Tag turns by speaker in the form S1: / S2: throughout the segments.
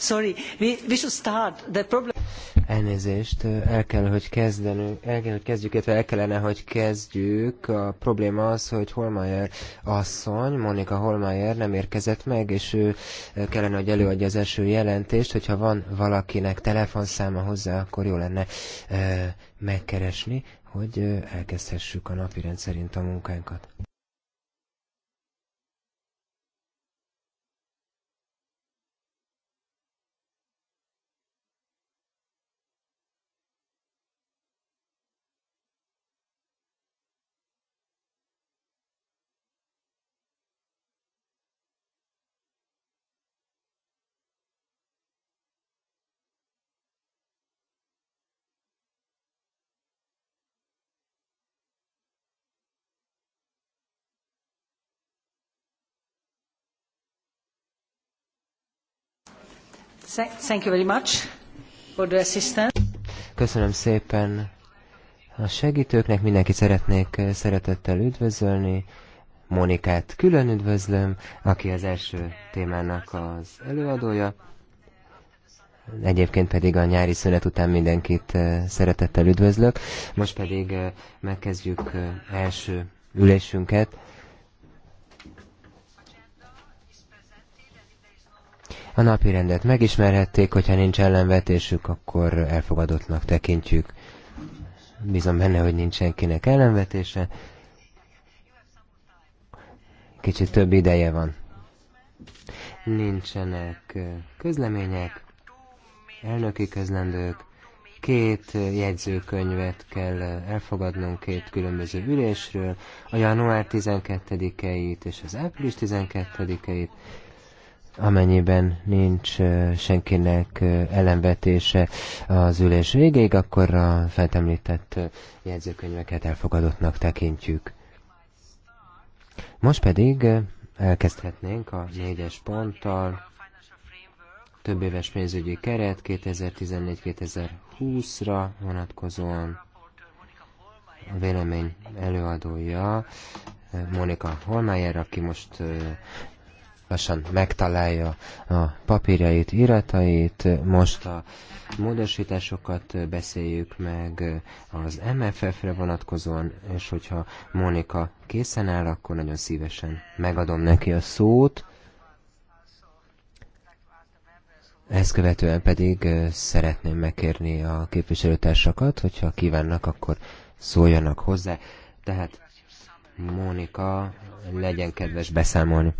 S1: Sorry, we, we should start. The problem...
S2: Elnézést, el kell, hogy kezdenünk, el kell, hogy kezdjük, illetve el kellene, hogy kezdjük. A probléma az, hogy Holmeyer asszony, Monika Holmeyer nem érkezett meg, és ő eh, kellene, hogy előadja az első jelentést, hogyha van valakinek telefonszáma hozzá, akkor jó lenne eh, megkeresni, hogy eh, elkezdhessük a napirend szerint a munkánkat.
S1: Thank you very much for the assistance.
S2: Köszönöm szépen a segítőknek, mindenkit szeretnék eh, szeretettel üdvözölni. Monikát külön üdvözlöm, aki az első témának az előadója. Egyébként pedig a nyári szünet után mindenkit eh, szeretettel üdvözlök. Most pedig eh, megkezdjük első ülésünket. A napi rendet megismerhették, hogyha nincs ellenvetésük, akkor elfogadottnak tekintjük. Bízom benne, hogy nincs senkinek ellenvetése. Kicsit több ideje van. Nincsenek közlemények, elnöki közlendők, két jegyzőkönyvet kell elfogadnunk két különböző ülésről, a január 12-eit és az április 12-eit amennyiben nincs senkinek ellenvetése az ülés végéig, akkor a feltemlített jegyzőkönyveket elfogadottnak tekintjük. Most pedig elkezdhetnénk a négyes ponttal. Több éves pénzügyi keret 2014-2020-ra vonatkozóan a vélemény előadója Monika Holmeyer, aki most lassan megtalálja a papírjait, iratait. Most a módosításokat beszéljük meg az MFF-re vonatkozóan, és hogyha Monika készen áll, akkor nagyon szívesen megadom neki a szót. Ezt követően pedig szeretném megkérni a képviselőtársakat, hogyha kívánnak, akkor szóljanak hozzá. Tehát Mónika legyen kedves beszámolni.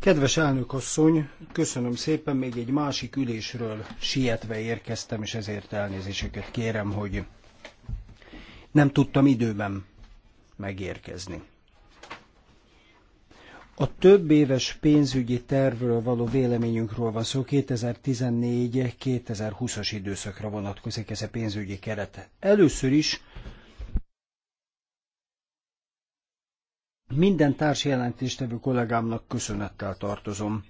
S3: Kedves elnökasszony, köszönöm szépen, még egy másik ülésről sietve érkeztem, és ezért elnézéseket kérem, hogy nem tudtam időben megérkezni. A több éves pénzügyi tervről való véleményünkről van szó, 2014-2020-as időszakra vonatkozik ez a pénzügyi keret. Először is Minden jelentéstevő kollégámnak köszönettel tartozom.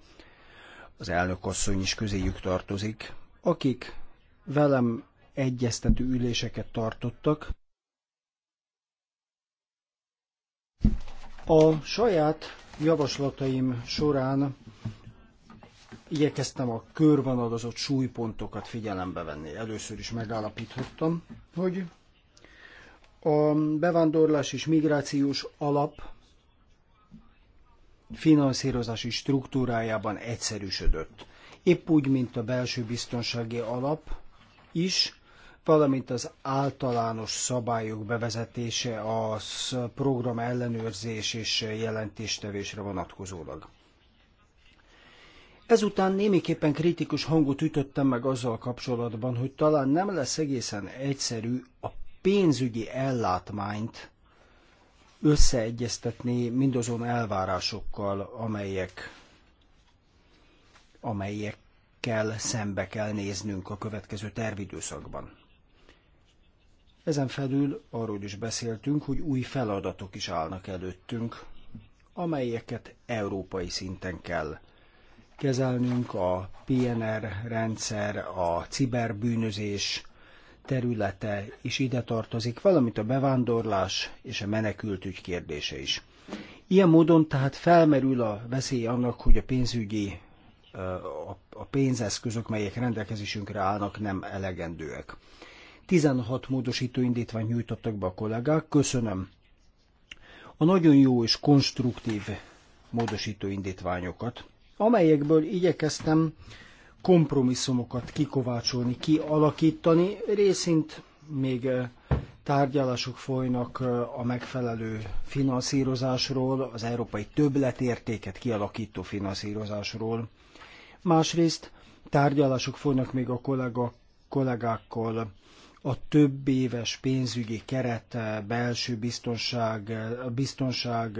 S3: Az elnökasszony is közéjük tartozik, akik velem egyeztető üléseket tartottak. A saját javaslataim során igyekeztem a körvonalazott súlypontokat figyelembe venni. Először is megállapíthattam, hogy a bevándorlás és migrációs alap finanszírozási struktúrájában egyszerűsödött. Épp úgy, mint a belső biztonsági alap is, valamint az általános szabályok bevezetése a program ellenőrzés és jelentéstevésre vonatkozólag. Ezután némiképpen kritikus hangot ütöttem meg azzal kapcsolatban, hogy talán nem lesz egészen egyszerű a pénzügyi ellátmányt összeegyeztetni mindazon elvárásokkal, amelyek, amelyekkel szembe kell néznünk a következő tervidőszakban. Ezen felül arról is beszéltünk, hogy új feladatok is állnak előttünk, amelyeket európai szinten kell kezelnünk, a PNR rendszer, a ciberbűnözés, területe is ide tartozik, valamint a bevándorlás és a menekültügy kérdése is. Ilyen módon tehát felmerül a veszély annak, hogy a pénzügyi, a pénzeszközök, melyek rendelkezésünkre állnak, nem elegendőek. 16 módosító indítványt nyújtottak be a kollégák, köszönöm. A nagyon jó és konstruktív módosító indítványokat, amelyekből igyekeztem kompromisszumokat kikovácsolni, kialakítani. Részint még eh, tárgyalások folynak eh, a megfelelő finanszírozásról, az európai többletértéket kialakító finanszírozásról. Másrészt tárgyalások folynak még a kollega, kollégákkal a több éves pénzügyi keret, eh, belső biztonság, biztonság,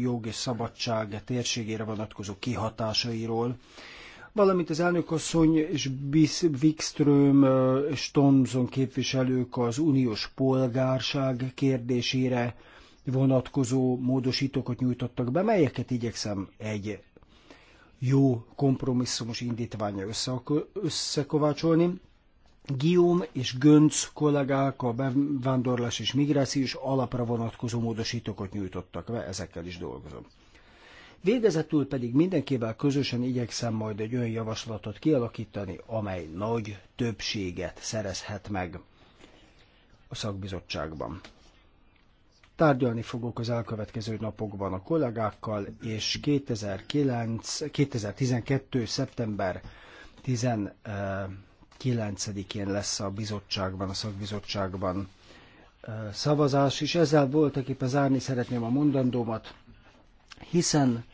S3: jog és szabadság térségére vonatkozó kihatásairól valamint az elnökasszony és Wikström és Tomson képviselők az uniós polgárság kérdésére vonatkozó módosítókat nyújtottak be, melyeket igyekszem egy jó kompromisszumos indítványa összekovácsolni. Guillaume és Gönc kollégák a bevándorlás és migrációs alapra vonatkozó módosítókat nyújtottak be, ezekkel is dolgozom. Végezetül pedig mindenkivel közösen igyekszem majd egy olyan javaslatot kialakítani, amely nagy többséget szerezhet meg a szakbizottságban. Tárgyalni fogok az elkövetkező napokban a kollégákkal, és 2009, 2012. szeptember 19-én lesz a bizottságban, a szakbizottságban szavazás, és ezzel voltak épp zárni szeretném a mondandómat hiszen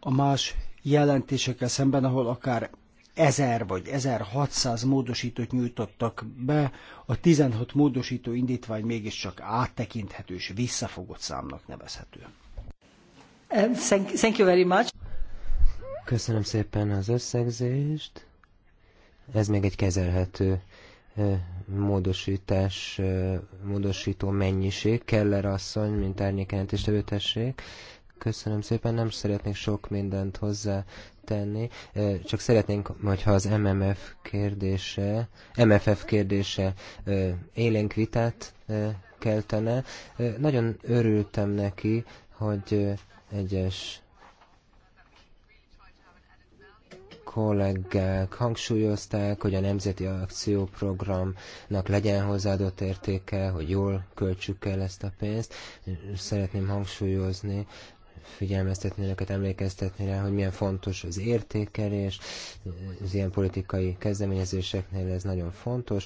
S3: a más jelentésekkel szemben, ahol akár 1000 vagy 1600 módosítót nyújtottak be, a 16 módosító indítvány mégiscsak áttekinthető és visszafogott számnak nevezhető. Um, thank
S1: you very much.
S2: Köszönöm szépen az összegzést. Ez még egy kezelhető módosítás, módosító mennyiség. Keller asszony, mint árnyékjelentéstevő tessék. Köszönöm szépen, nem szeretnék sok mindent hozzá tenni, csak szeretnénk, hogyha az MMF kérdése, MFF kérdése élénk vitát keltene. Nagyon örültem neki, hogy egyes kollégák hangsúlyozták, hogy a Nemzeti Akcióprogramnak legyen hozzáadott értéke, hogy jól költsük el ezt a pénzt. Szeretném hangsúlyozni, figyelmeztetni önöket, emlékeztetni rá, hogy milyen fontos az értékelés, az ilyen politikai kezdeményezéseknél ez nagyon fontos.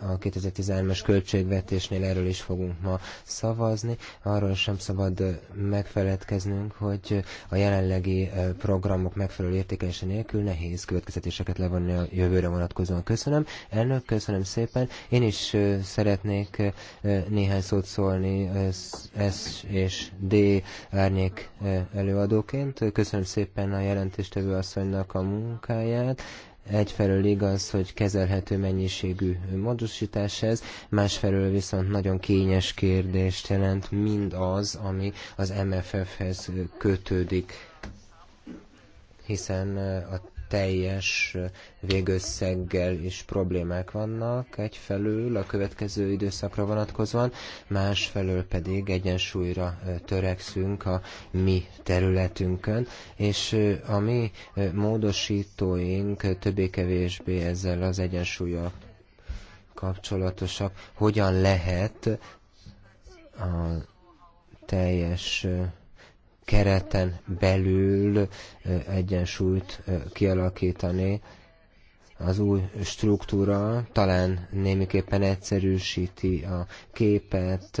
S2: A 2013-as költségvetésnél erről is fogunk ma szavazni. Arról sem szabad megfeledkeznünk, hogy a jelenlegi programok megfelelő értékelése nélkül nehéz következtetéseket levonni a jövőre vonatkozóan. Köszönöm. Elnök, köszönöm szépen. Én is szeretnék néhány szót szólni S és D árnyék árnyék eh, előadóként. Köszönöm szépen a jelentéstevő asszonynak a munkáját. Egyfelől igaz, hogy kezelhető mennyiségű módosítás ez, másfelől viszont nagyon kényes kérdést jelent mind az, ami az MFF-hez kötődik, hiszen eh, a teljes végösszeggel is problémák vannak, egyfelől a következő időszakra vonatkozóan, másfelől pedig egyensúlyra törekszünk a mi területünkön, és a mi módosítóink többé-kevésbé ezzel az egyensúlyjal kapcsolatosak, hogyan lehet a teljes kereten belül egyensúlyt kialakítani. Az új struktúra talán némiképpen egyszerűsíti a képet,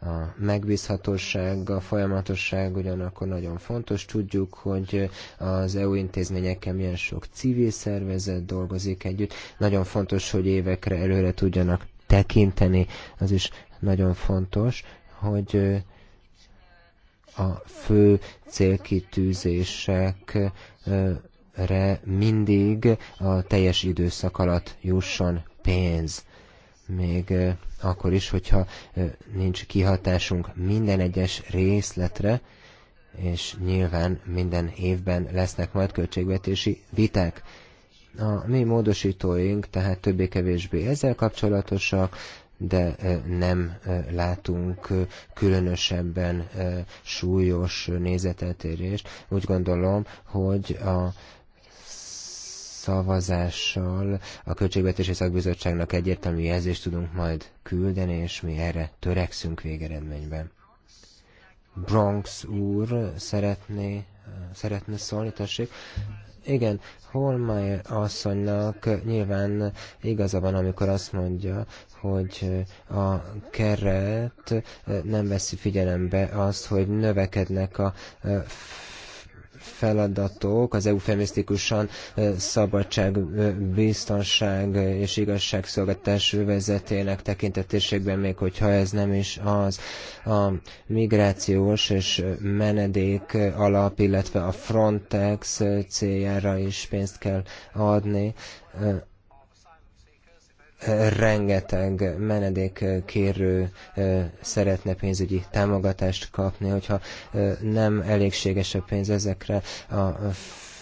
S2: a megbízhatóság, a folyamatosság ugyanakkor nagyon fontos. Tudjuk, hogy az EU intézményekkel milyen sok civil szervezet dolgozik együtt. Nagyon fontos, hogy évekre előre tudjanak tekinteni. Az is nagyon fontos, hogy a fő célkitűzésekre mindig a teljes időszak alatt jusson pénz. Még akkor is, hogyha nincs kihatásunk minden egyes részletre, és nyilván minden évben lesznek majd költségvetési viták. A mi módosítóink tehát többé-kevésbé ezzel kapcsolatosak, de nem látunk különösebben súlyos nézeteltérést. Úgy gondolom, hogy a szavazással a Költségvetési Szakbizottságnak egyértelmű jelzést tudunk majd küldeni, és mi erre törekszünk végeredményben. Bronx úr szeretné, szeretne szólni, tessék. Igen, Holmeyer asszonynak nyilván igaza van, amikor azt mondja, hogy a keret nem veszi figyelembe azt, hogy növekednek a feladatok az eufemisztikusan szabadság, biztonság és igazságszolgáltatás vezetének tekintetésében, még hogyha ez nem is az a migrációs és menedék alap, illetve a Frontex céljára is pénzt kell adni rengeteg menedékkérő szeretne pénzügyi támogatást kapni, hogyha nem elégséges a pénz ezekre a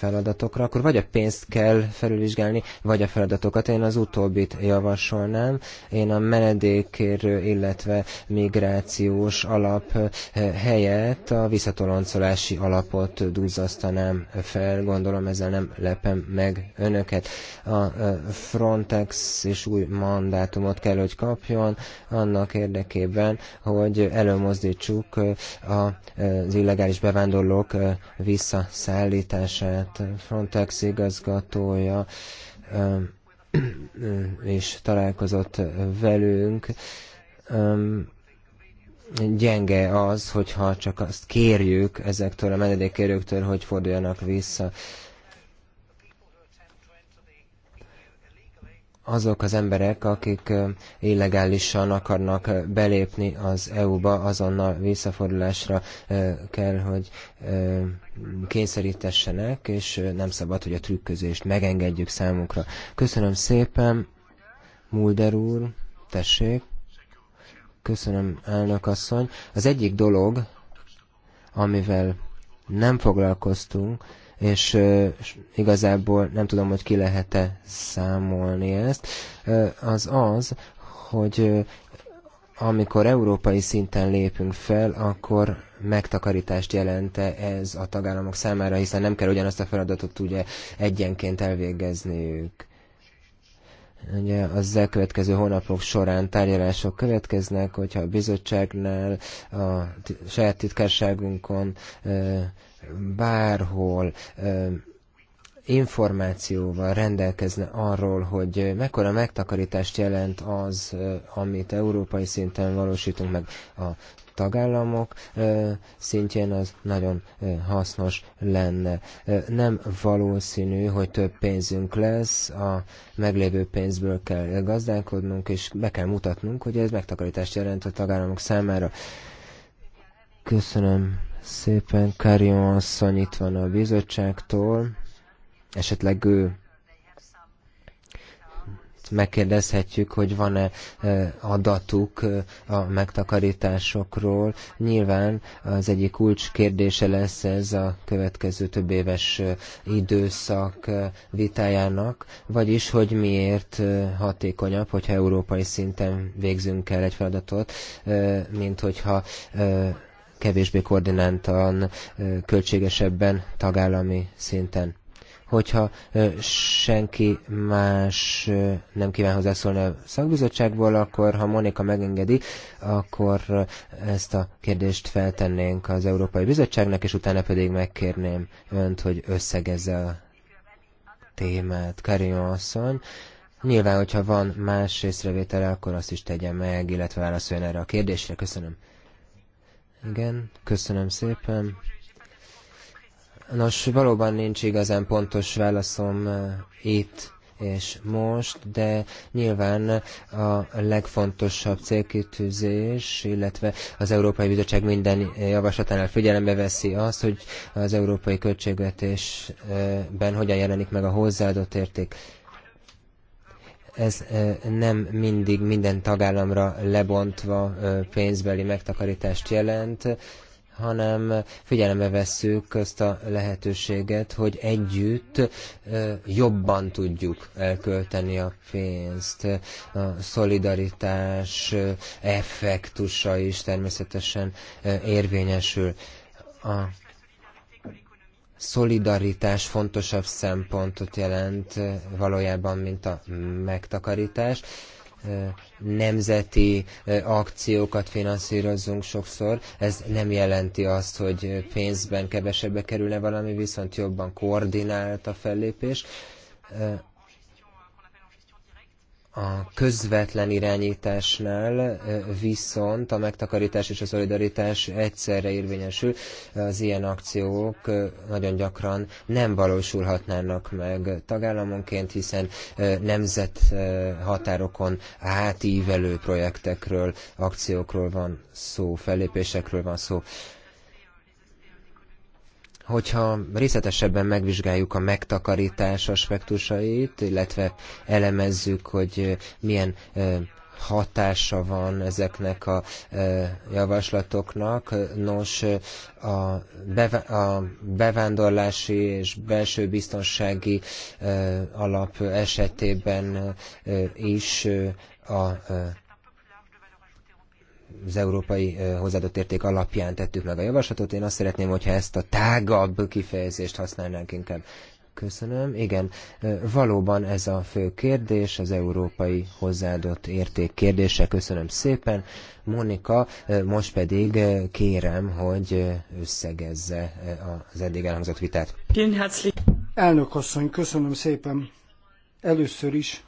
S2: feladatokra, akkor vagy a pénzt kell felülvizsgálni, vagy a feladatokat. Én az utóbbit javasolnám. Én a menedékérő, illetve migrációs alap eh, helyett a visszatoloncolási alapot duzzasztanám fel. Gondolom ezzel nem lepem meg önöket. A eh, Frontex és új mandátumot kell, hogy kapjon annak érdekében, hogy előmozdítsuk eh, az illegális bevándorlók visszaszállítását tehát Frontex igazgatója és találkozott velünk. Gyenge az, hogyha csak azt kérjük ezektől a menedékkérőktől, hogy forduljanak vissza azok az emberek, akik illegálisan akarnak belépni az EU-ba, azonnal visszafordulásra kell, hogy kényszerítessenek, és nem szabad, hogy a trükközést megengedjük számukra. Köszönöm szépen, Mulder úr, tessék. Köszönöm, elnök asszony. Az egyik dolog, amivel nem foglalkoztunk, és igazából nem tudom, hogy ki lehet-e számolni ezt, az az, hogy amikor európai szinten lépünk fel, akkor megtakarítást jelente ez a tagállamok számára, hiszen nem kell ugyanazt a feladatot ugye egyenként elvégezniük. Ugye az elkövetkező hónapok során tárgyalások következnek, hogyha a bizottságnál, a saját titkárságunkon bárhol információval rendelkezne arról, hogy mekkora megtakarítást jelent az, amit európai szinten valósítunk meg a tagállamok szintjén az nagyon hasznos lenne. Nem valószínű, hogy több pénzünk lesz, a meglévő pénzből kell gazdálkodnunk, és be kell mutatnunk, hogy ez megtakarítást jelent a tagállamok számára. Köszönöm szépen. Karion asszony itt van a bizottságtól. Esetleg ő megkérdezhetjük, hogy van-e e, adatuk e, a megtakarításokról. Nyilván az egyik kulcs kérdése lesz ez a következő több éves e, időszak vitájának, vagyis, hogy miért hatékonyabb, hogyha európai szinten végzünk el egy feladatot, mint hogyha kevésbé koordináltan, költségesebben tagállami szinten. Hogyha senki más nem kíván hozzászólni a szakbizottságból, akkor ha Monika megengedi, akkor ezt a kérdést feltennénk az Európai Bizottságnak, és utána pedig megkérném önt, hogy összegezze a témát. Karim asszony, Nyilván, hogyha van más észrevétele, akkor azt is tegye meg, illetve válaszoljon erre a kérdésre. Köszönöm. Igen, köszönöm szépen. Nos, valóban nincs igazán pontos válaszom eh, itt és most, de nyilván a legfontosabb célkitűzés, illetve az Európai Bizottság minden javaslatánál figyelembe veszi azt, hogy az európai költségvetésben hogyan jelenik meg a hozzáadott érték. Ez nem mindig minden tagállamra lebontva pénzbeli megtakarítást jelent, hanem figyelembe vesszük azt a lehetőséget, hogy együtt jobban tudjuk elkölteni a pénzt. A szolidaritás effektusa is természetesen érvényesül. A szolidaritás fontosabb szempontot jelent eh, valójában, mint a megtakarítás eh, nemzeti eh, akciókat finanszírozunk sokszor, ez nem jelenti azt, hogy pénzben kevesebbe kerülne valami, viszont jobban koordinált a fellépés. A közvetlen irányításnál viszont a megtakarítás és a szolidaritás egyszerre érvényesül. Az ilyen akciók nagyon gyakran nem valósulhatnának meg tagállamonként, hiszen nemzet határokon átívelő projektekről, akciókról van szó, fellépésekről van szó. Hogyha részletesebben megvizsgáljuk a megtakarítás aspektusait, illetve elemezzük, hogy milyen hatása van ezeknek a javaslatoknak. Nos, a, bevándorlási és belső biztonsági alap esetében is a az európai hozzáadott érték alapján tettük meg a javaslatot. Én azt szeretném, hogyha ezt a tágabb kifejezést használnánk inkább. Köszönöm. Igen, valóban ez a fő kérdés, az európai hozzáadott érték kérdése. Köszönöm szépen. Monika, most pedig kérem, hogy összegezze az eddig elhangzott vitát.
S3: Hát Elnök asszony, köszönöm szépen. Először is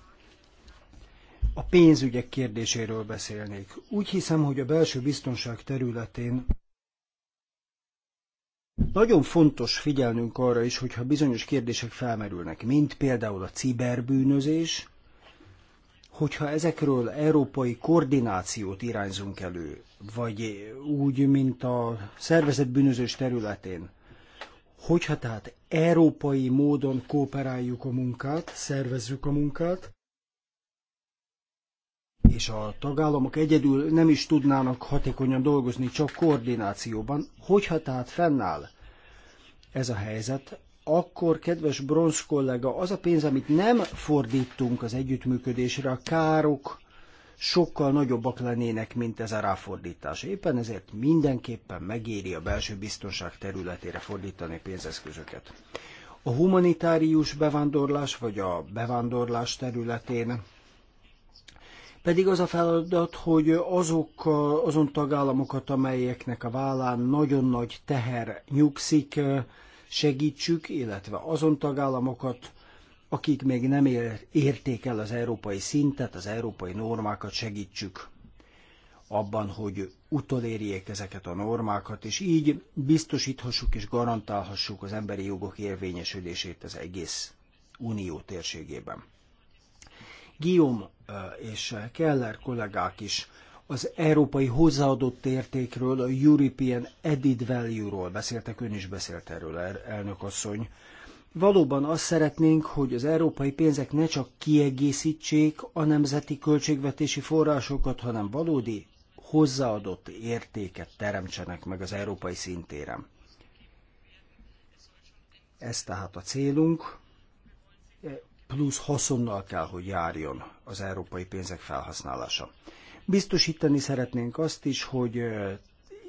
S3: a pénzügyek kérdéséről beszélnék. Úgy hiszem, hogy a belső biztonság területén nagyon fontos figyelnünk arra is, hogyha bizonyos kérdések felmerülnek, mint például a ciberbűnözés, hogyha ezekről európai koordinációt irányzunk elő, vagy úgy, mint a szervezetbűnözés területén, hogyha tehát európai módon kooperáljuk a munkát, szervezzük a munkát, és a tagállamok egyedül nem is tudnának hatékonyan dolgozni, csak koordinációban. Hogyha tehát fennáll ez a helyzet, akkor, kedves bronz kollega, az a pénz, amit nem fordítunk az együttműködésre, a károk sokkal nagyobbak lennének, mint ez a ráfordítás. Éppen ezért mindenképpen megéri a belső biztonság területére fordítani pénzeszközöket. A humanitárius bevándorlás vagy a bevándorlás területén pedig az a feladat, hogy azok azon tagállamokat, amelyeknek a vállán nagyon nagy teher nyugszik, segítsük, illetve azon tagállamokat, akik még nem érték el az európai szintet, az európai normákat segítsük abban, hogy utolérjék ezeket a normákat, és így biztosíthassuk és garantálhassuk az emberi jogok érvényesülését az egész unió térségében. Guillaume és Keller kollégák is az európai hozzáadott értékről, a European Added Value-ról beszéltek, ön is beszélt erről, elnök asszony. Valóban azt szeretnénk, hogy az európai pénzek ne csak kiegészítsék a nemzeti költségvetési forrásokat, hanem valódi hozzáadott értéket teremtsenek meg az európai szintéren. Ez tehát a célunk, plusz haszonnal kell, hogy járjon az európai pénzek felhasználása. Biztosítani szeretnénk azt is, hogy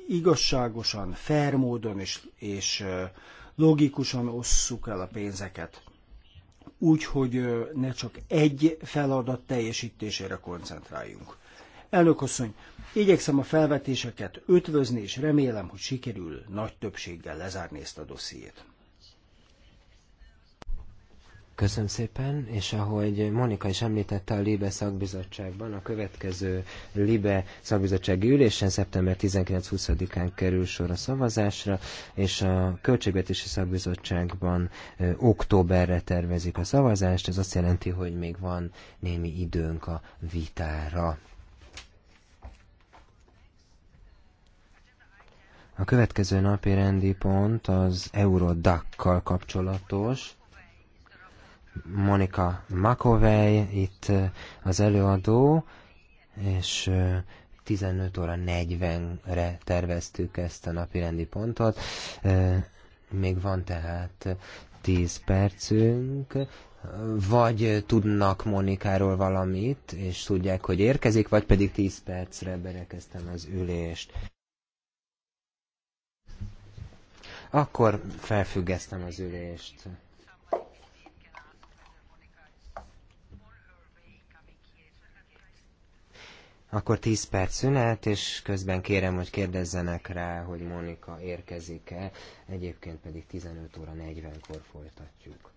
S3: igazságosan, fair módon és, és logikusan osszuk el a pénzeket. Úgy, hogy ne csak egy feladat teljesítésére koncentráljunk. Elnök asszony, igyekszem a felvetéseket ötvözni, és remélem, hogy sikerül nagy többséggel lezárni ezt a dossziét.
S2: Köszönöm szépen, és ahogy Monika is említette a LIBE szakbizottságban, a következő LIBE szakbizottsági ülésen szeptember 19-20-án kerül sor a szavazásra, és a Költségvetési Szakbizottságban ö, októberre tervezik a szavazást, ez azt jelenti, hogy még van némi időnk a vitára. A következő napi rendi pont az Eurodac-kal kapcsolatos Monika Makovej itt az előadó, és 15 óra 40-re terveztük ezt a napirendi pontot. Még van tehát 10 percünk, vagy tudnak Monikáról valamit, és tudják, hogy érkezik, vagy pedig 10 percre berekeztem az ülést. Akkor felfüggesztem az ülést. Akkor 10 perc szünet, és közben kérem, hogy kérdezzenek rá, hogy Monika érkezik-e. Egyébként pedig 15 óra 40-kor folytatjuk.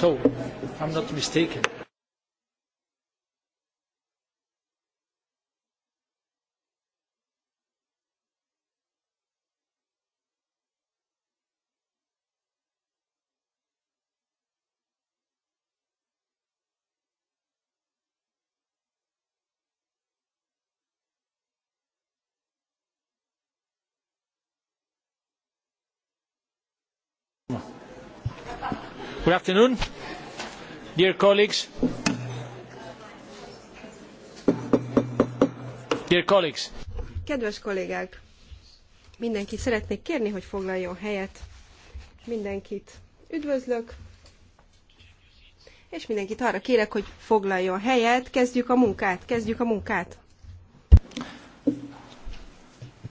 S1: So,
S3: i I'm not mistaken. Good afternoon, dear colleagues. Dear colleagues.
S4: Kedves kollégák, mindenkit szeretnék kérni, hogy foglaljon helyet. Mindenkit üdvözlök, és mindenkit arra kérek, hogy foglaljon helyet. Kezdjük a munkát, kezdjük a munkát.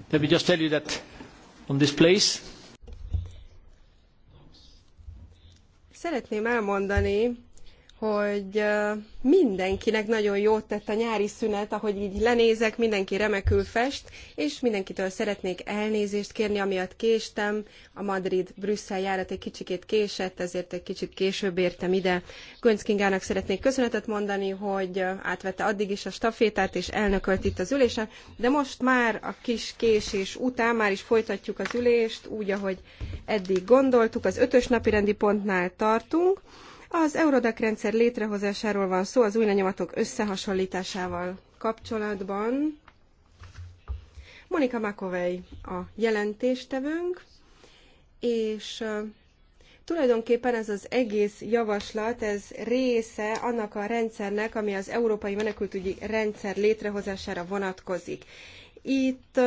S3: Let me just tell you that on this place
S4: Szeretném elmondani, hogy mindenkinek nagyon jót tett a nyári szünet, ahogy így lenézek, mindenki remekül fest, és mindenkitől szeretnék elnézést kérni, amiatt késtem. A Madrid-Brüsszel járat egy kicsikét késett, ezért egy kicsit később értem ide. Gönc Kingának szeretnék köszönetet mondani, hogy átvette addig is a stafétát, és elnökölt itt az ülésen, de most már a kis késés után már is folytatjuk az ülést, úgy, ahogy eddig gondoltuk, az ötös napi rendi pontnál tartunk az Eurodac rendszer létrehozásáról van szó az új lenyomatok összehasonlításával kapcsolatban. Monika Makovej a jelentéstevőnk, és tulajdonképpen ez az egész javaslat, ez része annak a rendszernek, ami az európai menekültügyi rendszer létrehozására vonatkozik. Itt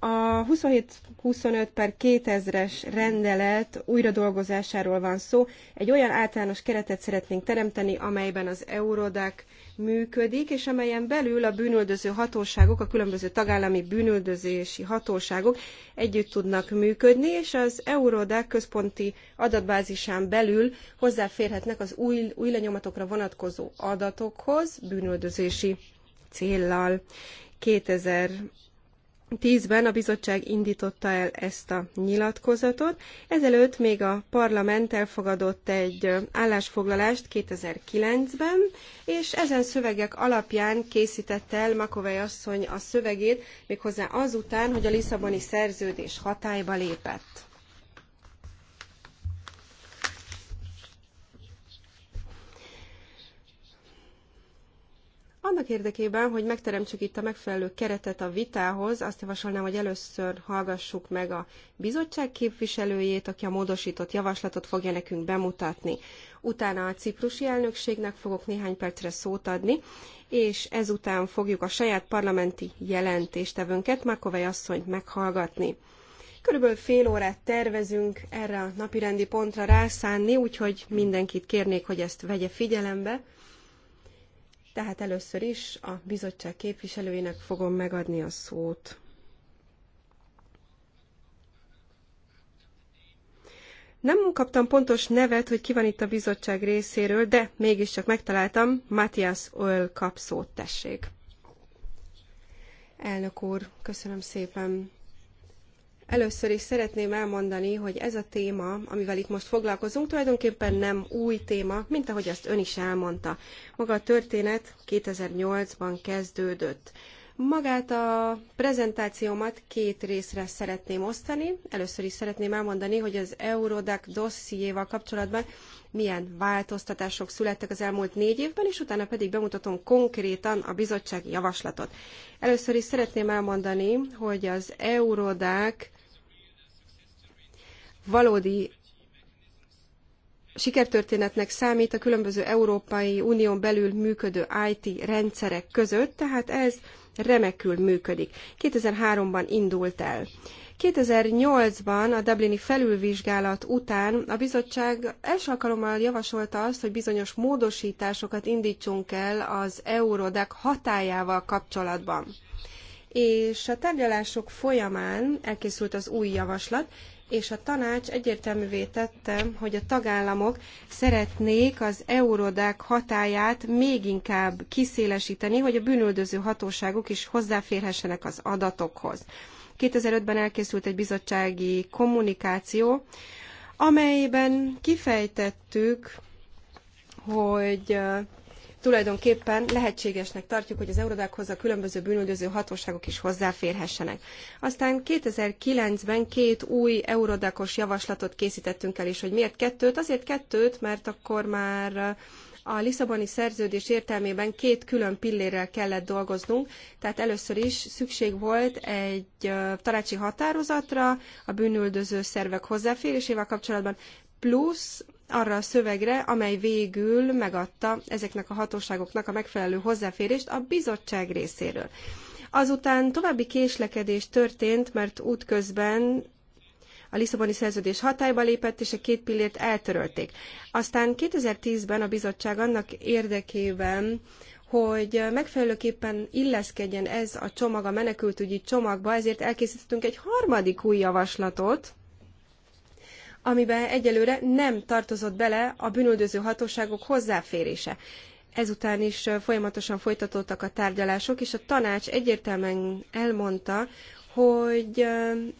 S4: a 27-25 per 2000-es rendelet újra dolgozásáról van szó. Egy olyan általános keretet szeretnénk teremteni, amelyben az Eurodac működik, és amelyen belül a bűnöldöző hatóságok, a különböző tagállami bűnöldözési hatóságok együtt tudnak működni, és az Eurodac központi adatbázisán belül hozzáférhetnek az új, új lenyomatokra vonatkozó adatokhoz bűnöldözési céllal. 2000 2010-ben a bizottság indította el ezt a nyilatkozatot. Ezelőtt még a parlament elfogadott egy állásfoglalást 2009-ben, és ezen szövegek alapján készítette el Makovej asszony a szövegét, méghozzá azután, hogy a Lisszaboni szerződés hatályba lépett. Annak érdekében, hogy megteremtsük itt a megfelelő keretet a vitához, azt javasolnám, hogy először hallgassuk meg a bizottság képviselőjét, aki a módosított javaslatot fogja nekünk bemutatni. Utána a ciprusi elnökségnek fogok néhány percre szót adni, és ezután fogjuk a saját parlamenti jelentéstevőnket, Markovai asszonyt meghallgatni. Körülbelül fél órát tervezünk erre a napirendi pontra rászánni, úgyhogy mindenkit kérnék, hogy ezt vegye figyelembe tehát először is a bizottság képviselőinek fogom megadni a szót. Nem kaptam pontos nevet, hogy ki van itt a bizottság részéről, de mégiscsak megtaláltam. Matthias Öl kap szót, tessék. Elnök úr, köszönöm szépen. Először is szeretném elmondani, hogy ez a téma, amivel itt most foglalkozunk, tulajdonképpen nem új téma, mint ahogy azt ön is elmondta. Maga a történet 2008-ban kezdődött. Magát a prezentációmat két részre szeretném osztani. Először is szeretném elmondani, hogy az Eurodac dossziéval kapcsolatban milyen változtatások születtek az elmúlt négy évben, és utána pedig bemutatom konkrétan a bizottsági javaslatot. Először is szeretném elmondani, hogy az Eurodac valódi sikertörténetnek számít a különböző Európai Unión belül működő IT rendszerek között, tehát ez remekül működik. 2003-ban indult el. 2008-ban a Dublini felülvizsgálat után a bizottság első alkalommal javasolta azt, hogy bizonyos módosításokat indítsunk el az Eurodac hatájával kapcsolatban. És a tárgyalások folyamán elkészült az új javaslat, és a tanács egyértelművé tette, hogy a tagállamok szeretnék az eurodák hatáját még inkább kiszélesíteni, hogy a bűnöldöző hatóságok is hozzáférhessenek az adatokhoz. 2005-ben elkészült egy bizottsági kommunikáció, amelyben kifejtettük, hogy tulajdonképpen lehetségesnek tartjuk, hogy az eurodákhoz a különböző bűnüldöző hatóságok is hozzáférhessenek. Aztán 2009-ben két új eurodákos javaslatot készítettünk el, és hogy miért kettőt? Azért kettőt, mert akkor már a Lisszaboni szerződés értelmében két külön pillérrel kellett dolgoznunk, tehát először is szükség volt egy tanácsi határozatra a bűnüldöző szervek hozzáférésével kapcsolatban, plusz arra a szövegre, amely végül megadta ezeknek a hatóságoknak a megfelelő hozzáférést a bizottság részéről. Azután további késlekedés történt, mert útközben a Lisszaboni szerződés hatályba lépett, és a két pillért eltörölték. Aztán 2010-ben a bizottság annak érdekében, hogy megfelelőképpen illeszkedjen ez a csomag a menekültügyi csomagba, ezért elkészítettünk egy harmadik új javaslatot, amiben egyelőre nem tartozott bele a bűnüldöző hatóságok hozzáférése. Ezután is folyamatosan folytatódtak a tárgyalások, és a tanács egyértelműen elmondta, hogy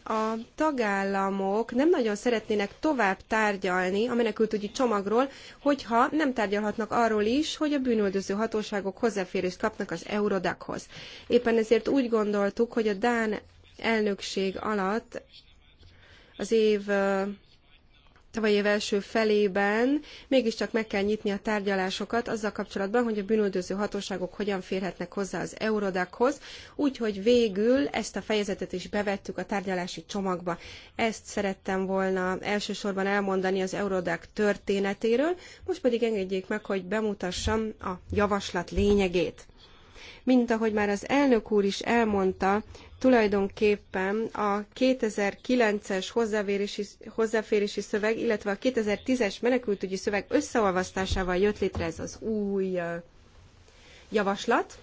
S4: a tagállamok nem nagyon szeretnének tovább tárgyalni a menekültügyi csomagról, hogyha nem tárgyalhatnak arról is, hogy a bűnöldöző hatóságok hozzáférést kapnak az Eurodakhoz. Éppen ezért úgy gondoltuk, hogy a Dán elnökség alatt az év tavalyi év első felében mégiscsak meg kell nyitni a tárgyalásokat azzal kapcsolatban, hogy a bűnöldöző hatóságok hogyan férhetnek hozzá az úgy, úgyhogy végül ezt a fejezetet is bevettük a tárgyalási csomagba. Ezt szerettem volna elsősorban elmondani az Eurodac történetéről, most pedig engedjék meg, hogy bemutassam a javaslat lényegét. Mint ahogy már az elnök úr is elmondta, tulajdonképpen a 2009-es hozzáférési, hozzáférési szöveg, illetve a 2010-es menekültügyi szöveg összeolvasztásával jött létre ez az új javaslat.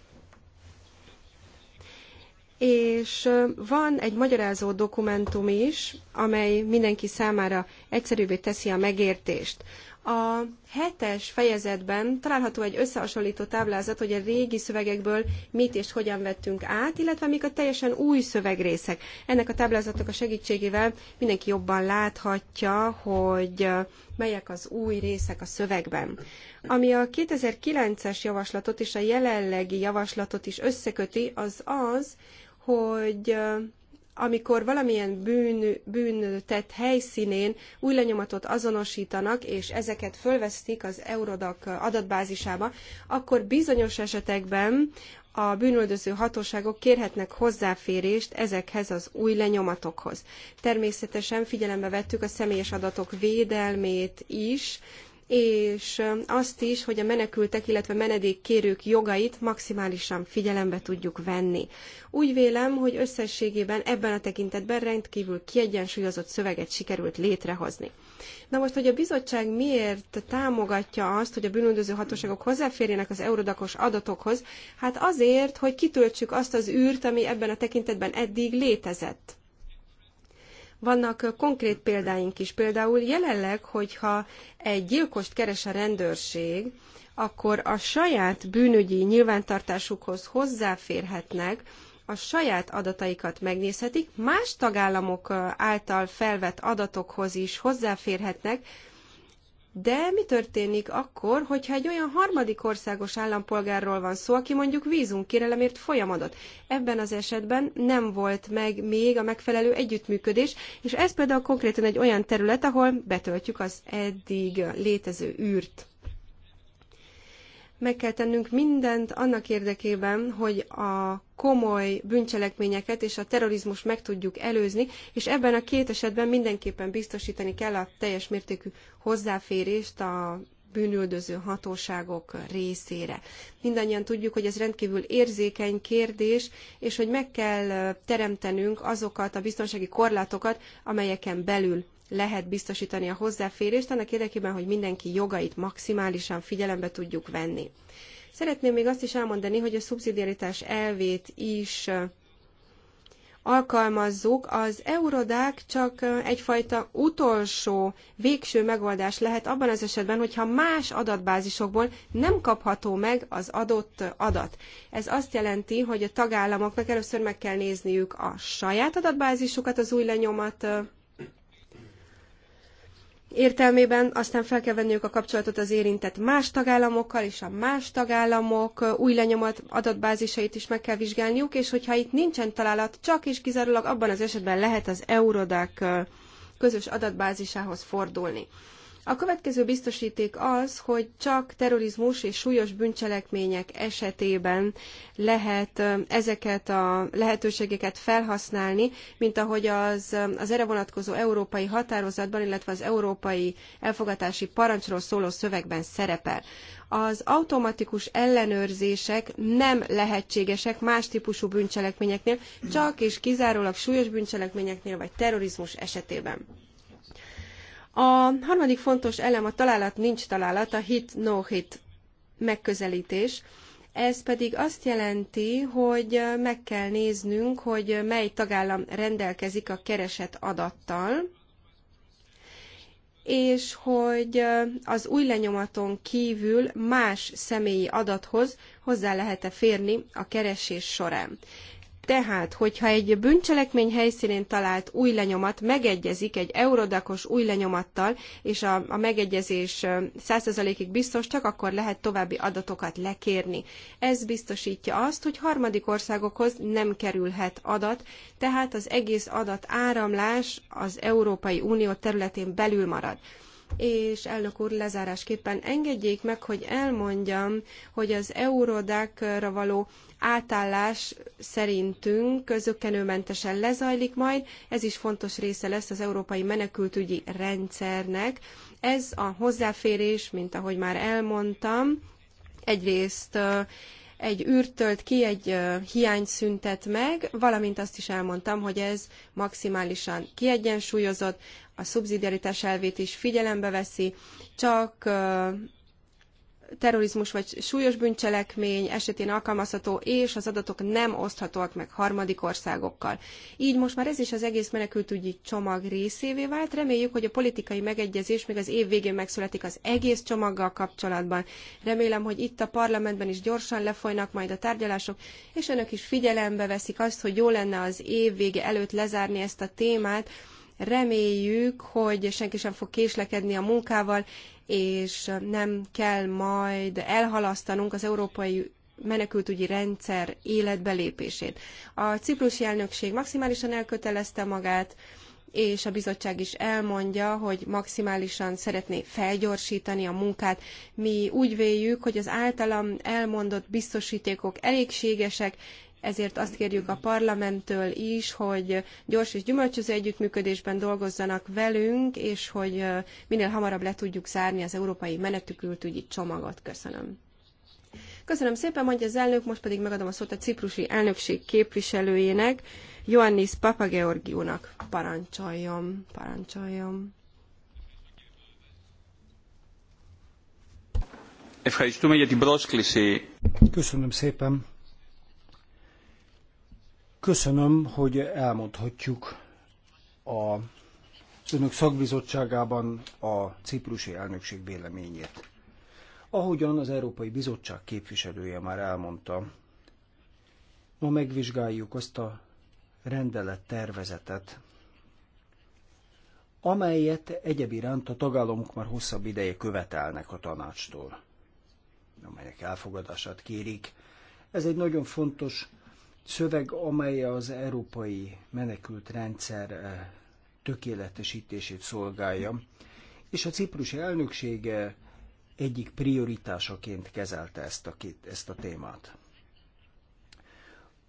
S4: És van egy magyarázó dokumentum is, amely mindenki számára egyszerűbbé teszi a megértést. A hetes fejezetben található egy összehasonlító táblázat, hogy a régi szövegekből mit és hogyan vettünk át, illetve mik a teljesen új szövegrészek. Ennek a táblázatnak a segítségével mindenki jobban láthatja, hogy melyek az új részek a szövegben. Ami a 2009-es javaslatot és a jelenlegi javaslatot is összeköti, az az, hogy amikor valamilyen bűn, bűntett helyszínén új lenyomatot azonosítanak, és ezeket fölvesztik az Eurodac adatbázisába, akkor bizonyos esetekben a bűnöldöző hatóságok kérhetnek hozzáférést ezekhez az új lenyomatokhoz. Természetesen figyelembe vettük a személyes adatok védelmét is, és azt is, hogy a menekültek, illetve menedékkérők jogait maximálisan figyelembe tudjuk venni. Úgy vélem, hogy összességében ebben a tekintetben rendkívül kiegyensúlyozott szöveget sikerült létrehozni. Na most, hogy a bizottság miért támogatja azt, hogy a bűnöldöző hatóságok hozzáférjenek az eurodakos adatokhoz, hát azért, hogy kitöltsük azt az űrt, ami ebben a tekintetben eddig létezett. Vannak konkrét példáink is. Például jelenleg, hogyha egy gyilkost keres a rendőrség, akkor a saját bűnügyi nyilvántartásukhoz hozzáférhetnek, a saját adataikat megnézhetik, más tagállamok által felvett adatokhoz is hozzáférhetnek, de mi történik akkor, hogyha egy olyan harmadik országos állampolgárról van szó, aki mondjuk vízumkérelemért folyamodott? Ebben az esetben nem volt meg még a megfelelő együttműködés, és ez például konkrétan egy olyan terület, ahol betöltjük az eddig létező űrt meg kell tennünk mindent annak érdekében, hogy a komoly bűncselekményeket és a terrorizmus meg tudjuk előzni, és ebben a két esetben mindenképpen biztosítani kell a teljes mértékű hozzáférést a bűnüldöző hatóságok részére. Mindannyian tudjuk, hogy ez rendkívül érzékeny kérdés, és hogy meg kell teremtenünk azokat a biztonsági korlátokat, amelyeken belül lehet biztosítani a hozzáférést, annak érdekében, hogy mindenki jogait maximálisan figyelembe tudjuk venni. Szeretném még azt is elmondani, hogy a szubszidiaritás elvét is alkalmazzuk, az eurodák csak egyfajta utolsó, végső megoldás lehet abban az esetben, hogyha más adatbázisokból nem kapható meg az adott adat. Ez azt jelenti, hogy a tagállamoknak először meg kell nézniük a saját adatbázisukat az új lenyomat értelmében aztán fel kell venniük a kapcsolatot az érintett más tagállamokkal, és a más tagállamok új lenyomat adatbázisait is meg kell vizsgálniuk, és hogyha itt nincsen találat, csak és kizárólag abban az esetben lehet az Eurodac közös adatbázisához fordulni. A következő biztosíték az, hogy csak terrorizmus és súlyos bűncselekmények esetében lehet ezeket a lehetőségeket felhasználni, mint ahogy az, az erre vonatkozó európai határozatban, illetve az európai elfogatási parancsról szóló szövegben szerepel. Az automatikus ellenőrzések nem lehetségesek más típusú bűncselekményeknél, csak és kizárólag súlyos bűncselekményeknél vagy terrorizmus esetében. A harmadik fontos elem a találat nincs találat, a hit no hit megközelítés. Ez pedig azt jelenti, hogy meg kell néznünk, hogy mely tagállam rendelkezik a keresett adattal, és hogy az új lenyomaton kívül más személyi adathoz hozzá lehet-e férni a keresés során. Tehát, hogyha egy bűncselekmény helyszínén talált új lenyomat megegyezik egy eurodakos új lenyomattal, és a, a megegyezés 100%-ig biztos csak, akkor lehet további adatokat lekérni. Ez biztosítja azt, hogy harmadik országokhoz nem kerülhet adat, tehát az egész adat áramlás az Európai Unió területén belül marad és elnök úr lezárásképpen engedjék meg, hogy elmondjam, hogy az eurodákra való átállás szerintünk közökkenőmentesen lezajlik majd, ez is fontos része lesz az európai menekültügyi rendszernek. Ez a hozzáférés, mint ahogy már elmondtam, egyrészt egy űrt tölt ki, egy hiány szüntet meg, valamint azt is elmondtam, hogy ez maximálisan kiegyensúlyozott, a szubszidiaritás elvét is figyelembe veszi, csak terrorizmus vagy súlyos bűncselekmény esetén alkalmazható, és az adatok nem oszthatóak meg harmadik országokkal. Így most már ez is az egész menekültügyi csomag részévé vált. Reméljük, hogy a politikai megegyezés még az év végén megszületik az egész csomaggal kapcsolatban. Remélem, hogy itt a parlamentben is gyorsan lefolynak majd a tárgyalások, és önök is figyelembe veszik azt, hogy jó lenne az év vége előtt lezárni ezt a témát, Reméljük, hogy senki sem fog késlekedni a munkával, és nem kell majd elhalasztanunk az európai menekültügyi rendszer életbelépését. A ciprusi elnökség maximálisan elkötelezte magát, és a bizottság is elmondja, hogy maximálisan szeretné felgyorsítani a munkát. Mi úgy véljük, hogy az általam elmondott biztosítékok elégségesek, ezért azt kérjük a parlamenttől is, hogy gyors és gyümölcsöző együttműködésben dolgozzanak velünk, és hogy minél hamarabb le tudjuk zárni az európai menetükültügyi csomagot. Köszönöm. Köszönöm szépen, mondja az elnök, most pedig megadom a szót a ciprusi elnökség képviselőjének, Ioannis Papageorgiúnak. Parancsoljon, parancsoljon.
S3: Köszönöm szépen Köszönöm, hogy elmondhatjuk a önök szakbizottságában a ciprusi elnökség véleményét. Ahogyan az Európai Bizottság képviselője már elmondta, ma megvizsgáljuk azt a rendelet tervezetet, amelyet egyéb iránt a tagállamok már hosszabb ideje követelnek a tanácstól, amelyek elfogadását kérik. Ez egy nagyon fontos szöveg, amely az európai menekült rendszer eh, tökéletesítését szolgálja, és a ciprusi elnöksége egyik prioritásaként kezelte ezt a, két, ezt a témát.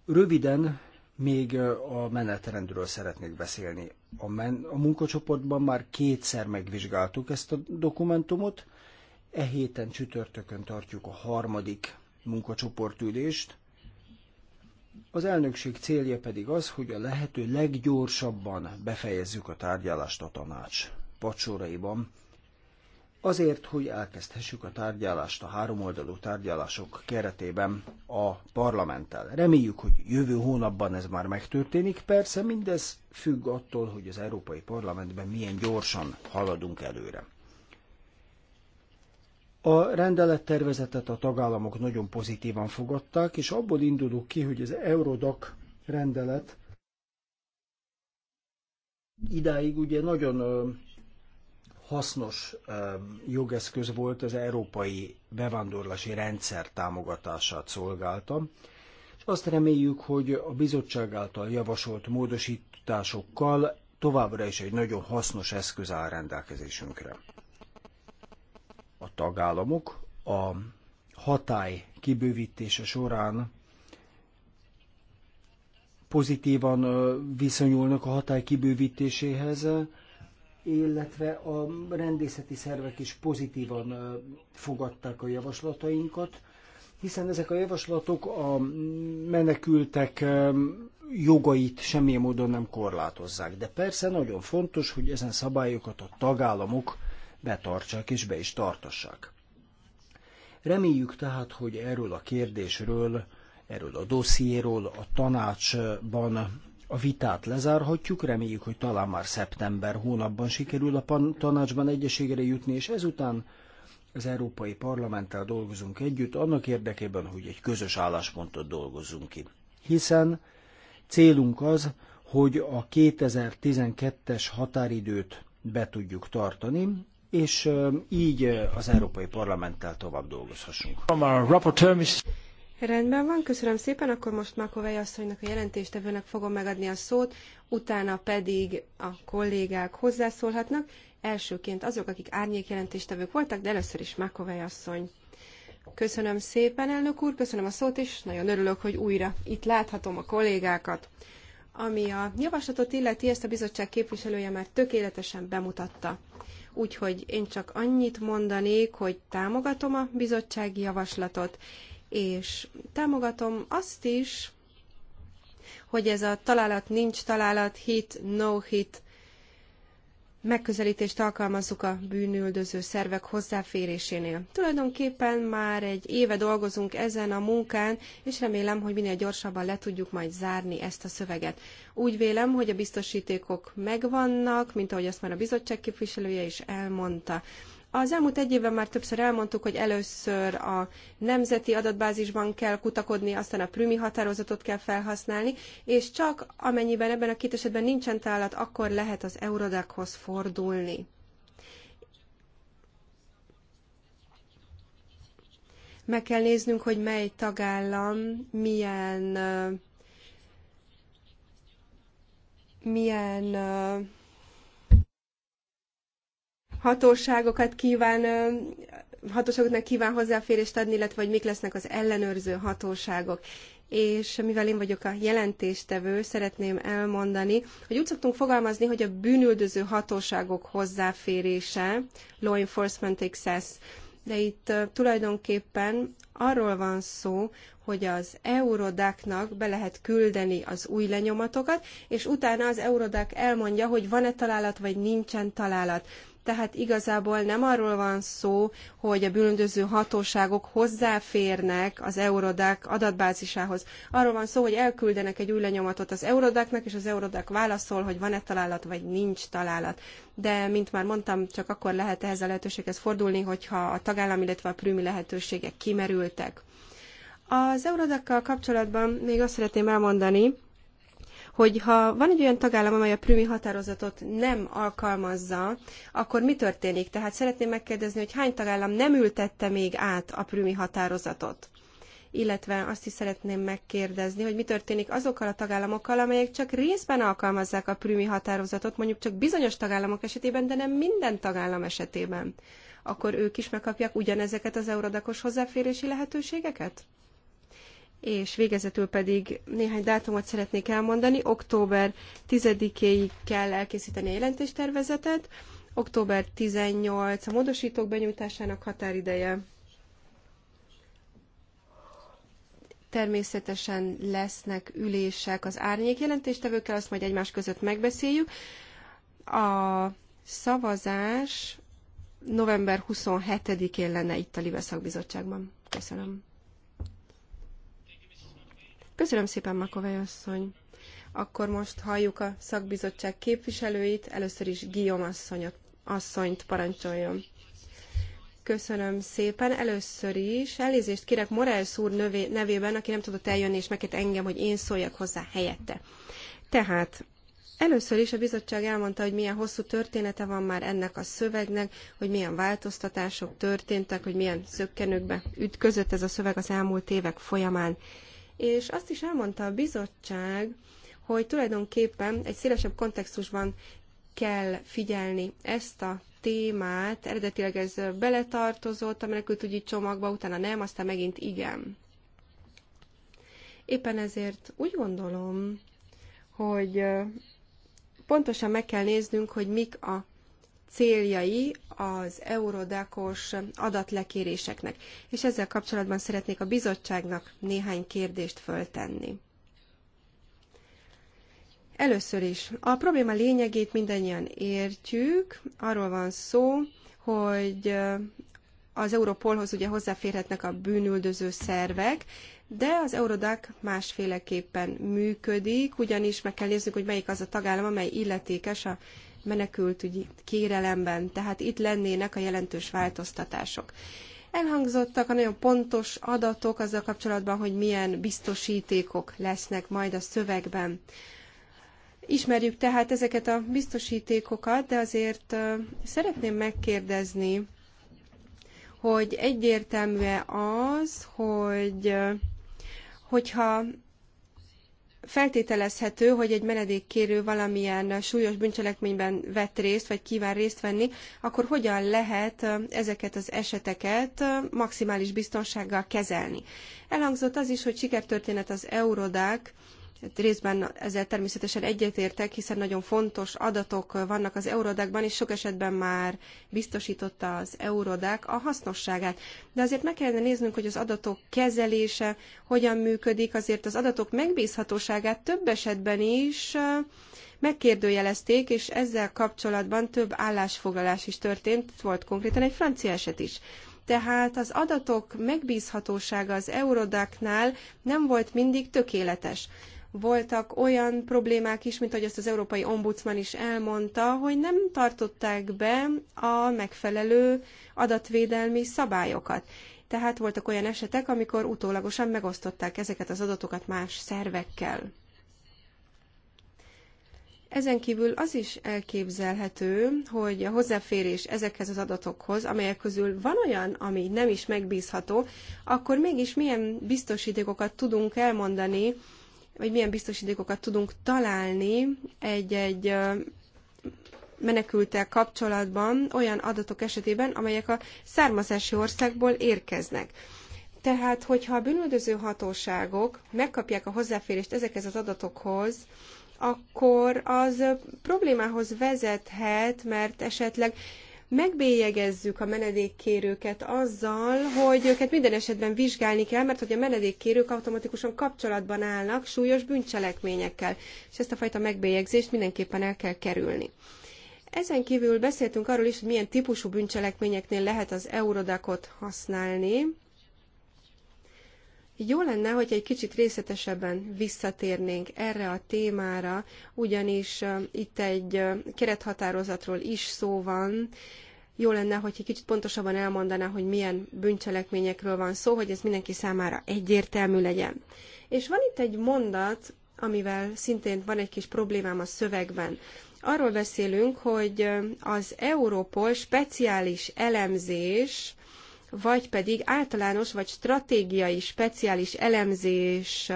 S3: Röviden még eh, a menetrendről szeretnék beszélni. A, men, a munkacsoportban már kétszer megvizsgáltuk ezt a dokumentumot, e héten csütörtökön tartjuk a harmadik munkacsoportülést, az elnökség célja pedig az, hogy a lehető leggyorsabban befejezzük a tárgyalást a tanács vacsoraiban, azért, hogy elkezdhessük a tárgyalást a háromoldalú tárgyalások keretében a parlamenttel. Reméljük, hogy jövő hónapban ez már megtörténik. Persze mindez függ attól, hogy az Európai Parlamentben milyen gyorsan haladunk előre. A rendelettervezetet a tagállamok nagyon pozitívan fogadták, és abból indulok ki, hogy az Eurodac rendelet idáig ugye nagyon hasznos jogeszköz volt az európai bevándorlási rendszer támogatását szolgálta, és azt reméljük, hogy a bizottság által javasolt módosításokkal továbbra is egy nagyon hasznos eszköz áll rendelkezésünkre a tagállamok a hatály kibővítése során pozitívan viszonyulnak a hatály kibővítéséhez, illetve a rendészeti szervek is pozitívan fogadták a javaslatainkat, hiszen ezek a javaslatok a menekültek jogait semmilyen módon nem korlátozzák. De persze nagyon fontos, hogy ezen szabályokat a tagállamok betartsák és be is tartassák. Reméljük tehát, hogy erről a kérdésről, erről a dossziéról a tanácsban a vitát lezárhatjuk, reméljük, hogy talán már szeptember hónapban sikerül a tanácsban egyeségre jutni, és ezután az Európai Parlamenttel dolgozunk együtt, annak érdekében, hogy egy közös álláspontot dolgozzunk ki. Hiszen célunk az, hogy a 2012-es határidőt be tudjuk tartani, és így az Európai Parlamenttel tovább dolgozhassunk.
S4: Rendben van, köszönöm szépen, akkor most Makovei asszonynak a jelentéstevőnek fogom megadni a szót, utána pedig a kollégák hozzászólhatnak, elsőként azok, akik árnyék jelentéstevők voltak, de először is Makovei asszony. Köszönöm szépen, elnök úr, köszönöm a szót, és nagyon örülök, hogy újra itt láthatom a kollégákat. Ami a javaslatot illeti, ezt a bizottság képviselője már tökéletesen bemutatta. Úgyhogy én csak annyit mondanék, hogy támogatom a bizottsági javaslatot, és támogatom azt is, hogy ez a találat nincs találat, hit, no hit megközelítést alkalmazzuk a bűnüldöző szervek hozzáférésénél. Tulajdonképpen már egy éve dolgozunk ezen a munkán, és remélem, hogy minél gyorsabban le tudjuk majd zárni ezt a szöveget. Úgy vélem, hogy a biztosítékok megvannak, mint ahogy azt már a bizottság képviselője is elmondta. Az elmúlt egy évben már többször elmondtuk, hogy először a nemzeti adatbázisban kell kutakodni, aztán a prümi határozatot kell felhasználni, és csak amennyiben ebben a két esetben nincsen találat, akkor lehet az Eurodachoz fordulni. Meg kell néznünk, hogy mely tagállam milyen milyen hatóságokat kíván, hatóságoknak kíván hozzáférést adni, illetve hogy mik lesznek az ellenőrző hatóságok. És mivel én vagyok a jelentéstevő, szeretném elmondani, hogy úgy szoktunk fogalmazni, hogy a bűnüldöző hatóságok hozzáférése, law enforcement access, de itt tulajdonképpen arról van szó, hogy az Eurodáknak be lehet küldeni az új lenyomatokat, és utána az Eurodák elmondja, hogy van-e találat, vagy nincsen találat tehát igazából nem arról van szó, hogy a bűnöző hatóságok hozzáférnek az Eurodac adatbázisához. Arról van szó, hogy elküldenek egy új lenyomatot az Eurodacnak, és az Eurodac válaszol, hogy van-e találat, vagy nincs találat. De, mint már mondtam, csak akkor lehet ehhez a lehetőséghez fordulni, hogyha a tagállam, illetve a prümi lehetőségek kimerültek. Az Eurodakkal kapcsolatban még azt szeretném elmondani, hogy ha van egy olyan tagállam, amely a prümi határozatot nem alkalmazza, akkor mi történik? Tehát szeretném megkérdezni, hogy hány tagállam nem ültette még át a prümi határozatot? illetve azt is szeretném megkérdezni, hogy mi történik azokkal a tagállamokkal, amelyek csak részben alkalmazzák a prümi határozatot, mondjuk csak bizonyos tagállamok esetében, de nem minden tagállam esetében. Akkor ők is megkapják ugyanezeket az eurodakos hozzáférési lehetőségeket? és végezetül pedig néhány dátumot szeretnék elmondani. Október 10-éig kell elkészíteni a jelentéstervezetet, október 18 a módosítók benyújtásának határideje. Természetesen lesznek ülések az árnyék jelentéstevőkkel, azt majd egymás között megbeszéljük. A szavazás november 27-én lenne itt a Live Szakbizottságban. Köszönöm. Köszönöm szépen, Makovely asszony. Akkor most halljuk a szakbizottság képviselőit, először is Guillaume asszonyot, asszonyt parancsoljon. Köszönöm szépen. Először is elnézést kérek Morels úr növé, nevében, aki nem tudott eljönni, és megkért engem, hogy én szóljak hozzá helyette. Tehát Először is a bizottság elmondta, hogy milyen hosszú története van már ennek a szövegnek, hogy milyen változtatások történtek, hogy milyen szökkenőkbe ütközött ez a szöveg az elmúlt évek folyamán és azt is elmondta a bizottság, hogy tulajdonképpen egy szélesebb kontextusban kell figyelni ezt a témát. Eredetileg ez beletartozott a menekültügyi csomagba, utána nem, aztán megint igen. Éppen ezért úgy gondolom, hogy pontosan meg kell néznünk, hogy mik a céljai az eurodákos adatlekéréseknek, és ezzel kapcsolatban szeretnék a bizottságnak néhány kérdést föltenni. Először is, a probléma lényegét mindannyian értjük, arról van szó, hogy eh, az Europolhoz ugye hozzáférhetnek a bűnüldöző szervek, de az Eurodac másféleképpen működik, ugyanis meg kell néznünk, hogy melyik az a tagállam, amely illetékes a menekültügyi kérelemben, tehát itt lennének a jelentős változtatások. Elhangzottak a nagyon pontos adatok azzal kapcsolatban, hogy milyen biztosítékok lesznek majd a szövegben. Ismerjük tehát ezeket a biztosítékokat, de azért szeretném megkérdezni, hogy egyértelmű-e az, hogy hogyha feltételezhető, hogy egy menedékkérő valamilyen súlyos bűncselekményben vett részt, vagy kíván részt venni, akkor hogyan lehet ezeket az eseteket maximális biztonsággal kezelni. Elhangzott az is, hogy sikertörténet az Eurodac, Hát részben ezzel természetesen egyetértek, hiszen nagyon fontos adatok vannak az eurodákban, és sok esetben már biztosította az eurodák a hasznosságát. De azért meg kellene néznünk, hogy az adatok kezelése hogyan működik, azért az adatok megbízhatóságát több esetben is megkérdőjelezték, és ezzel kapcsolatban több állásfoglalás is történt, volt konkrétan egy francia eset is. Tehát az adatok megbízhatósága az Eurodacnál nem volt mindig tökéletes voltak olyan problémák is, mint ahogy azt az Európai Ombudsman is elmondta, hogy nem tartották be a megfelelő adatvédelmi szabályokat. Tehát voltak olyan esetek, amikor utólagosan megosztották ezeket az adatokat más szervekkel. Ezen kívül az is elképzelhető, hogy a hozzáférés ezekhez az adatokhoz, amelyek közül van olyan, ami nem is megbízható, akkor mégis milyen biztosítékokat tudunk elmondani vagy milyen biztosítékokat tudunk találni egy-egy menekültel kapcsolatban olyan adatok esetében, amelyek a származási országból érkeznek. Tehát, hogyha a bűnöldöző hatóságok megkapják a hozzáférést ezekhez az adatokhoz, akkor az problémához vezethet, mert esetleg megbélyegezzük a menedékkérőket azzal, hogy őket minden esetben vizsgálni kell, mert hogy a menedékkérők automatikusan kapcsolatban állnak súlyos bűncselekményekkel, és ezt a fajta megbélyegzést mindenképpen el kell kerülni. Ezen kívül beszéltünk arról is, hogy milyen típusú bűncselekményeknél lehet az Eurodacot használni, jó lenne, hogy egy kicsit részletesebben visszatérnénk erre a témára, ugyanis itt egy kerethatározatról is szó van, jó lenne, hogy egy kicsit pontosabban elmondaná, hogy milyen bűncselekményekről van szó, hogy ez mindenki számára egyértelmű legyen. És van itt egy mondat, amivel szintén van egy kis problémám a szövegben. Arról beszélünk, hogy az Europol speciális elemzés vagy pedig általános vagy stratégiai speciális elemzés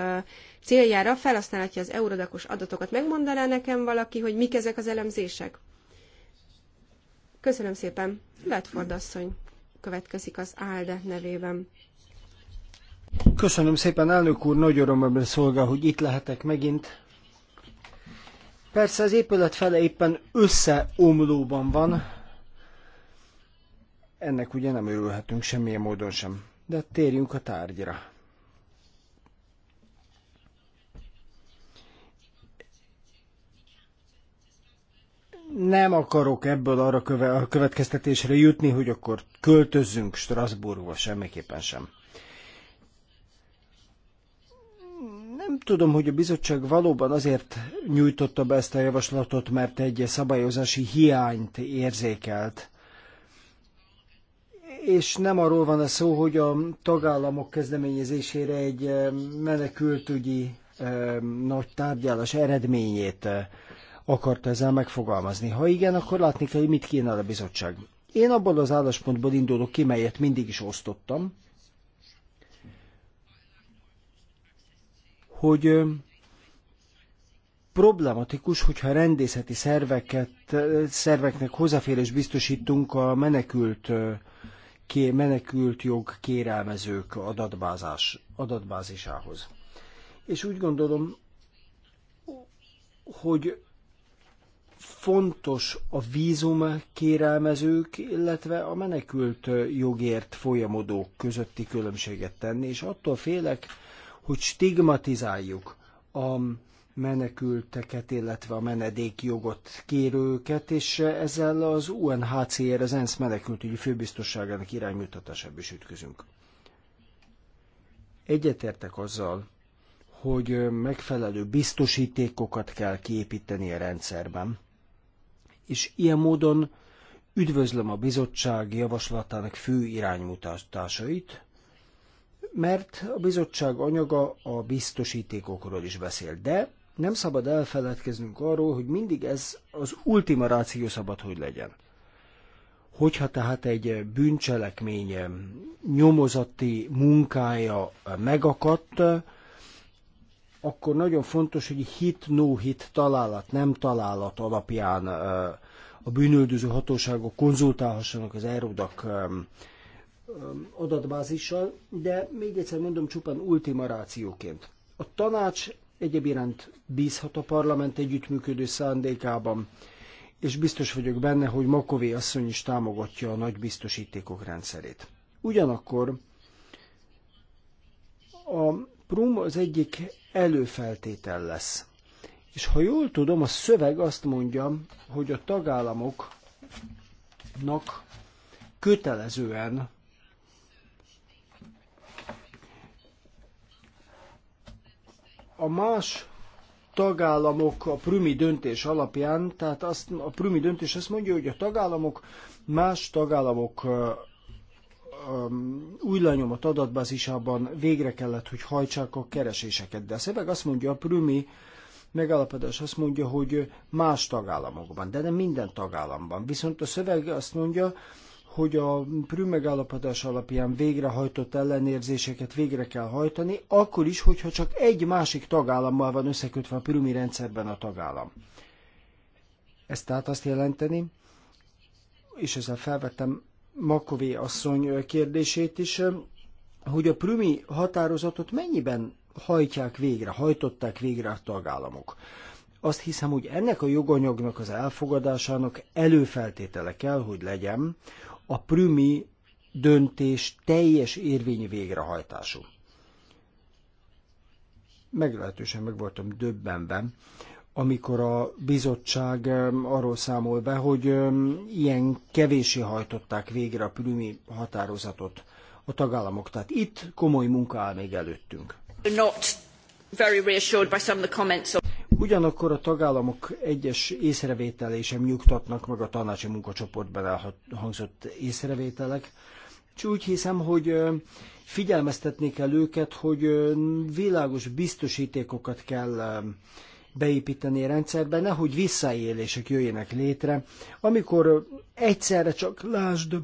S4: céljára felhasználhatja az eurodakos adatokat. Megmondaná nekem valaki, hogy mik ezek az elemzések? Köszönöm szépen. Ledford asszony következik az ALDE nevében.
S3: Köszönöm szépen, elnök úr, nagy örömömre szolgál, hogy itt lehetek megint. Persze az épület fele éppen összeomlóban van, ennek ugye nem örülhetünk semmilyen módon sem. De térjünk a tárgyra. nem akarok ebből arra köve, a következtetésre jutni, hogy akkor költözzünk Strasbourgba, semmiképpen sem. Nem tudom, hogy a bizottság valóban azért nyújtotta be ezt a javaslatot, mert egy szabályozási hiányt érzékelt és nem arról van a szó, hogy a tagállamok kezdeményezésére egy eh, menekültügyi eh, nagy tárgyalás eredményét eh, akarta ezzel megfogalmazni. Ha igen, akkor látni kell, hogy mit kínál a bizottság. Én abból az álláspontból indulok ki, melyet mindig is osztottam, hogy problematikus, hogyha rendészeti szerveket, szerveknek hozzáférés biztosítunk a menekült ké, menekült jog kérelmezők adatbázás, adatbázisához. És úgy gondolom, hogy fontos a vízum kérelmezők, illetve a menekült jogért folyamodók közötti különbséget tenni, és attól félek, hogy stigmatizáljuk a menekülteket, illetve a menedékjogot kérőket, és ezzel az UNHCR, az ENSZ menekültügyi főbiztosságának iránymutatásába is ütközünk. Egyetértek azzal, hogy megfelelő biztosítékokat kell kiépíteni a rendszerben, és ilyen módon üdvözlöm a bizottság javaslatának fő iránymutatásait, mert a bizottság anyaga a biztosítékokról is beszél, de nem szabad elfeledkeznünk arról, hogy mindig ez az ultima ráció szabad, hogy legyen. Hogyha tehát egy bűncselekmény nyomozati munkája megakadt, akkor nagyon fontos, hogy hit no hit találat, nem találat alapján a bűnöldöző hatóságok konzultálhassanak az Erodak adatbázissal, de még egyszer mondom, csupán ultima rációként. A tanács Egyéb iránt bízhat a parlament együttműködő szándékában, és biztos vagyok benne, hogy Makové asszony is támogatja a nagy biztosítékok rendszerét. Ugyanakkor a prum az egyik előfeltétel lesz. És ha jól tudom, a szöveg azt mondja, hogy a tagállamoknak kötelezően A más tagállamok a prümi döntés alapján, tehát azt, a prümi döntés azt mondja, hogy a tagállamok más tagállamok új lenyomat adatbázisában végre kellett, hogy hajtsák a kereséseket. De a szöveg azt mondja, a prümi megállapodás azt mondja, hogy más tagállamokban, de nem minden tagállamban. Viszont a szöveg azt mondja, hogy a Prüm megállapodás alapján végrehajtott ellenérzéseket végre kell hajtani, akkor is, hogyha csak egy másik tagállammal van összekötve a Prümi rendszerben a tagállam. Ez tehát azt jelenteni, és ezzel felvettem Makové asszony kérdését is, hogy a Prümi határozatot mennyiben hajtják végre, hajtották végre a tagállamok azt hiszem, hogy ennek a joganyagnak az elfogadásának előfeltétele kell, hogy legyen, a prümi döntés teljes érvényi végrehajtású. Meglehetősen meg voltam döbbenve, amikor a bizottság arról számol be, hogy ilyen kevésé hajtották végre a prümi határozatot a tagállamok. Tehát itt komoly munka áll még előttünk.
S1: Not very reassured by some of the comments of
S3: Ugyanakkor a tagállamok egyes észrevételei sem nyugtatnak meg a tanácsi munkacsoportban elhangzott észrevételek, és úgy hiszem, hogy figyelmeztetni kell őket, hogy világos biztosítékokat kell beépíteni a rendszerbe, nehogy visszaélések jöjjenek létre, amikor egyszerre csak lásd,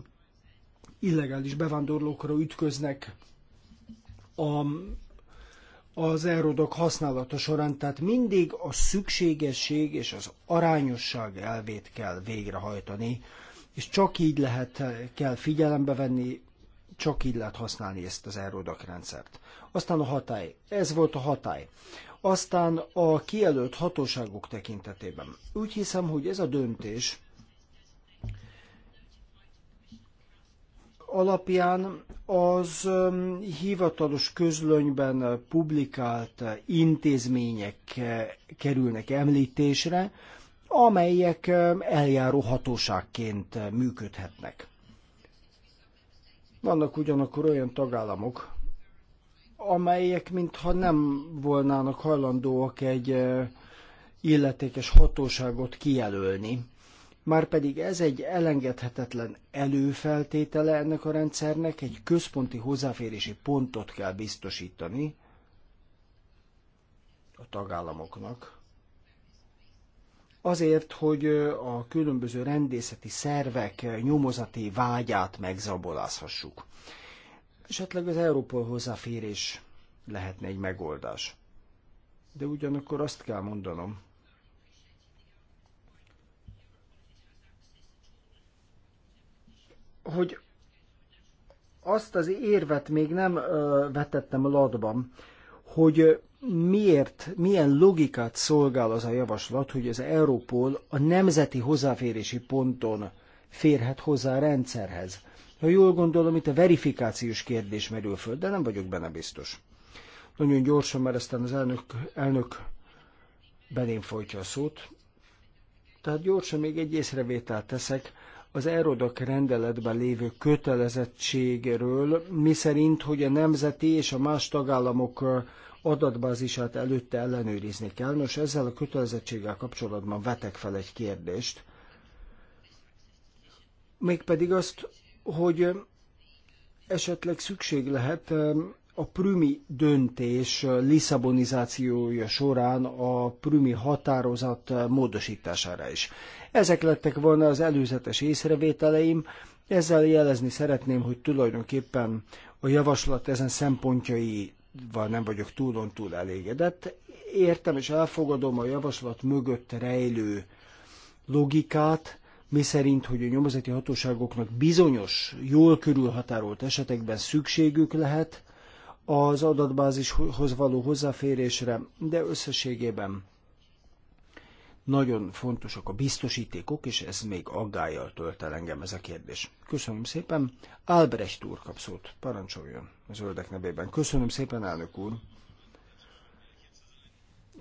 S3: illegális bevándorlókra ütköznek a az Eurodoc használata során, tehát mindig a szükségesség és az arányosság elvét kell végrehajtani, és csak így lehet, kell figyelembe venni, csak így lehet használni ezt az Eurodoc rendszert. Aztán a hatály. Ez volt a hatály. Aztán a kijelölt hatóságok tekintetében. Úgy hiszem, hogy ez a döntés alapján az hivatalos közlönyben publikált intézmények eh, kerülnek említésre, amelyek eljáró hatóságként működhetnek. Vannak ugyanakkor olyan tagállamok, amelyek mintha nem volnának hajlandóak egy eh, illetékes hatóságot kijelölni, márpedig ez egy elengedhetetlen előfeltétele ennek a rendszernek, egy központi hozzáférési pontot kell biztosítani a tagállamoknak, azért, hogy a különböző rendészeti szervek nyomozati vágyát megzabolázhassuk. Esetleg az Európol hozzáférés lehetne egy megoldás. De ugyanakkor azt kell mondanom, hogy azt az érvet még nem ö, vetettem ladban, hogy miért, milyen logikát szolgál az a javaslat, hogy az Európol a nemzeti hozzáférési ponton férhet hozzá a rendszerhez. Ha jól gondolom, itt a verifikációs kérdés merül föl, de nem vagyok benne biztos. Nagyon gyorsan, mert aztán az elnök, elnök belém folytja a szót. Tehát gyorsan még egy észrevételt teszek az Erodok rendeletben lévő kötelezettségről, miszerint, hogy a nemzeti és a más tagállamok adatbázisát előtte ellenőrizni kell. Nos, ezzel a kötelezettséggel kapcsolatban vetek fel egy kérdést. Mégpedig azt, hogy esetleg szükség lehet a prümi döntés liszabonizációja során a prümi határozat módosítására is. Ezek lettek volna az előzetes észrevételeim, ezzel jelezni szeretném, hogy tulajdonképpen a javaslat ezen szempontjaival nem vagyok túlon túl elégedett. Értem és elfogadom a javaslat mögött rejlő logikát, Mi szerint, hogy a nyomozati hatóságoknak bizonyos, jól körülhatárolt esetekben szükségük lehet az adatbázishoz való hozzáférésre, de összességében nagyon fontosak a biztosítékok, és ez még aggájjal tölt el engem ez a kérdés. Köszönöm szépen. Albrecht úr kap szót. Parancsoljon a zöldek nevében. Köszönöm szépen, elnök úr.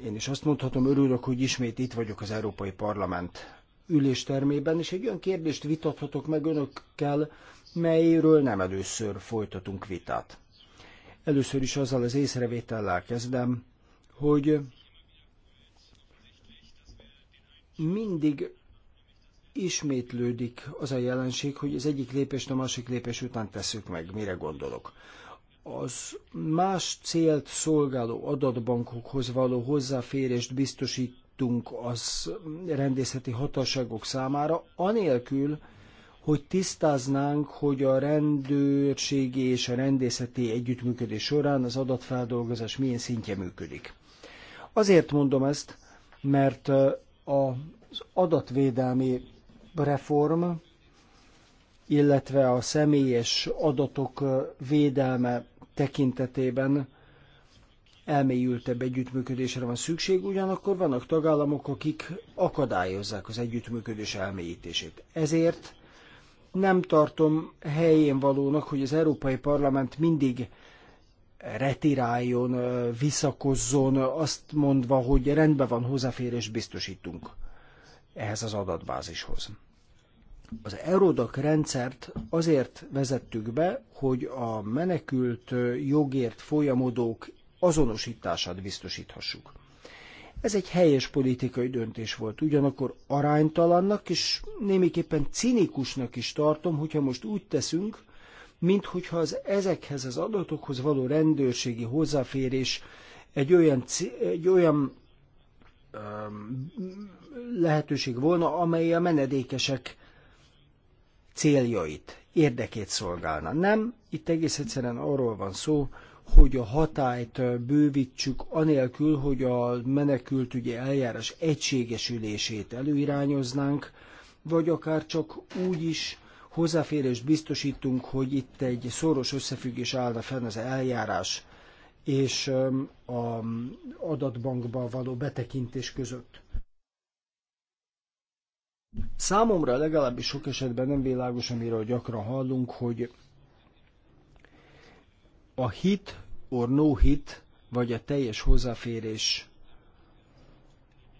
S3: Én is azt mondhatom, örülök, hogy ismét itt vagyok az Európai Parlament üléstermében, és egy olyan kérdést vitathatok meg önökkel, melyről nem először folytatunk vitát. Először is azzal az észrevétellel kezdem, hogy mindig ismétlődik az a jelenség, hogy az egyik lépést a másik lépés után tesszük meg, mire gondolok. Az más célt szolgáló adatbankokhoz való hozzáférést biztosítunk az rendészeti hatóságok számára, anélkül, hogy tisztáznánk, hogy a rendőrségi és a rendészeti együttműködés során az adatfeldolgozás milyen szintje működik. Azért mondom ezt, mert az adatvédelmi reform, illetve a személyes adatok védelme tekintetében elmélyültebb együttműködésre van szükség, ugyanakkor vannak tagállamok, akik akadályozzák az együttműködés elmélyítését. Ezért nem tartom helyén valónak, hogy az Európai Parlament mindig retiráljon, visszakozzon, azt mondva, hogy rendben van, hozzáférés biztosítunk ehhez az adatbázishoz. Az Eurodac rendszert azért vezettük be, hogy a menekült jogért folyamodók azonosítását biztosíthassuk. Ez egy helyes politikai döntés volt, ugyanakkor aránytalannak és némiképpen cinikusnak is tartom, hogyha most úgy teszünk, mint hogyha az ezekhez az adatokhoz való rendőrségi hozzáférés egy olyan, egy olyan um, lehetőség volna, amely a menedékesek céljait, érdekét szolgálna. Nem, itt egész egyszerűen arról van szó, hogy a hatályt bővítsük, anélkül, hogy a menekült, ugye eljárás egységesülését előirányoznánk, vagy akár csak úgy is hozzáférést biztosítunk, hogy itt egy szoros összefüggés állna fenn az eljárás és a adatbankba való betekintés között. Számomra legalábbis sok esetben nem világos, amiről gyakran hallunk, hogy a hit or no hit, vagy a teljes hozzáférés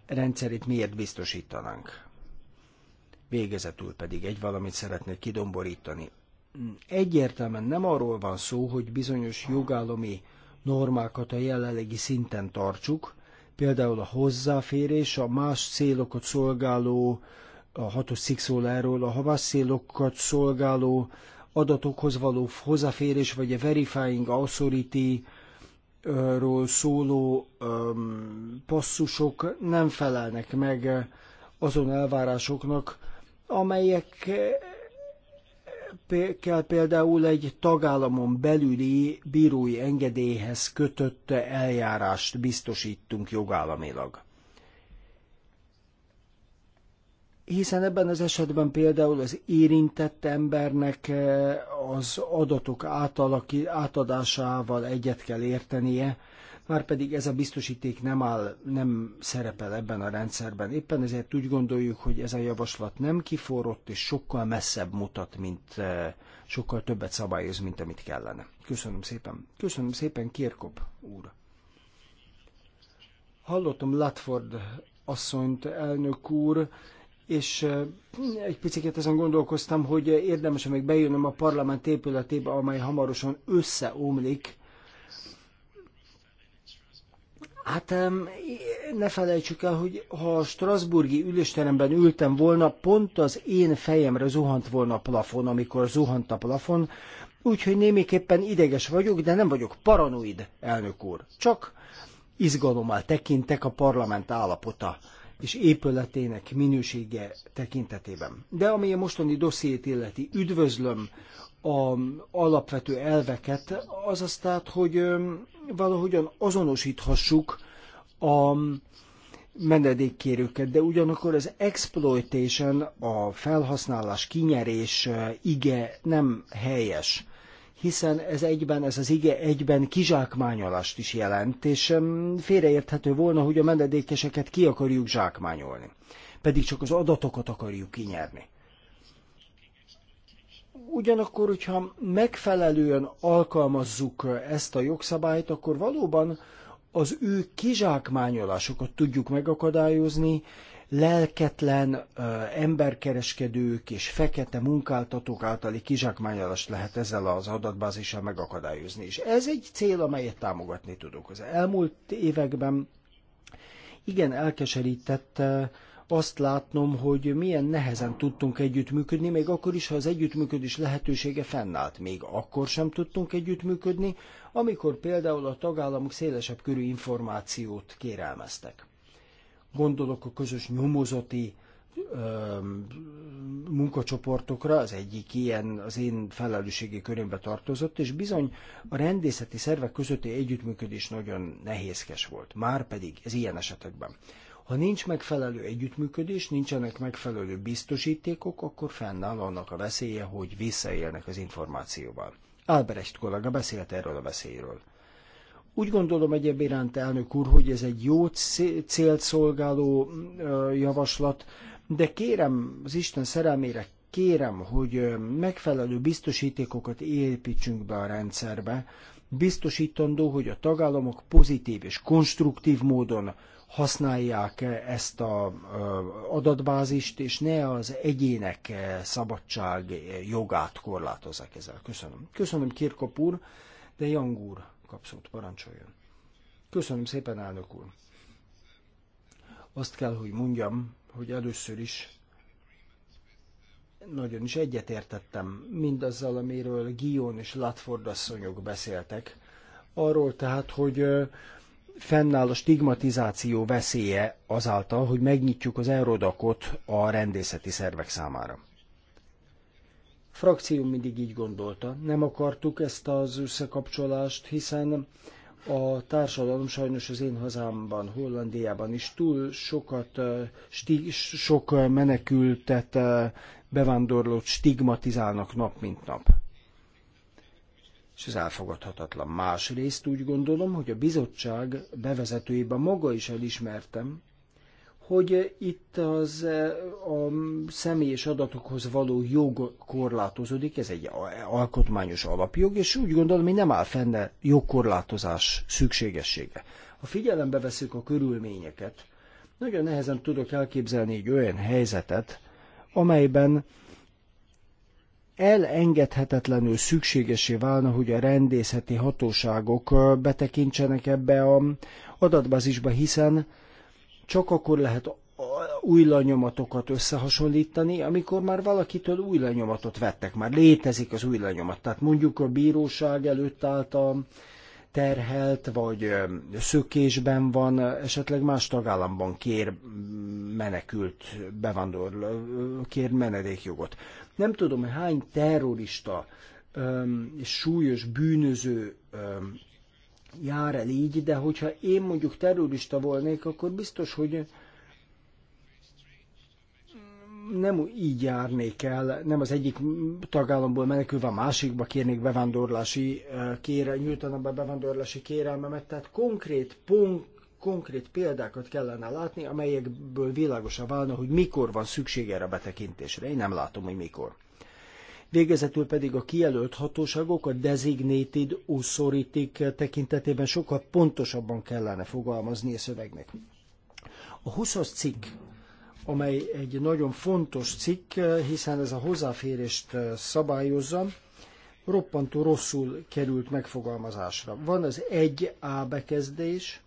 S3: rendszerét miért biztosítanánk? Végezetül pedig egy valamit szeretnék kidomborítani. Egyértelműen nem arról van szó, hogy bizonyos jogállami normákat a jelenlegi szinten tartsuk, például a hozzáférés, a más célokat szolgáló, a hatos szikszóláról, a havas célokat szolgáló adatokhoz való hozzáférés, vagy a Verifying Authority ról szóló passzusok nem felelnek meg azon elvárásoknak, amelyek kell például egy tagállamon belüli bírói engedélyhez kötött eljárást biztosítunk jogállamilag. hiszen ebben az esetben például az érintett embernek eh, az adatok átalaki, átadásával egyet kell értenie, márpedig ez a biztosíték nem, áll, nem szerepel ebben a rendszerben. Éppen ezért úgy gondoljuk, hogy ez a javaslat nem kiforrott, és sokkal messzebb mutat, mint eh, sokkal többet szabályoz, mint amit kellene. Köszönöm szépen. Köszönöm szépen, Kirkop úr. Hallottam Latford asszonyt, elnök úr, és egy picit ezen gondolkoztam, hogy érdemes, még bejönöm a parlament épületébe, amely hamarosan összeomlik. Hát ne felejtsük el, hogy ha a Strasburgi ülésteremben ültem volna, pont az én fejemre zuhant volna a plafon, amikor zuhant a plafon, úgyhogy némiképpen ideges vagyok, de nem vagyok paranoid, elnök úr. Csak izgalommal tekintek a parlament állapota és épületének minősége tekintetében. De ami a mostani dossziét illeti, üdvözlöm a alapvető elveket, azt tehát, hogy valahogyan azonosíthassuk a menedékkérőket, de ugyanakkor az exploitation, a felhasználás, kinyerés ige nem helyes hiszen ez egyben, ez az ige egyben kizsákmányolást is jelent, és félreérthető volna, hogy a menedékeseket ki akarjuk zsákmányolni, pedig csak az adatokat akarjuk kinyerni. Ugyanakkor, hogyha megfelelően alkalmazzuk ezt a jogszabályt, akkor valóban az ő kizsákmányolásokat tudjuk megakadályozni, lelketlen emberkereskedők és fekete munkáltatók általi kizsákmányolást lehet ezzel az adatbázissal megakadályozni. És ez egy cél, amelyet támogatni tudok. Az elmúlt években igen elkeserített azt látnom, hogy milyen nehezen tudtunk együttműködni, még akkor is, ha az együttműködés lehetősége fennállt. Még akkor sem tudtunk együttműködni, amikor például a tagállamok szélesebb körű információt kérelmeztek. Gondolok a közös nyomozati munkacsoportokra, az egyik ilyen az én felelősségi körémbe tartozott, és bizony a rendészeti szervek közötti együttműködés nagyon nehézkes volt, már pedig ez ilyen esetekben. Ha nincs megfelelő együttműködés, nincsenek megfelelő biztosítékok, akkor fennáll annak a veszélye, hogy visszaélnek az információval. Albrecht kollega beszélt erről a veszélyről. Úgy gondolom egyéb iránt, elnök úr, hogy ez egy jó célt szolgáló javaslat, de kérem az Isten szerelmére, kérem, hogy megfelelő biztosítékokat építsünk be a rendszerbe, biztosítandó, hogy a tagállamok pozitív és konstruktív módon használják ezt az adatbázist, és ne az egyének szabadság jogát korlátozzák ezzel. Köszönöm. Köszönöm Kirkop úr, de Jang úr kapszót parancsoljon. Köszönöm szépen, elnök úr. Azt kell, hogy mondjam, hogy először is nagyon is egyetértettem mindazzal, amiről Gion és Latford asszonyok beszéltek. Arról tehát, hogy fennáll a stigmatizáció veszélye azáltal, hogy megnyitjuk az eurodakot a rendészeti szervek számára frakció mindig így gondolta. Nem akartuk ezt az összekapcsolást, hiszen a társadalom sajnos az én hazámban, Hollandiában is túl sokat, sti, sok menekültet, bevándorlót stigmatizálnak nap mint nap. És ez elfogadhatatlan. Másrészt úgy gondolom, hogy a bizottság bevezetőjében maga is elismertem, hogy itt az e, a személyes adatokhoz való jog korlátozódik, ez egy alkotmányos alapjog, és úgy gondolom, hogy nem áll a jogkorlátozás szükségessége. Ha figyelembe veszük a körülményeket, nagyon nehezen tudok elképzelni egy olyan helyzetet, amelyben elengedhetetlenül szükségesé válna, hogy a rendészeti hatóságok betekintsenek ebbe a adatbázisba, hiszen csak akkor lehet új lenyomatokat összehasonlítani, amikor már valakitől új lenyomatot vettek, már létezik az új lenyomat. Tehát mondjuk a bíróság előtt álltam, terhelt, vagy szökésben van, esetleg más tagállamban kér menekült bevándorló, kér menedékjogot. Nem tudom, hogy hány terrorista és súlyos bűnöző jár el így, de hogyha én mondjuk terrorista volnék, akkor biztos, hogy nem így járnék el, nem az egyik tagállamból menekülve a másikba kérnék bevándorlási eh, kére, nyújtanak be bevándorlási kérelmemet, tehát konkrét pont, konkrét példákat kellene látni, amelyekből világosan válna, hogy mikor van szükség erre a betekintésre. Én nem látom, hogy mikor. Végezetül pedig a kijelölt hatóságok a designated authority tekintetében sokkal pontosabban kellene fogalmazni a szövegnek. A 20 cikk amely egy nagyon fontos cikk, hiszen ez a hozzáférést szabályozza, roppantó rosszul került megfogalmazásra. Van az egy a bekezdés,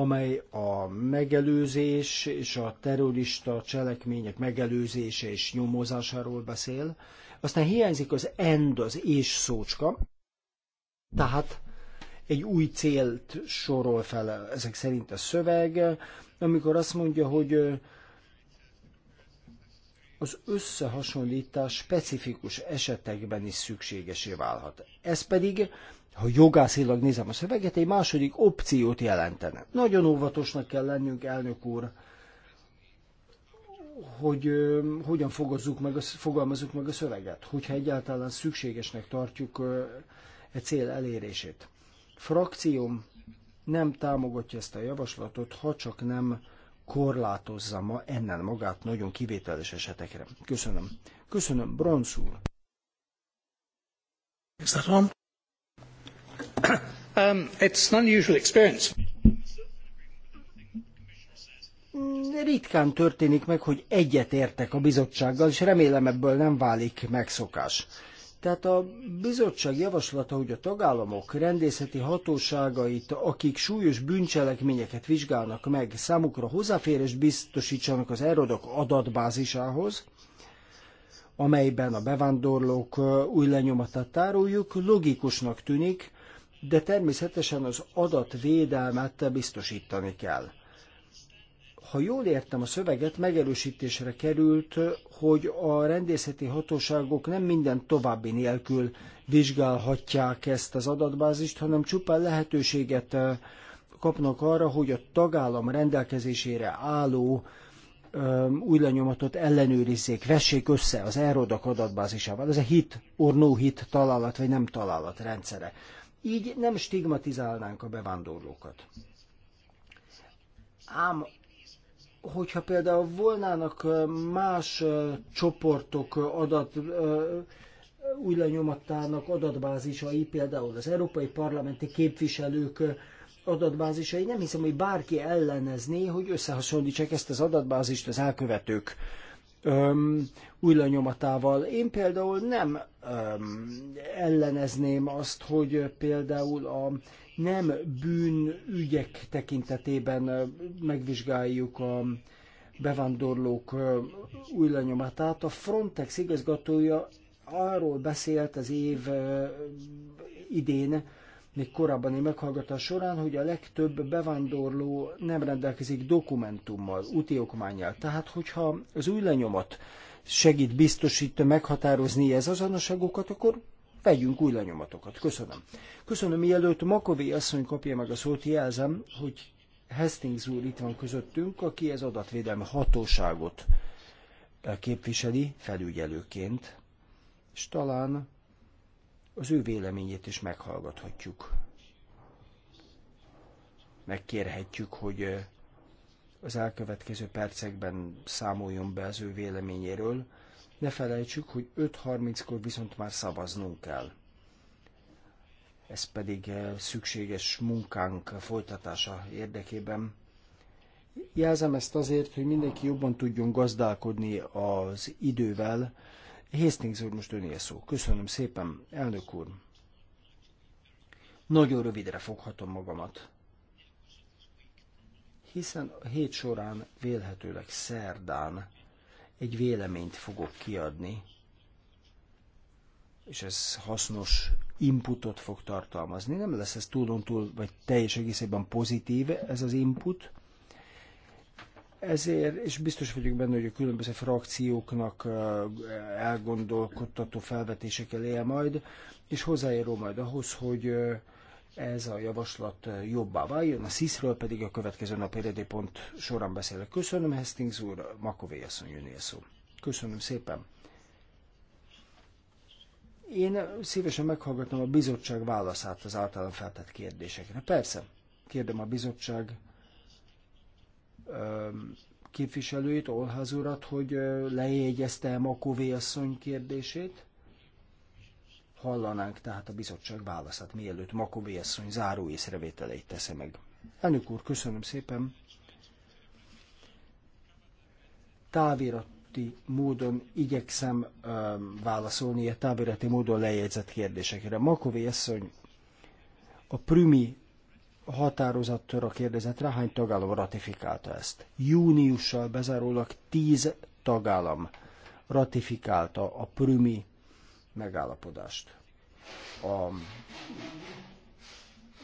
S3: amely a megelőzés és a terrorista cselekmények megelőzése és nyomozásáról beszél. Aztán hiányzik az end, az és szócska, tehát egy új célt sorol fel ezek szerint a szöveg, amikor azt mondja, hogy az összehasonlítás specifikus esetekben is szükségesé válhat. Ez pedig ha jogászilag nézem a szöveget, egy második opciót jelentene. Nagyon óvatosnak kell lennünk, elnök úr, hogy ö, hogyan fogozzuk meg, fogalmazzuk meg a szöveget, hogyha egyáltalán szükségesnek tartjuk ö, e cél elérését. Frakcióm nem támogatja ezt a javaslatot, ha csak nem korlátozza ma ennen magát nagyon kivételes esetekre. Köszönöm. Köszönöm, Bronsz úr. Köszönöm. Um, it's an unusual experience. Ritkán történik meg, hogy egyet értek a bizottsággal, és remélem ebből nem válik megszokás. Tehát a bizottság javaslata, hogy a tagállamok rendészeti hatóságait, akik súlyos bűncselekményeket vizsgálnak meg, számukra hozzáférést biztosítsanak az Erodok adatbázisához, amelyben a bevándorlók uh, új lenyomatát tároljuk, logikusnak tűnik, de természetesen az adatvédelmet biztosítani kell. Ha jól értem a szöveget, megerősítésre került, hogy a rendészeti hatóságok nem minden további nélkül vizsgálhatják ezt az adatbázist, hanem csupán lehetőséget eh, kapnak arra, hogy a tagállam rendelkezésére álló eh, új lenyomatot ellenőrizzék, vessék össze az Erodak adatbázisával. Ez a hit or no hit találat, vagy nem találat rendszere. Így nem stigmatizálnánk a bevándorlókat. Ám hogyha például volnának más csoportok adat, új lenyomattának adatbázisai, például az európai parlamenti képviselők adatbázisai, nem hiszem, hogy bárki ellenezné, hogy összehasonlítsák ezt az adatbázist az elkövetők öm, új lenyomatával. Én például nem öm, ellenezném azt, hogy például a nem bűnügyek tekintetében megvizsgáljuk a bevándorlók új lenyomatát. A Frontex igazgatója arról beszélt az év idén, még korábbani meghallgatás során, hogy a legtöbb bevándorló nem rendelkezik dokumentummal, úti okmányjal. Tehát, hogyha az új lenyomat segít biztosít meghatározni ez az azonosságokat, akkor vegyünk új lenyomatokat. Köszönöm. Köszönöm, mielőtt Makové asszony kapja meg a szót, jelzem, hogy Hastings úr itt van közöttünk, aki az adatvédelmi hatóságot képviseli felügyelőként, és talán az ő véleményét is meghallgathatjuk. Megkérhetjük, hogy az elkövetkező percekben számoljon be az ő véleményéről. Ne felejtsük, hogy 5.30-kor viszont már szavaznunk kell. Ez pedig szükséges munkánk folytatása érdekében. Jelzem ezt azért, hogy mindenki jobban tudjon gazdálkodni az idővel, Hastings úr, most önél szó. Köszönöm szépen, elnök úr. Nagyon rövidre foghatom magamat, hiszen a hét során vélhetőleg szerdán egy véleményt fogok kiadni, és ez hasznos inputot fog tartalmazni. Nem lesz ez túlontúl, vagy teljes egészében pozitív ez az input, ezért, és biztos vagyok benne, hogy a különböző frakcióknak elgondolkodtató felvetésekkel él majd, és hozzájárul majd ahhoz, hogy ez a javaslat jobbá váljon, a SZISZ-ről pedig a következő eredé pont során beszélek. Köszönöm, Hastings úr, Makové asszony szó. Köszönöm szépen. Én szívesen meghallgatom a bizottság válaszát az általam feltett kérdésekre. Persze, kérdem a bizottság képviselőjét, Olház urat, hogy lejegyezte Makové asszony kérdését. Hallanánk tehát a bizottság válaszát, mielőtt Makové asszony záró észrevételeit teszi meg. Elnök úr, köszönöm szépen. Távirati módon igyekszem ö, válaszolni a távirati módon lejegyzett kérdésekre. Makové asszony a Prümi határozattörre a kérdezetre, hány tagállam ratifikálta ezt. Júniussal bezárólag 10 tagállam ratifikálta a prümi megállapodást. A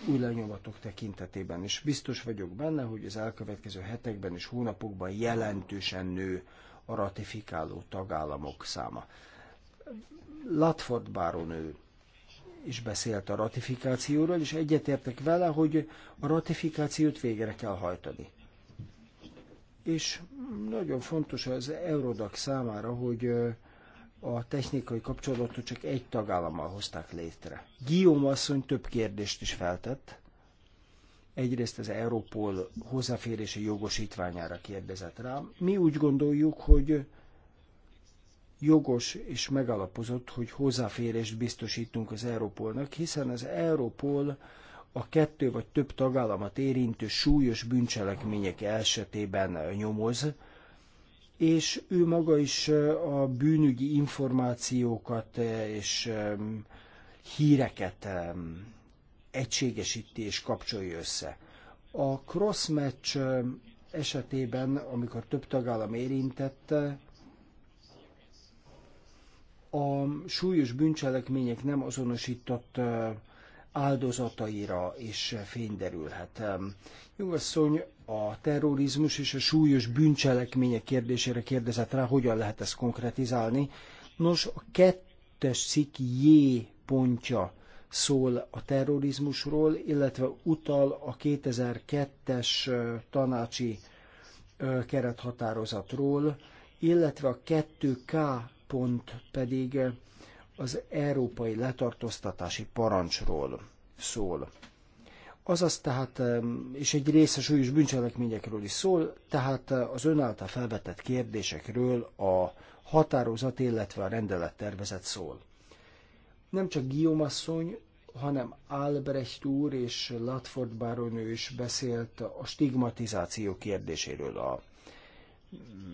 S3: új lenyomatok tekintetében is. Biztos vagyok benne, hogy az elkövetkező hetekben és hónapokban jelentősen nő a ratifikáló tagállamok száma. Latford báronő is beszélt a ratifikációról, és egyetértek vele, hogy a ratifikációt végre kell hajtani. És nagyon fontos az Eurodac számára, hogy a technikai kapcsolatot csak egy tagállammal hozták létre. Guillaume asszony több kérdést is feltett. Egyrészt az Európol hozzáférési jogosítványára kérdezett rám. Mi úgy gondoljuk, hogy jogos és megalapozott, hogy hozzáférést biztosítunk az Európolnak, hiszen az Európol a kettő vagy több tagállamat érintő súlyos bűncselekmények esetében nyomoz, és ő maga is a bűnügyi információkat és híreket egységesíti és kapcsolja össze. A crossmatch esetében, amikor több tagállam érintette, a súlyos bűncselekmények nem azonosított áldozataira is fényderülhet. Jogasszony a terrorizmus és a súlyos bűncselekmények kérdésére kérdezett rá, hogyan lehet ezt konkretizálni. Nos, a kettes cikk J pontja szól a terrorizmusról, illetve utal a 2002-es tanácsi kerethatározatról, illetve a 2K pont pedig eh, az európai letartóztatási parancsról szól. Azaz tehát, és egy része súlyos bűncselekményekről is szól, tehát eh, az ön által felvetett kérdésekről a határozat, illetve a rendelettervezet szól. Nem csak Guillaume asszony, hanem Albrecht úr és Latford báronő is beszélt a stigmatizáció kérdéséről, a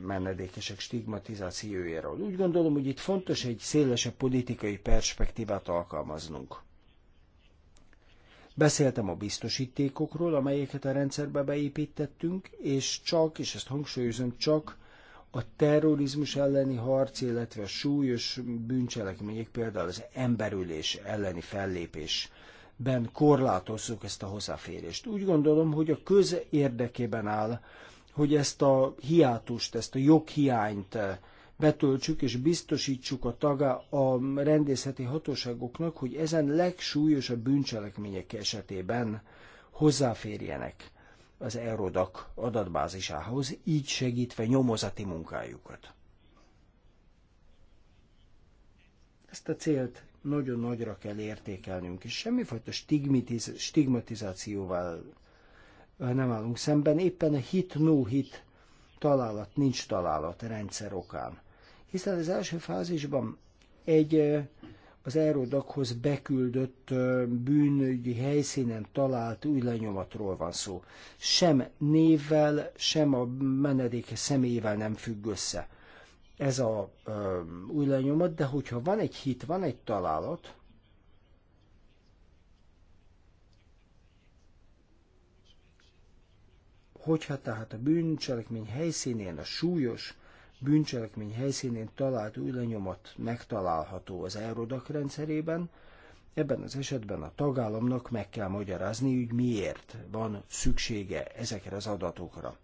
S3: menedékesek stigmatizációjáról. Úgy gondolom, hogy itt fontos egy szélesebb politikai perspektívát alkalmaznunk. Beszéltem a biztosítékokról, amelyeket a rendszerbe beépítettünk, és csak, és ezt hangsúlyozom, csak a terrorizmus elleni harc, illetve a súlyos bűncselekmények, például az emberülés elleni fellépésben korlátozzuk ezt a hozzáférést. Úgy gondolom, hogy a köz érdekében áll, hogy ezt a hiátust, ezt a joghiányt eh, betöltsük és biztosítsuk a taga a rendészeti hatóságoknak, hogy ezen legsúlyosabb bűncselekmények esetében hozzáférjenek az Eurodac adatbázisához, így segítve nyomozati munkájukat. Ezt a célt nagyon nagyra kell értékelnünk, és semmifajta stigmatizációval nem állunk szemben, éppen a hit-no-hit találat, nincs találat rendszer okán. Hiszen az első fázisban egy az Eurodaghoz beküldött bűnügyi helyszínen talált új lenyomatról van szó. Sem névvel, sem a menedéke személyével nem függ össze ez a ö, új lenyomat, de hogyha van egy hit, van egy találat, Hogyha tehát a bűncselekmény helyszínén, a súlyos bűncselekmény helyszínén talált új lenyomat megtalálható az Eurodac rendszerében, ebben az esetben a tagállamnak meg kell magyarázni, hogy miért van szüksége ezekre az adatokra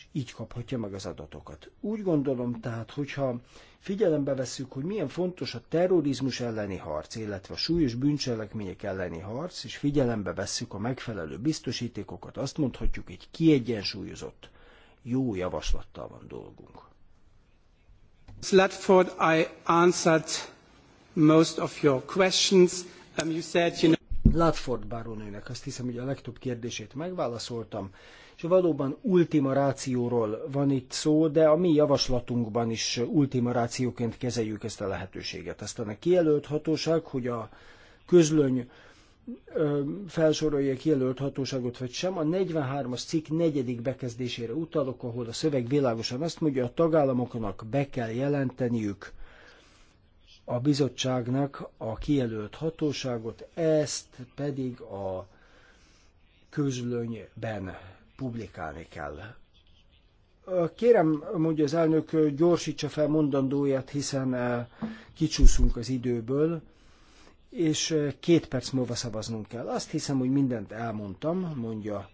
S3: és így kaphatja meg az adatokat. Úgy gondolom tehát, hogyha figyelembe vesszük, hogy milyen fontos a terrorizmus elleni harc, illetve a súlyos bűncselekmények elleni harc, és figyelembe vesszük a megfelelő biztosítékokat, azt mondhatjuk, egy kiegyensúlyozott, jó javaslattal van dolgunk. Slatford, I answered most of your questions. Um, you said, you know... Latford bárónőnek azt hiszem, hogy a legtöbb kérdését megválaszoltam és valóban ultima rációról van itt szó, de a mi javaslatunkban is ultima rációként kezeljük ezt a lehetőséget. Aztán a kijelölt hatóság, hogy a közlöny felsorolja kijelölt hatóságot vagy sem, a 43-as cikk negyedik bekezdésére utalok, ahol a szöveg világosan azt mondja, a tagállamoknak be kell jelenteniük a bizottságnak a kijelölt hatóságot, ezt pedig a közlönyben publikálni kell. Kérem, mondja az elnök, gyorsítsa fel mondandóját, hiszen kicsúszunk az időből, és két perc múlva szavaznunk kell. Azt hiszem, hogy mindent elmondtam, mondja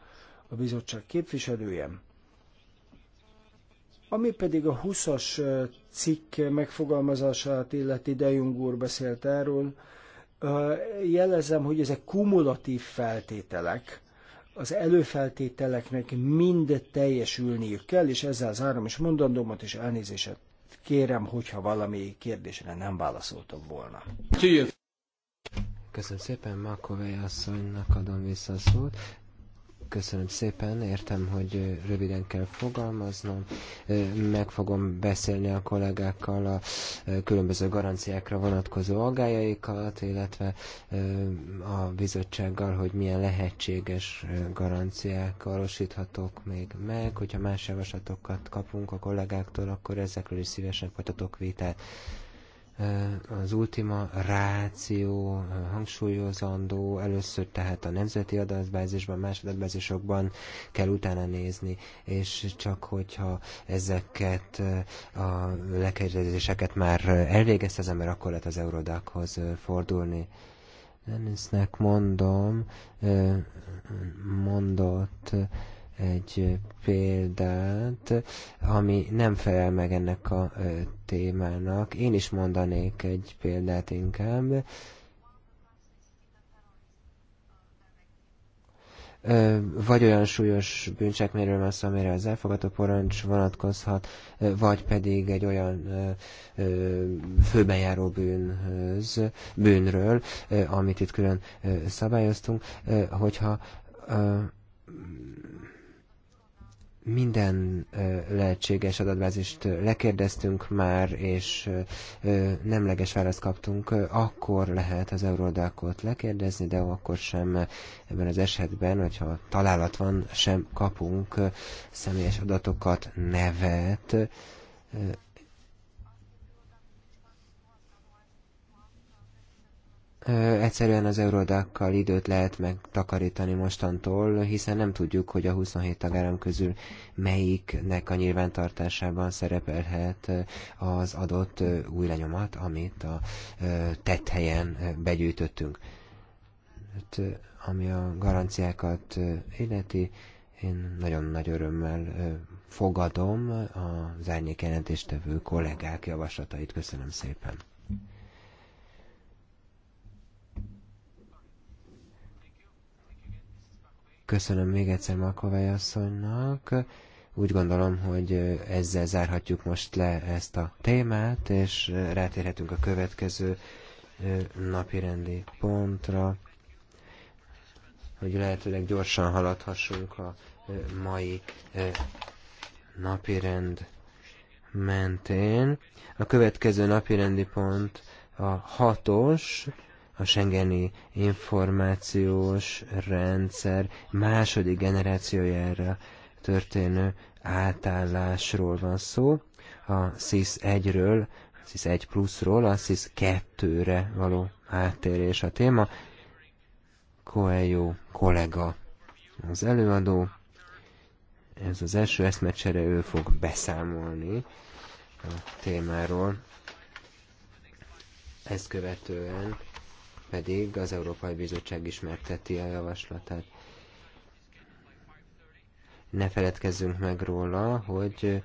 S3: a bizottság képviselője. Ami pedig a 20-as cikk megfogalmazását illeti, Dejung úr beszélt erről, jelezem, hogy ezek kumulatív feltételek, az előfeltételeknek mind teljesülniük kell, és ezzel zárom is mondandómat, és elnézéset kérem, hogyha valami kérdésre nem válaszoltam volna.
S2: Köszönöm szépen, Makovej asszonynak adom vissza a szót. Köszönöm szépen, értem, hogy röviden kell fogalmaznom. Meg fogom beszélni a kollégákkal a különböző garanciákra vonatkozó aggájaikat, illetve a bizottsággal, hogy milyen lehetséges garanciák valósíthatók még meg. Hogyha más javaslatokat kapunk a kollégáktól, akkor ezekről is szívesen folytatok vitát. Eh, az ultima ráció eh, hangsúlyozandó, először tehát a nemzeti adatbázisban, más adatbázisokban kell utána nézni, és csak hogyha ezeket eh, a lekezdéseket már elvégezte az ember, akkor lehet az Eurodachoz fordulni. Dennisnek mondom, mondott, egy példát, ami nem felel meg ennek a témának. Én is mondanék egy példát inkább. vagy olyan súlyos bűncselekményről van szó, amire az elfogadó parancs vonatkozhat, vagy pedig egy olyan főbejáró bűnhöz, bűnről, amit itt külön szabályoztunk, hogyha minden lehetséges adatbázist lekérdeztünk már, és nemleges választ kaptunk, akkor lehet az Eurodákot lekérdezni, de akkor sem ebben az esetben, hogyha találat van, sem kapunk személyes adatokat, nevet, Egyszerűen az eurodákkal időt lehet megtakarítani mostantól, hiszen nem tudjuk, hogy a 27 tagállam közül melyiknek a nyilvántartásában szerepelhet az adott új lenyomat, amit a tett helyen begyűjtöttünk. Hát, ami a garanciákat illeti, én nagyon nagy örömmel fogadom az árnyék jelentéstevő kollégák javaslatait. Köszönöm szépen! Köszönöm még egyszer Makovej asszonynak. Úgy gondolom, hogy ezzel zárhatjuk most le ezt a témát, és rátérhetünk a következő napirendi pontra, hogy lehetőleg gyorsan haladhassunk a mai napirend mentén. A következő napirendi pont a hatos, a Schengeni információs rendszer második generációjára történő átállásról van szó, a SIS 1-ről, SIS 1 pluszról, a SIS 2-re való áttérés a téma. Coelho kollega az előadó, ez az első eszmecsere, ő fog beszámolni a témáról. Ezt követően pedig az Európai Bizottság ismerteti a javaslatát. Ne feledkezzünk meg róla, hogy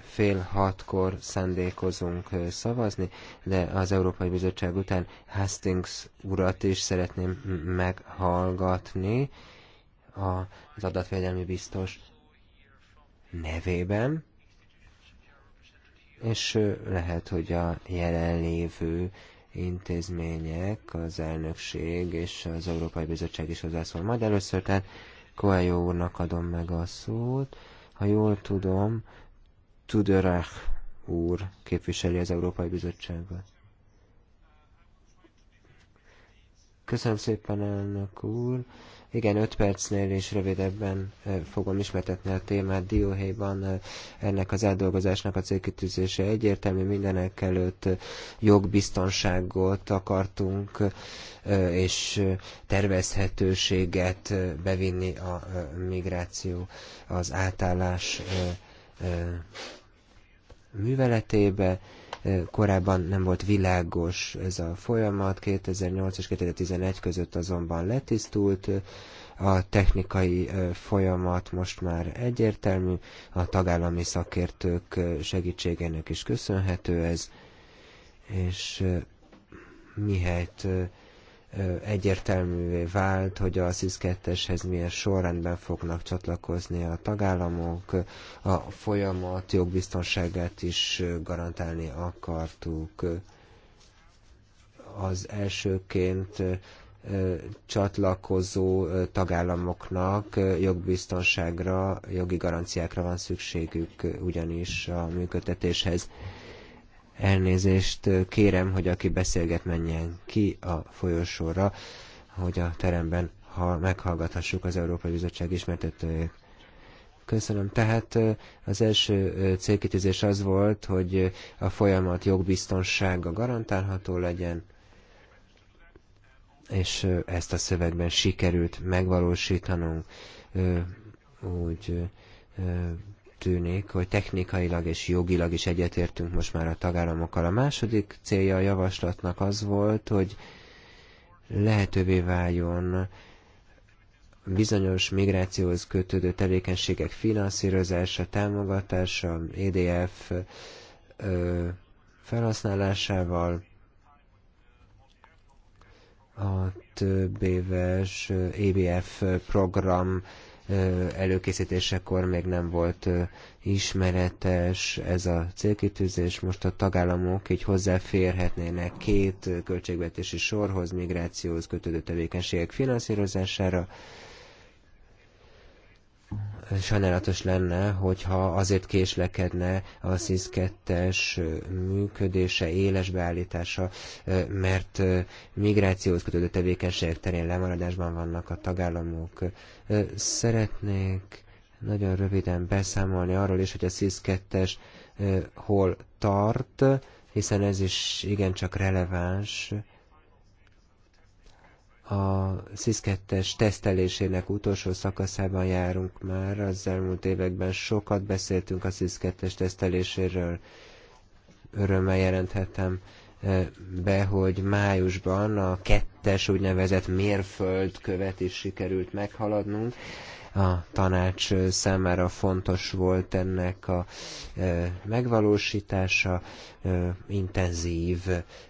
S2: fél hatkor szándékozunk szavazni, de az Európai Bizottság után Hastings urat is szeretném meghallgatni az adatvédelmi biztos nevében, és lehet, hogy a jelenlévő intézmények, az elnökség és az Európai Bizottság is hozzászól. Majd először tehát Coelho úrnak adom meg a szót. Ha jól tudom, Tudorach úr képviseli az Európai Bizottságot. Köszönöm szépen, elnök úr. Igen, öt percnél és rövidebben fogom ismertetni a témát. Dióhéjban ennek az eldolgozásnak a célkitűzése egyértelmű. Mindenek előtt jogbiztonságot akartunk és tervezhetőséget bevinni a migráció, az átállás műveletébe Korábban nem volt világos ez a folyamat, 2008 és 2011 között azonban letisztult, a technikai folyamat most már egyértelmű, a tagállami szakértők segítségének is köszönhető ez, és mihelyt egyértelművé vált, hogy a SZISZ 2-eshez milyen sorrendben fognak csatlakozni a tagállamok. A folyamat jogbiztonságát is garantálni akartuk. Az elsőként csatlakozó tagállamoknak jogbiztonságra, jogi garanciákra van szükségük ugyanis a működtetéshez. Elnézést kérem, hogy aki beszélget, menjen ki a folyosóra, hogy a teremben ha meghallgathassuk az Európai Bizottság ismertetőjét. Köszönöm. Tehát az első célkitűzés az volt, hogy a folyamat jogbiztonsága garantálható legyen, és ezt a szövegben sikerült megvalósítanunk. Úgy tűnik, hogy technikailag és jogilag is egyetértünk most már a tagállamokkal. A második célja a javaslatnak az volt, hogy lehetővé váljon bizonyos migrációhoz kötődő tevékenységek finanszírozása, támogatása, EDF ö, felhasználásával a több éves EBF program előkészítésekor még nem volt ismeretes ez a célkitűzés. Most a tagállamok így hozzáférhetnének két költségvetési sorhoz, migrációhoz kötődő tevékenységek finanszírozására, sajnálatos lenne, hogyha azért késlekedne a SZISZ 2 működése, éles beállítása, mert migrációhoz kötődő tevékenységek terén lemaradásban vannak a tagállamok. Szeretnék nagyon röviden beszámolni arról is, hogy a SZISZ 2 hol tart, hiszen ez is igencsak releváns a SZISZ-2-es tesztelésének utolsó szakaszában járunk már. Az elmúlt években sokat beszéltünk a SZISZ-2-es teszteléséről. Örömmel jelenthetem eh, be, hogy májusban a kettes úgynevezett mérföldkövet is sikerült meghaladnunk. A tanács számára fontos volt ennek a e, megvalósítása, e, intenzív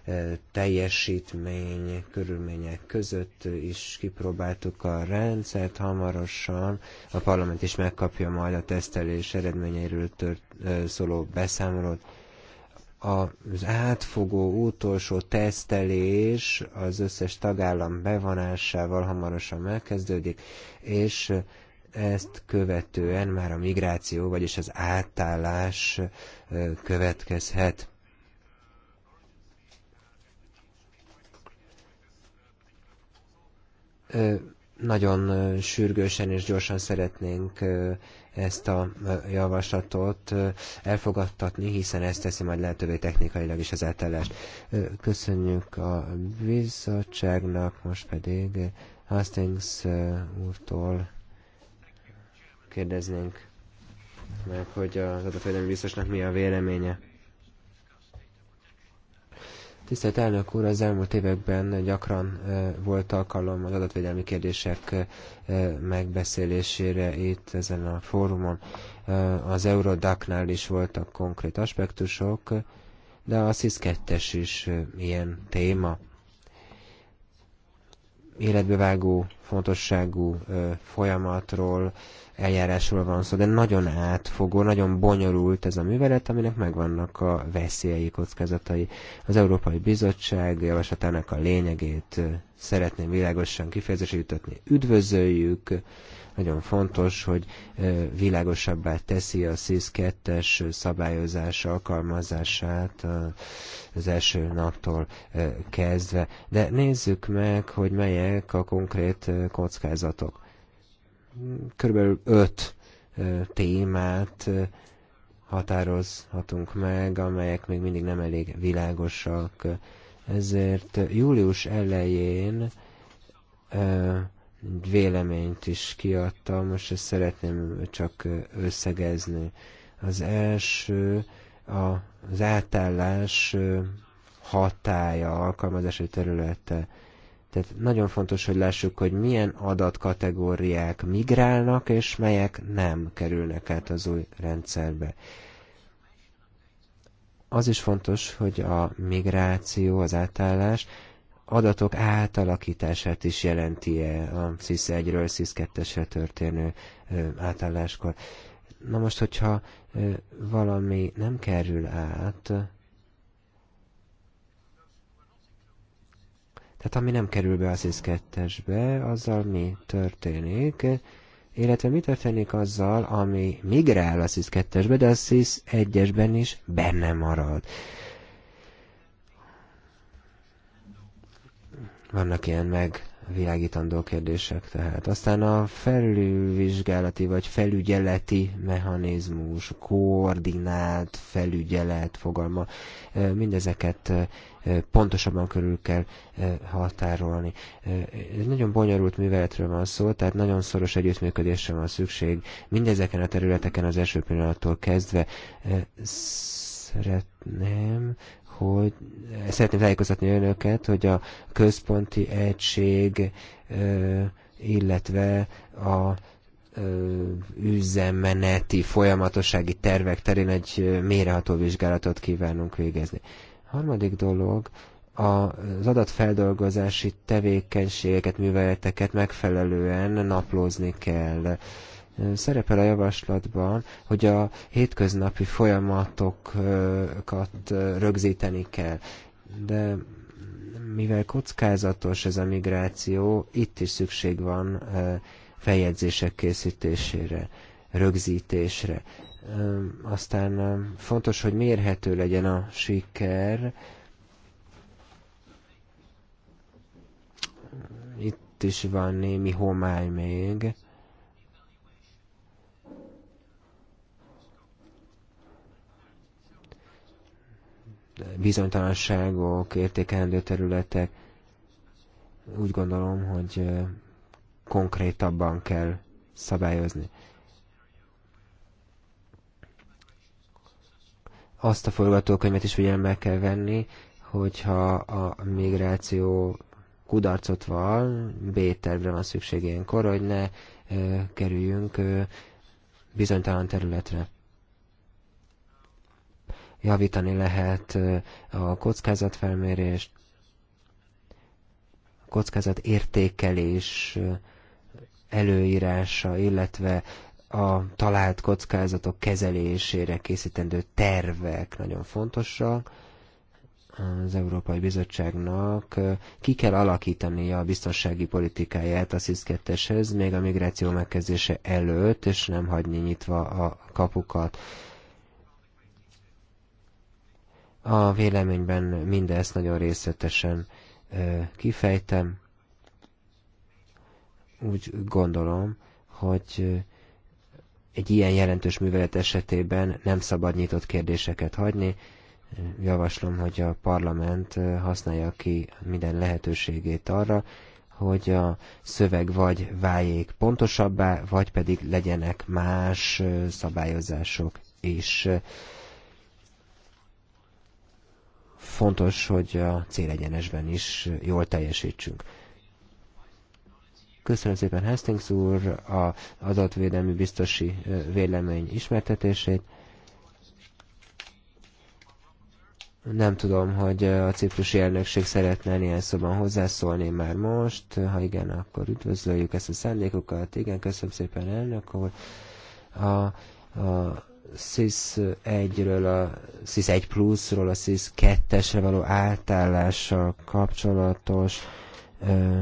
S2: e, teljesítmény körülmények között is kipróbáltuk a rendszert hamarosan. A parlament is megkapja majd a tesztelés eredményeiről tört, szóló beszámolót az átfogó utolsó tesztelés az összes tagállam bevonásával hamarosan megkezdődik, és ezt követően már a migráció, vagyis az átállás következhet. Nagyon sürgősen és gyorsan szeretnénk ezt a javaslatot elfogadtatni, hiszen ez teszi majd lehetővé technikailag is az átállást. Köszönjük a bizottságnak, most pedig Hastings úrtól kérdeznénk meg, hogy az adatvédelmi biztosnak mi a véleménye. Tisztelt elnök úr, az elmúlt években gyakran volt alkalom az adatvédelmi kérdések megbeszélésére itt ezen a fórumon. Az Eurodacnál is voltak konkrét aspektusok, de a SIS 2 is ilyen téma. Életbevágó, fontosságú folyamatról, eljárásról van szó, de nagyon átfogó, nagyon bonyolult ez a művelet, aminek megvannak a veszélyei, kockázatai. Az Európai Bizottság javaslatának a lényegét szeretném világosan kifejezésre jutatni. Üdvözöljük! Nagyon fontos, hogy világosabbá teszi a SZISZ 2-es szabályozás alkalmazását az első naptól kezdve. De nézzük meg, hogy melyek a konkrét kockázatok körülbelül öt témát határozhatunk meg, amelyek még mindig nem elég világosak. Ezért július elején egy véleményt is kiadtam, most ezt szeretném csak összegezni. Az első az átállás hatája, alkalmazási területe. Tehát nagyon fontos, hogy lássuk, hogy milyen adatkategóriák migrálnak, és melyek nem kerülnek át az új rendszerbe. Az is fontos, hogy a migráció, az átállás adatok átalakítását is jelenti-e a CISZ 1 ről CISZ 2 esre történő átálláskor. Na most, hogyha valami nem kerül át, Tehát ami nem kerül be az ISZ-2-esbe, azzal mi történik, illetve mi történik azzal, ami migrál az ISZ-2-esbe, de az ISZ-1-esben is benne marad. Vannak ilyen meg világítandó kérdések tehát. Aztán a felülvizsgálati vagy felügyeleti mechanizmus, koordinált felügyelet fogalma, mindezeket pontosabban körül kell határolni. Egy nagyon bonyolult műveletről van szó, tehát nagyon szoros együttműködésre van szükség mindezeken a területeken az első pillanattól kezdve. Szeretném, hogy szeretném tájékoztatni önöket, hogy a központi egység, illetve a üzemmeneti folyamatossági tervek terén egy méreható vizsgálatot kívánunk végezni. Harmadik dolog, az adatfeldolgozási tevékenységeket, műveleteket megfelelően naplózni kell. Szerepel a javaslatban, hogy a hétköznapi folyamatokat rögzíteni kell. De mivel kockázatos ez a migráció, itt is szükség van eh, feljegyzések készítésére, rögzítésre. Aztán fontos, hogy mérhető legyen a siker. Itt is van némi homály még. bizonytalanságok, értékelendő területek. Úgy gondolom, hogy konkrétabban kell szabályozni. azt a forgatókönyvet is figyelembe kell venni, hogyha a migráció kudarcot val, B-tervre van szükség ilyenkor, hogy ne ö, kerüljünk ö, bizonytalan területre. Javítani lehet ö, a kockázatfelmérést, kockázat értékelés előírása, illetve a talált kockázatok kezelésére készítendő tervek nagyon fontosak. Az Európai Bizottságnak ki kell alakítania a biztonsági politikáját a SZISZ 2 még a migráció megkezdése előtt, és nem hagyni nyitva a kapukat. A véleményben mindezt nagyon részletesen kifejtem. Úgy gondolom, hogy egy ilyen jelentős művelet esetében nem szabad nyitott kérdéseket hagyni. Javaslom, hogy a parlament használja ki minden lehetőségét arra, hogy a szöveg vagy váljék pontosabbá, vagy pedig legyenek más szabályozások is. Fontos, hogy a célegyenesben is jól teljesítsünk. Köszönöm szépen Hastings úr a adatvédelmi biztosi vélemény ismertetését. Nem tudom, hogy a ciprusi elnökség szeretne ilyen szóban hozzászólni már most. Ha igen, akkor üdvözlőjük ezt a szándékokat Igen, köszönöm szépen elnök úr. A, a SIS 1-ről, a SIS 1 pluszról, a SIS 2-esre való átállással kapcsolatos ö,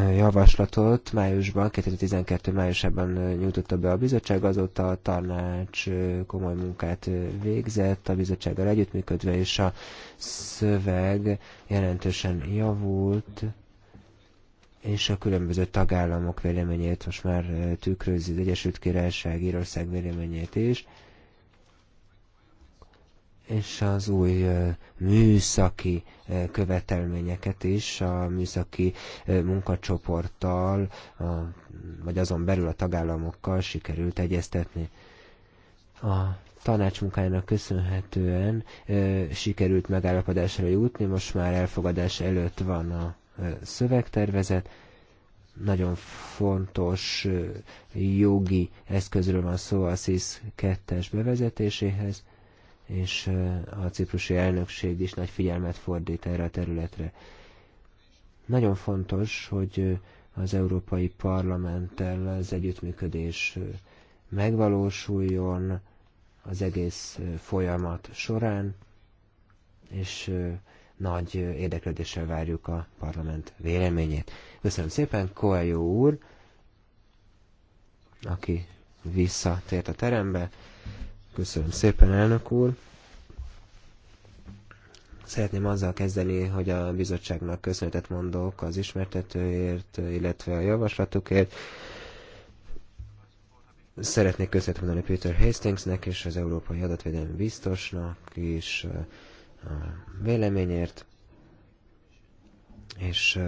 S2: javaslatot májusban, 2012. májusában nyújtotta be a bizottság, azóta a tanács komoly munkát végzett, a bizottsággal együttműködve, és a szöveg jelentősen javult, és a különböző tagállamok véleményét most már tükrözi az Egyesült Királyság, Írország véleményét is és az új műszaki követelményeket is a műszaki munkacsoporttal, vagy azon belül a tagállamokkal sikerült egyeztetni. A tanács munkájának köszönhetően sikerült megállapodásra jutni, most már elfogadás előtt van a szövegtervezet, nagyon fontos jogi eszközről van szó a SZISZ 2-es bevezetéséhez, és a ciprusi elnökség is nagy figyelmet fordít erre a területre. Nagyon fontos, hogy az Európai Parlamenttel az együttműködés megvalósuljon az egész folyamat során, és nagy érdeklődéssel várjuk a parlament véleményét. Köszönöm szépen, Koeljó úr, aki visszatért a terembe. Köszönöm szépen, elnök úr. Szeretném azzal kezdeni, hogy a bizottságnak köszönetet mondok az ismertetőért, illetve a javaslatukért. Szeretnék köszönetet mondani Peter Hastingsnek és az Európai Adatvédelmi Biztosnak is a véleményért, és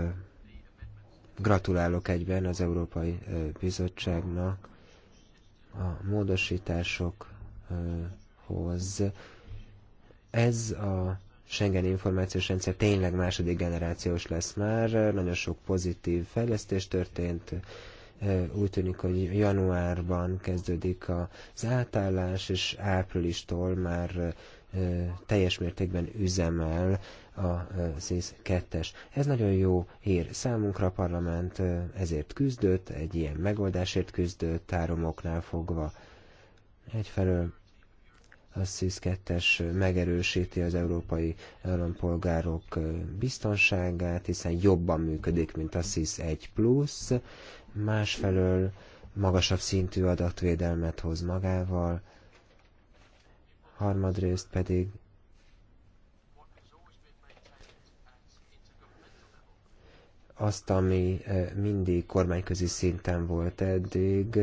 S2: gratulálok egyben az Európai Bizottságnak a módosítások hoz. Ez a Schengen információs rendszer tényleg második generációs lesz már, nagyon sok pozitív fejlesztés történt, úgy tűnik, hogy januárban kezdődik az átállás, és áprilistól már teljes mértékben üzemel a SZISZ 2 -es. Ez nagyon jó hír számunkra, a parlament ezért küzdött, egy ilyen megoldásért küzdött, táromoknál fogva Egyfelől a SZISZ 2 megerősíti az európai állampolgárok biztonságát, hiszen jobban működik, mint a SZISZ 1 plusz, másfelől magasabb szintű adatvédelmet hoz magával, harmadrészt pedig azt, ami eh, mindig kormányközi szinten volt eddig,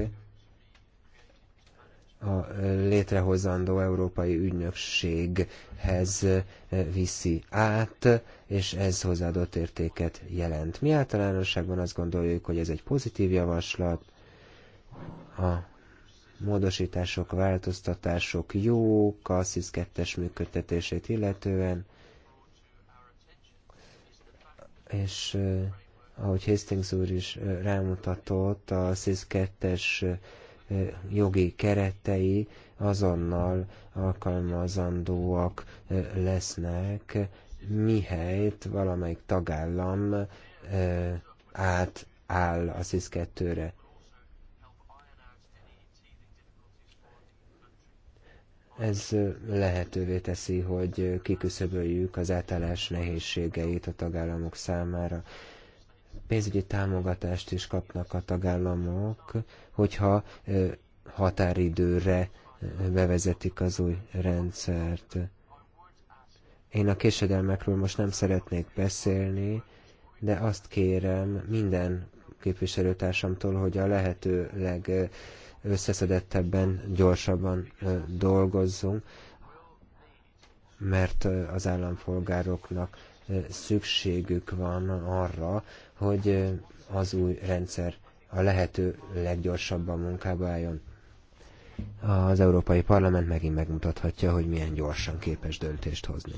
S2: a létrehozandó európai ügynökséghez eh, viszi át, és ez hozzáadott értéket jelent. Mi általánosságban azt gondoljuk, hogy ez egy pozitív javaslat, a módosítások, változtatások jók a SZISZ 2-es működtetését illetően, és eh, ahogy Hastings úr is eh, rámutatott, a SZISZ 2-es jogi keretei azonnal alkalmazandóak lesznek, mihelyt valamelyik tagállam átáll a SZISZ 2-re. Ez lehetővé teszi, hogy kiküszöböljük az átállás nehézségeit a tagállamok számára pénzügyi támogatást is kapnak a tagállamok, hogyha határidőre bevezetik az új rendszert. Én a késedelmekről most nem szeretnék beszélni, de azt kérem minden képviselőtársamtól, hogy a lehető legösszeszedettebben, gyorsabban dolgozzunk, mert az állampolgároknak szükségük van arra, hogy az új rendszer a lehető leggyorsabban munkába álljon. Az Európai Parlament megint megmutathatja, hogy milyen gyorsan képes döntést hozni.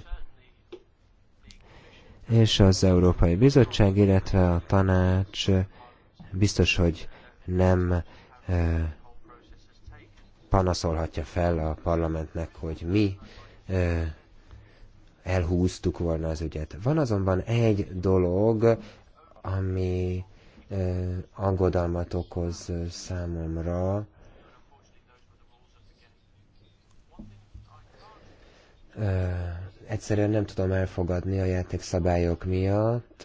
S2: És az Európai Bizottság, illetve a tanács biztos, hogy nem panaszolhatja fel a parlamentnek, hogy mi elhúztuk volna az ügyet. Van azonban egy dolog, ami aggodalmat okoz számomra, egyszerűen nem tudom elfogadni a játékszabályok miatt,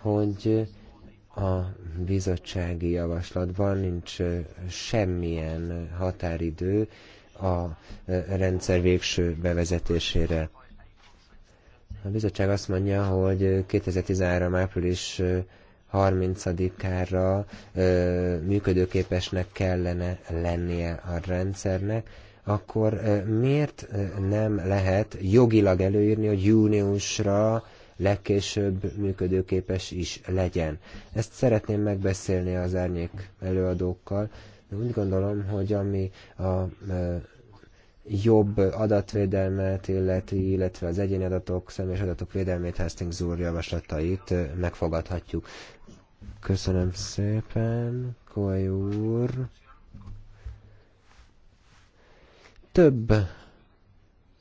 S2: hogy a bizottsági javaslatban nincs semmilyen határidő a rendszer végső bevezetésére. A bizottság azt mondja, hogy 2013. április 30-ára működőképesnek kellene lennie a rendszernek, akkor miért nem lehet jogilag előírni, hogy júniusra legkésőbb működőképes is legyen. Ezt szeretném megbeszélni az árnyék előadókkal, de úgy gondolom, hogy ami a jobb adatvédelmet illeti, illetve az egyéni adatok, személyes adatok védelmét Hastings úr javaslatait megfogadhatjuk. Köszönöm szépen, Koly úr. Több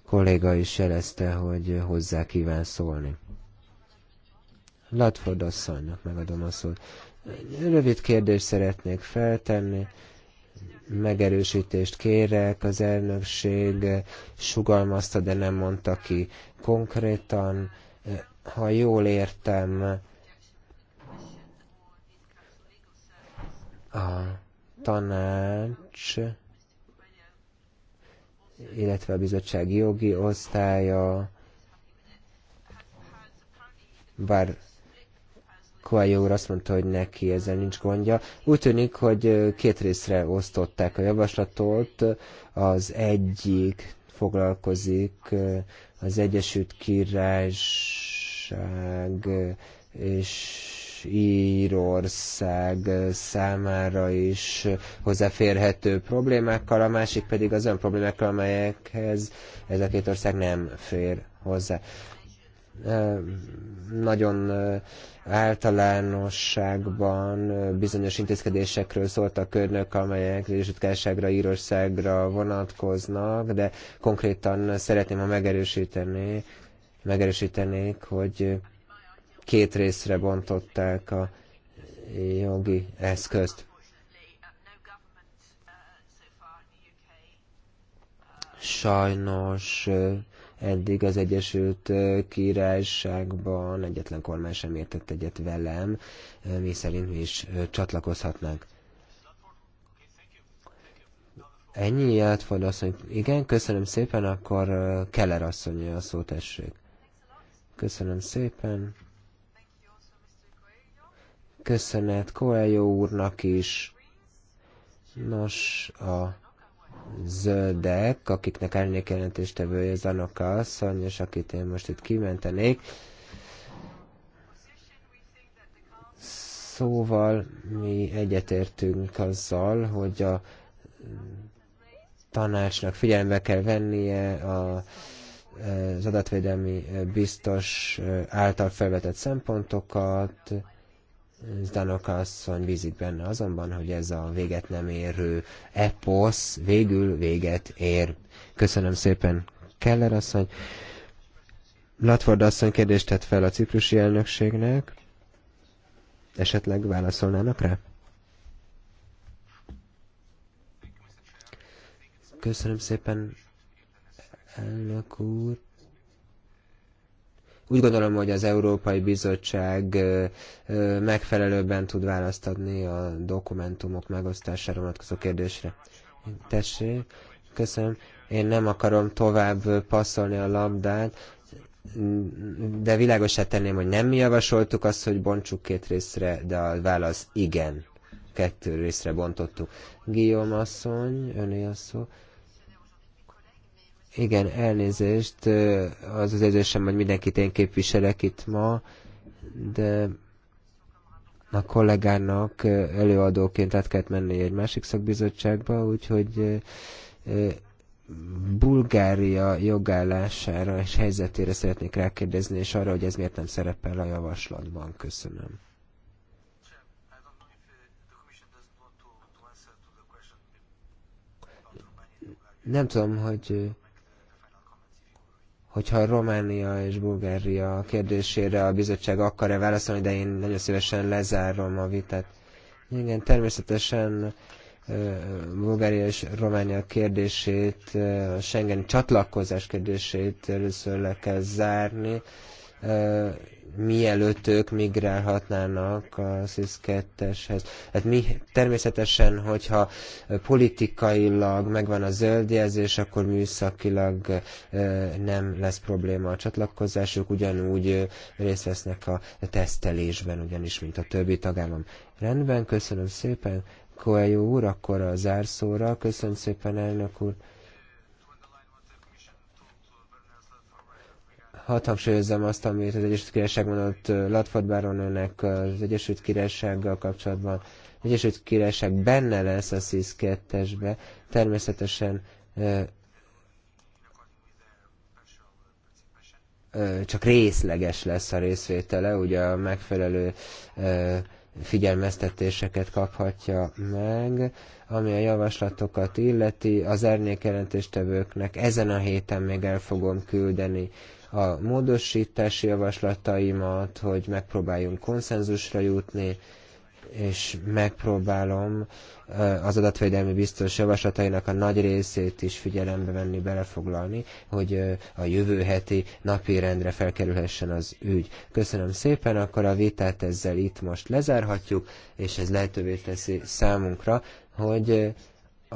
S2: kolléga is jelezte, hogy hozzá kíván szólni. Latford asszonynak megadom a szót. Rövid kérdést szeretnék feltenni megerősítést kérek, az elnökség sugalmazta, de nem mondta ki konkrétan. Ha jól értem, a tanács, illetve a bizottság jogi osztálya, bár Kuai úr azt mondta, hogy neki ezzel nincs gondja. Úgy tűnik, hogy két részre osztották a javaslatot. Az egyik foglalkozik az Egyesült Királyság és Írország számára is hozzáférhető problémákkal, a másik pedig az olyan problémákkal, amelyekhez ez a két ország nem fér hozzá nagyon általánosságban bizonyos intézkedésekről szóltak önök, amelyek az Egyesült Írországra vonatkoznak, de konkrétan szeretném, ha megerősíteni, megerősítenék, hogy két részre bontották a jogi eszközt. Sajnos Eddig az Egyesült Királyságban egyetlen kormány sem értett egyet velem, mi szerint mi is csatlakozhatnánk. Ennyi Átford asszony. Igen, köszönöm szépen, akkor Keller asszony a szót tessék. Köszönöm szépen. Köszönet Coelho úrnak is. Nos, a zöldek, akiknek árnyékjelentéstevője az Anoka asszony, és akit én most itt kimentenék. Szóval mi egyetértünk azzal, hogy a tanácsnak figyelembe kell vennie a, az adatvédelmi biztos által felvetett szempontokat, Zdanok asszony bízik benne azonban, hogy ez a véget nem érő eposz végül véget ér. Köszönöm szépen, Keller asszony. Latford asszony kérdést tett fel a ciprusi elnökségnek. Esetleg válaszolnának rá? Köszönöm szépen, elnök úr úgy gondolom, hogy az Európai Bizottság megfelelőbben tud választ adni a dokumentumok megosztására vonatkozó kérdésre. Tessék, köszönöm. Én nem akarom tovább passzolni a labdát, de világosá tenném, hogy nem mi javasoltuk azt, hogy bontsuk két részre, de a válasz igen. Kettő részre bontottuk. Guillaume asszony, öné a szó. Igen, elnézést, az az érzésem, hogy mindenkit én képviselek itt ma, de a kollégának előadóként át kellett menni egy másik szakbizottságba, úgyhogy Bulgária jogállására és helyzetére szeretnék rákérdezni, és arra, hogy ez miért nem szerepel a javaslatban. Köszönöm. Nem tudom, hogy hogyha Románia és Bulgária kérdésére a bizottság akar-e válaszolni, de én nagyon szívesen lezárom a vitát. Igen, természetesen Bulgária és Románia kérdését, a Schengen csatlakozás kérdését először le kell zárni mielőtt ők migrálhatnának a SZISZ 2-eshez. Hát mi természetesen, hogyha politikailag megvan a zöld jelzés, akkor műszakilag nem lesz probléma a csatlakozásuk, ugyanúgy részt vesznek a tesztelésben, ugyanis, mint a többi tagállam. Rendben, köszönöm szépen, Koelyó úr, akkor a zárszóra, köszönöm szépen, elnök úr. Hadd hangsúlyozzam azt, amit az Egyesült Királyság mondott Latford Baronőnek az Egyesült Királysággal kapcsolatban. Az Egyesült Királyság benne lesz a SZISZ 2-esbe. Természetesen csak részleges lesz a részvétele, ugye a megfelelő figyelmeztetéseket kaphatja meg, ami a javaslatokat illeti. Az jelentéstevőknek ezen a héten még el fogom küldeni a módosítási javaslataimat, hogy megpróbáljunk konszenzusra jutni, és megpróbálom eh, az adatvédelmi biztos javaslatainak a nagy részét is figyelembe venni, belefoglalni, hogy eh, a jövő heti napi rendre felkerülhessen az ügy. Köszönöm szépen, akkor a vitát ezzel itt most lezárhatjuk, és ez lehetővé teszi számunkra, hogy eh,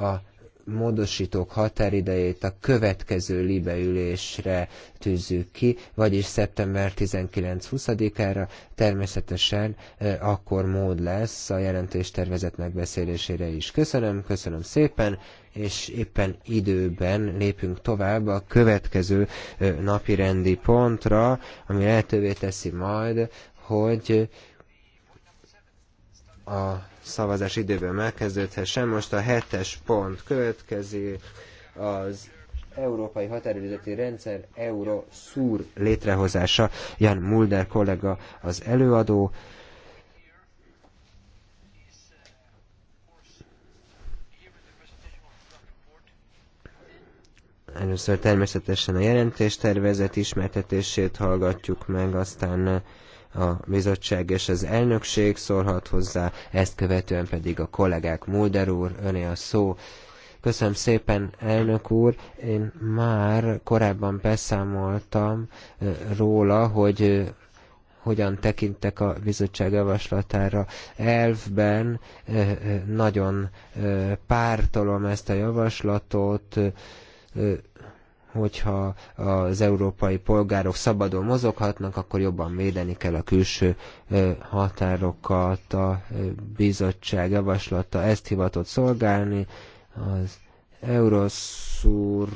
S2: a módosítók határidejét a következő libeülésre tűzzük ki, vagyis szeptember 19-20-ára természetesen akkor mód lesz a jelentéstervezet megbeszélésére is. Köszönöm, köszönöm szépen, és éppen időben lépünk tovább a következő napi rendi pontra, ami lehetővé teszi majd, hogy a szavazás időben megkezdődhessen. Most a hetes pont következő az Európai Határőrizeti Rendszer Euroszúr létrehozása. Jan Mulder kollega az előadó. Először természetesen a jelentéstervezet ismertetését hallgatjuk meg, aztán a bizottság és az elnökség szólhat hozzá, ezt követően pedig a kollégák Mulder úr, öné a szó. Köszönöm szépen, elnök úr. Én már korábban beszámoltam róla, hogy hogyan tekintek a bizottság javaslatára. Elfben nagyon pártolom ezt a javaslatot, hogyha az európai polgárok szabadon mozoghatnak, akkor jobban védeni kell a külső határokat, a bizottság javaslata ezt hivatott szolgálni, az Euroszúr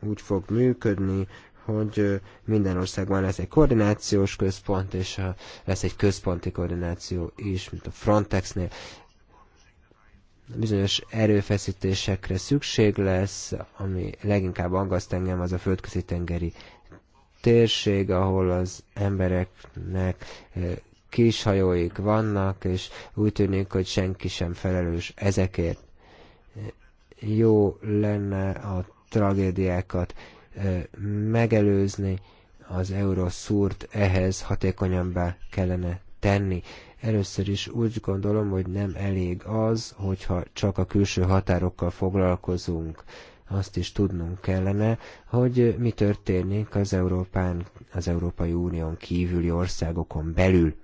S2: úgy fog működni, hogy minden országban lesz egy koordinációs központ, és lesz egy központi koordináció is, mint a Frontexnél bizonyos erőfeszítésekre szükség lesz, ami leginkább aggaszt engem az a földközi tengeri térség, ahol az embereknek kis hajóik vannak, és úgy tűnik, hogy senki sem felelős ezekért. Jó lenne a tragédiákat megelőzni, az szúrt ehhez hatékonyabbá kellene tenni. Először is úgy gondolom, hogy nem elég az, hogyha csak a külső határokkal foglalkozunk. Azt is tudnunk kellene, hogy mi történik az Európán, az Európai Unión kívüli országokon belül.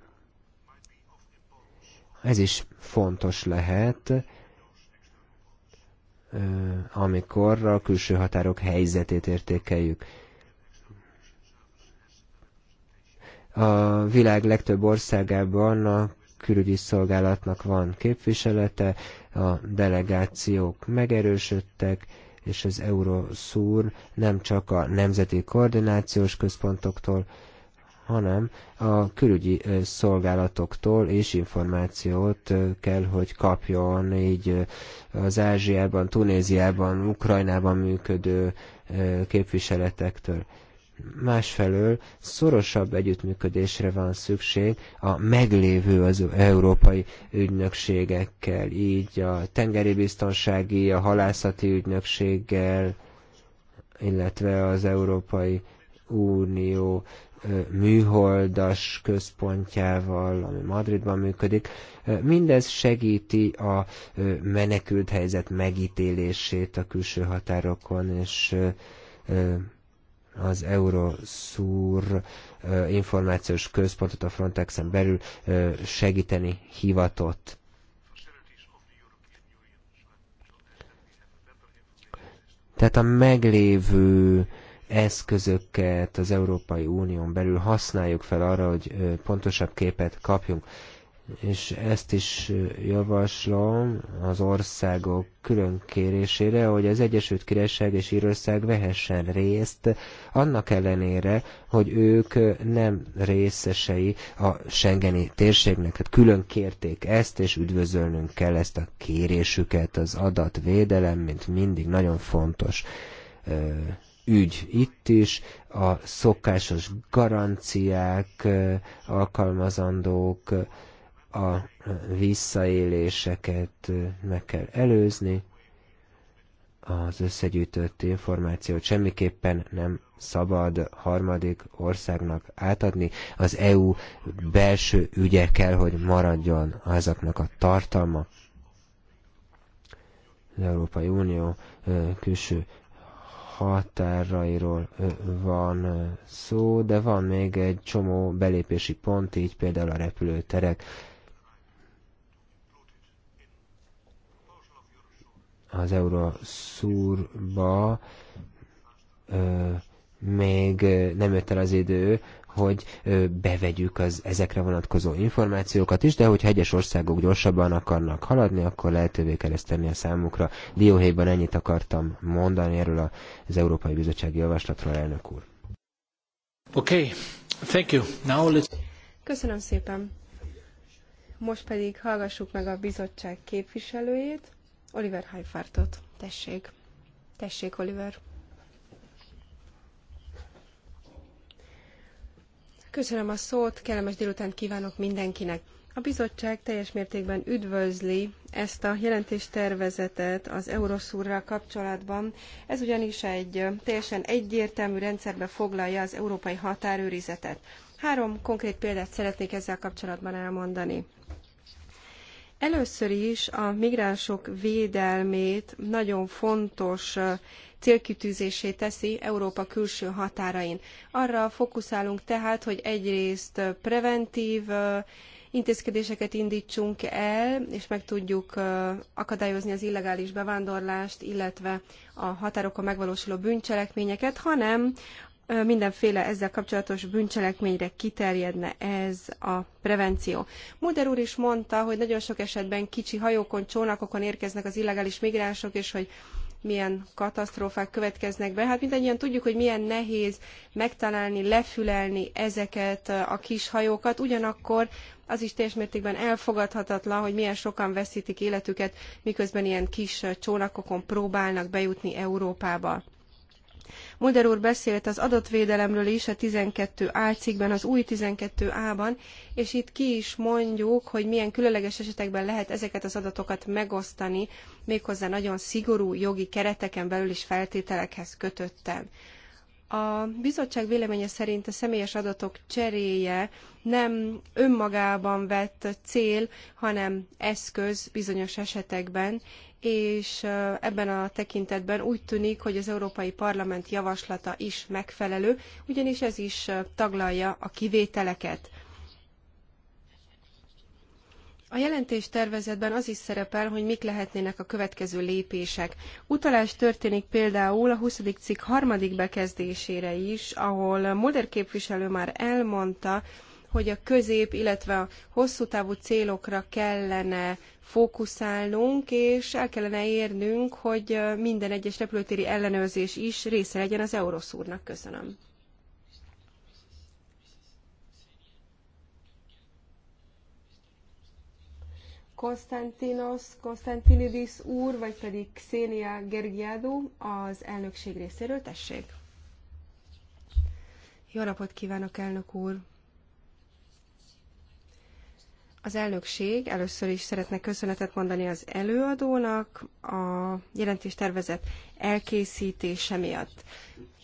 S2: Ez is fontos lehet, amikor a külső határok helyzetét értékeljük. A világ legtöbb országában a külügyi szolgálatnak van képviselete, a delegációk megerősödtek, és az Euroszúr nem csak a nemzeti koordinációs központoktól, hanem a külügyi szolgálatoktól és információt kell, hogy kapjon így az Ázsiában, Tunéziában, Ukrajnában működő képviseletektől másfelől szorosabb együttműködésre van szükség a meglévő az európai ügynökségekkel, így a tengeri biztonsági, a halászati ügynökséggel, illetve az Európai Unió műholdas központjával, ami Madridban működik. Mindez segíti a menekült helyzet megítélését a külső határokon, és az Euroszúr információs központot a Frontexen belül segíteni hivatott. Tehát a meglévő eszközöket az Európai Unión belül használjuk fel arra, hogy pontosabb képet kapjunk és ezt is javaslom az országok külön kérésére, hogy az Egyesült Királyság és Írország vehessen részt, annak ellenére, hogy ők nem részesei a Schengeni térségnek. hát külön kérték ezt, és üdvözölnünk kell ezt a kérésüket. Az adatvédelem, mint mindig, nagyon fontos ügy itt is, a szokásos garanciák alkalmazandók, a visszaéléseket meg kell előzni, az összegyűjtött információt semmiképpen nem szabad harmadik országnak átadni. Az EU belső ügye kell, hogy maradjon azoknak a tartalma. Az Európai Unió külső határairól van szó, de van még egy csomó belépési pont, így például a repülőterek az Euroszúrba még nem jött el az idő, hogy bevegyük az ezekre vonatkozó információkat is, de hogy hegyes országok gyorsabban akarnak haladni, akkor lehetővé kell ezt tenni a számukra. Dióhéjban ennyit akartam mondani erről az Európai Bizottsági Javaslatról, elnök úr.
S3: Oké, okay. thank you. Now let's...
S4: Köszönöm szépen. Most pedig hallgassuk meg a bizottság képviselőjét, Oliver Heifertot. Tessék. Tessék, Oliver. Köszönöm a szót, kellemes délután kívánok mindenkinek. A bizottság teljes mértékben üdvözli ezt a jelentéstervezetet az Euroszúrral kapcsolatban. Ez ugyanis egy teljesen egyértelmű rendszerbe foglalja az európai határőrizetet. Három konkrét példát szeretnék ezzel kapcsolatban elmondani. Először is a migránsok védelmét nagyon fontos célkitűzésé teszi Európa külső határain. Arra fókuszálunk tehát, hogy egyrészt preventív intézkedéseket indítsunk el, és meg tudjuk akadályozni az illegális bevándorlást, illetve a határokon megvalósuló bűncselekményeket, hanem mindenféle ezzel kapcsolatos bűncselekményre kiterjedne ez a prevenció. Mulder úr is mondta, hogy nagyon sok esetben kicsi hajókon, csónakokon érkeznek az illegális migránsok, és hogy milyen katasztrófák következnek be. Hát mindannyian tudjuk, hogy milyen nehéz megtalálni, lefülelni ezeket a kis hajókat, ugyanakkor az is teljes mértékben elfogadhatatlan, hogy milyen sokan veszítik életüket, miközben ilyen kis csónakokon próbálnak bejutni Európába. Mulder úr beszélt az adatvédelemről is a 12A cikkben, az új 12A-ban, és itt ki is mondjuk, hogy milyen különleges esetekben lehet ezeket az adatokat megosztani, méghozzá nagyon szigorú jogi kereteken belül is feltételekhez kötötten. A bizottság véleménye szerint a személyes adatok cseréje nem önmagában vett cél, hanem eszköz bizonyos esetekben, és ebben a tekintetben úgy tűnik, hogy az Európai Parlament javaslata is megfelelő, ugyanis ez is taglalja a kivételeket. A jelentés tervezetben az is szerepel, hogy mik lehetnének a következő lépések. Utalás történik például a 20. cikk harmadik bekezdésére is, ahol Mulder képviselő már elmondta, hogy a közép, illetve a hosszú távú célokra kellene fókuszálnunk, és el kellene érnünk, hogy minden egyes repülőtéri ellenőrzés is része legyen az Euroszúrnak. Köszönöm. Konstantinos Konstantinidis úr, vagy pedig Xenia Gergiádú az elnökség részéről. Tessék! Jó napot kívánok, elnök úr! Az elnökség először is szeretne köszönetet mondani az előadónak a jelentéstervezet elkészítése miatt.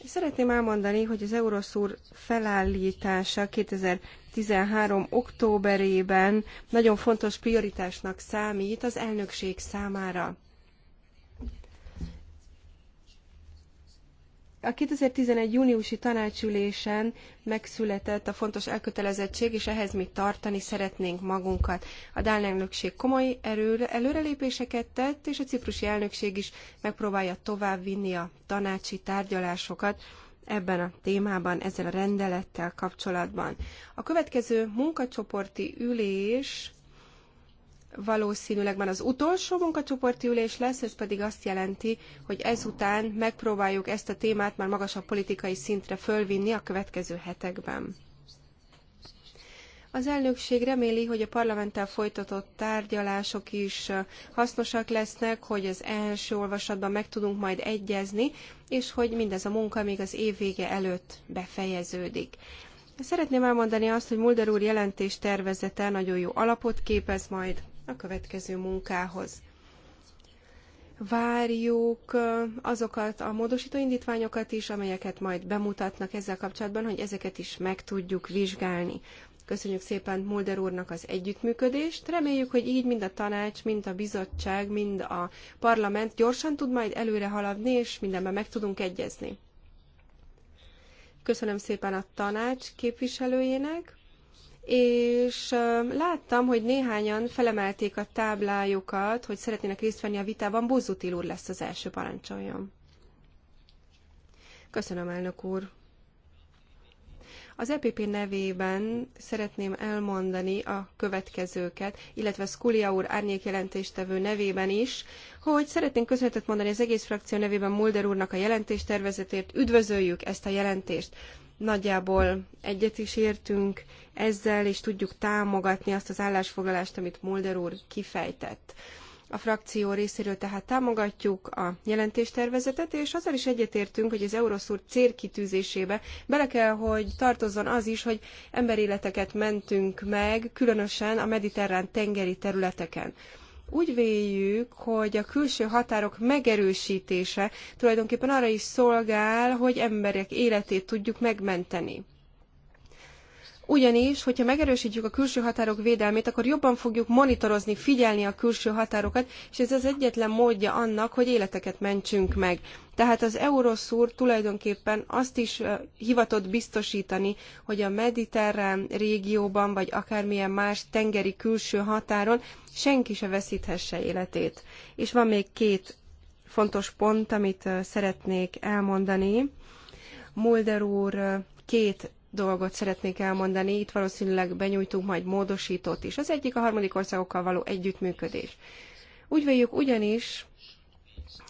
S4: Szeretném elmondani, hogy az Euroszúr felállítása 2013. októberében nagyon fontos prioritásnak számít az elnökség számára. A 2011. júniusi tanácsülésen megszületett a fontos elkötelezettség, és ehhez mi tartani szeretnénk magunkat. A Dán elnökség komoly erőre, előrelépéseket tett, és a ciprusi elnökség is megpróbálja továbbvinni a tanácsi tárgyalásokat ebben a témában, ezzel a rendelettel kapcsolatban. A következő munkacsoporti ülés valószínűleg már az utolsó munkacsoporti ülés lesz, ez pedig azt jelenti, hogy ezután megpróbáljuk ezt a témát már magasabb politikai szintre fölvinni a következő hetekben. Az elnökség reméli, hogy a parlamenttel folytatott tárgyalások is hasznosak lesznek, hogy az első olvasatban meg tudunk majd egyezni, és hogy mindez a munka még az év vége előtt befejeződik. Szeretném elmondani azt, hogy Mulder úr jelentés tervezete nagyon jó alapot képez majd a következő munkához. Várjuk azokat a módosító indítványokat is, amelyeket majd bemutatnak ezzel kapcsolatban, hogy ezeket is meg tudjuk vizsgálni. Köszönjük szépen Mulder úrnak az együttműködést. Reméljük, hogy így mind a tanács, mind a bizottság, mind a parlament gyorsan tud majd előre haladni, és mindenben meg tudunk egyezni. Köszönöm szépen a tanács képviselőjének és láttam, hogy néhányan felemelték a táblájukat, hogy szeretnének részt venni a vitában. Bozutil úr lesz az első, parancsoljon. Köszönöm, elnök úr. Az EPP nevében szeretném elmondani a következőket, illetve Skulia úr árnyékjelentéstevő nevében is, hogy szeretnénk köszönetet mondani az egész frakció nevében Mulder úrnak a jelentéstervezetért. Üdvözöljük ezt a jelentést! Nagyjából egyet is értünk ezzel, és tudjuk támogatni azt az állásfoglalást, amit Mulder úr kifejtett. A frakció részéről tehát támogatjuk a jelentéstervezetet, és azzal is egyetértünk, hogy az Euroszur célkitűzésébe bele kell, hogy tartozzon az is, hogy emberéleteket mentünk meg, különösen a mediterrán tengeri területeken. Úgy véljük, hogy a külső határok megerősítése tulajdonképpen arra is szolgál, hogy emberek életét tudjuk megmenteni. Ugyanis, hogyha megerősítjük a külső határok védelmét, akkor jobban fogjuk monitorozni, figyelni a külső határokat, és ez az egyetlen módja annak, hogy életeket mentsünk meg. Tehát az Euroszúr tulajdonképpen azt is hivatott biztosítani, hogy a mediterrán régióban, vagy akármilyen más tengeri külső határon senki se veszíthesse életét. És van még két fontos pont, amit szeretnék elmondani. Mulder úr két dolgot szeretnék elmondani. Itt valószínűleg benyújtunk majd módosítót is. Az egyik a harmadik országokkal való együttműködés. Úgy véljük ugyanis,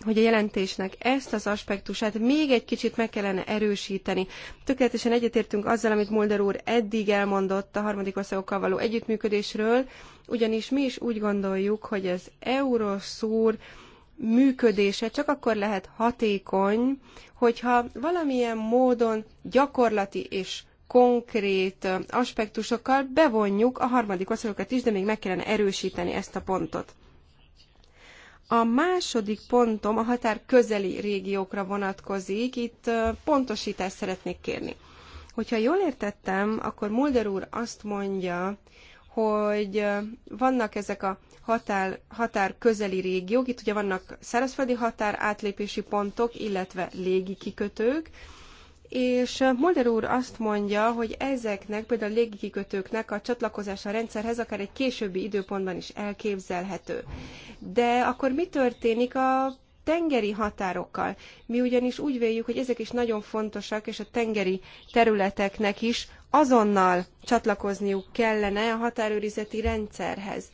S4: hogy a jelentésnek ezt az aspektusát még egy kicsit meg kellene erősíteni. Tökéletesen egyetértünk azzal, amit Mulder úr eddig elmondott a harmadik országokkal való együttműködésről, ugyanis mi is úgy gondoljuk, hogy az Euroszúr működése csak akkor lehet hatékony, hogyha valamilyen módon gyakorlati és konkrét aspektusokkal bevonjuk a harmadik országokat is, de még meg kellene erősíteni ezt a pontot. A második pontom a határ közeli régiókra vonatkozik, itt pontosítást szeretnék kérni. Hogyha jól értettem, akkor Mulder úr azt mondja, hogy vannak ezek a határ, határ közeli régiók, itt ugye vannak szárazföldi határ átlépési pontok, illetve légi kikötők, és eh, Mulder úr azt mondja, hogy ezeknek, például a légikikötőknek a csatlakozása a rendszerhez akár egy későbbi időpontban is elképzelhető. De akkor mi történik a tengeri határokkal? Mi ugyanis úgy véljük, hogy ezek is nagyon fontosak, és a tengeri területeknek is azonnal csatlakozniuk kellene a határőrizeti rendszerhez.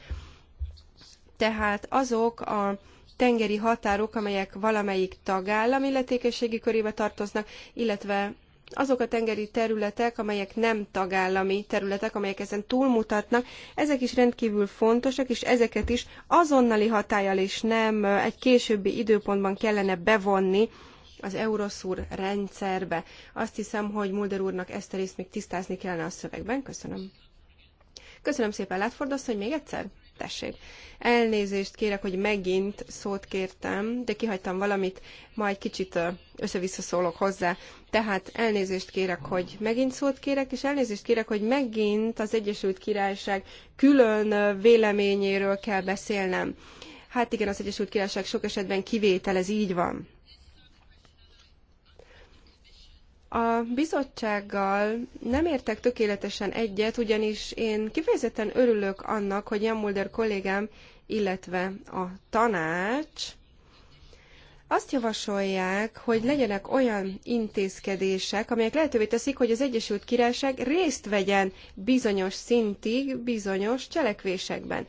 S4: Tehát azok a tengeri határok, amelyek valamelyik tagállam illetékességi körébe tartoznak, illetve azok a tengeri területek, amelyek nem tagállami területek, amelyek ezen túlmutatnak, ezek is rendkívül fontosak, és ezeket is azonnali hatállyal és nem egy későbbi időpontban kellene bevonni az Euroszúr rendszerbe. Azt hiszem, hogy Mulder úrnak ezt a részt még tisztázni kellene a szövegben. Köszönöm. Köszönöm szépen, Látford hogy még egyszer? tessék. Elnézést kérek, hogy megint szót kértem, de kihagytam valamit, majd kicsit össze-vissza szólok hozzá. Tehát elnézést kérek, hogy megint szót kérek, és elnézést kérek, hogy megint az Egyesült Királyság külön véleményéről kell beszélnem. Hát igen, az Egyesült Királyság sok esetben kivétel, ez így van. A bizottsággal nem értek tökéletesen egyet, ugyanis én kifejezetten örülök annak, hogy Jan Mulder kollégám, illetve a tanács azt javasolják, hogy legyenek olyan intézkedések, amelyek lehetővé teszik, hogy az Egyesült Királyság részt vegyen bizonyos szintig, bizonyos cselekvésekben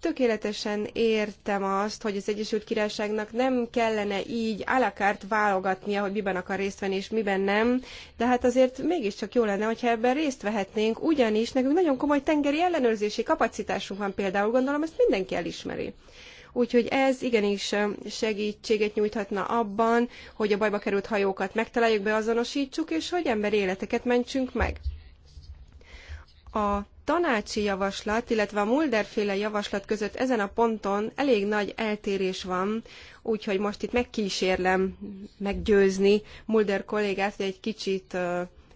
S4: tökéletesen értem azt, hogy az Egyesült Királyságnak nem kellene így alakárt válogatnia, hogy miben akar részt venni és miben nem, de hát azért mégiscsak jó lenne, hogyha ebben részt vehetnénk, ugyanis nekünk nagyon komoly tengeri ellenőrzési kapacitásunk van például, gondolom ezt mindenki elismeri. Úgyhogy ez igenis segítséget nyújthatna abban, hogy a bajba került hajókat megtaláljuk, beazonosítsuk, és hogy ember életeket mentsünk meg. A tanácsi javaslat, illetve a Mulder-féle javaslat között ezen a ponton elég nagy eltérés van, úgyhogy most itt megkísérlem meggyőzni Mulder kollégát, hogy egy kicsit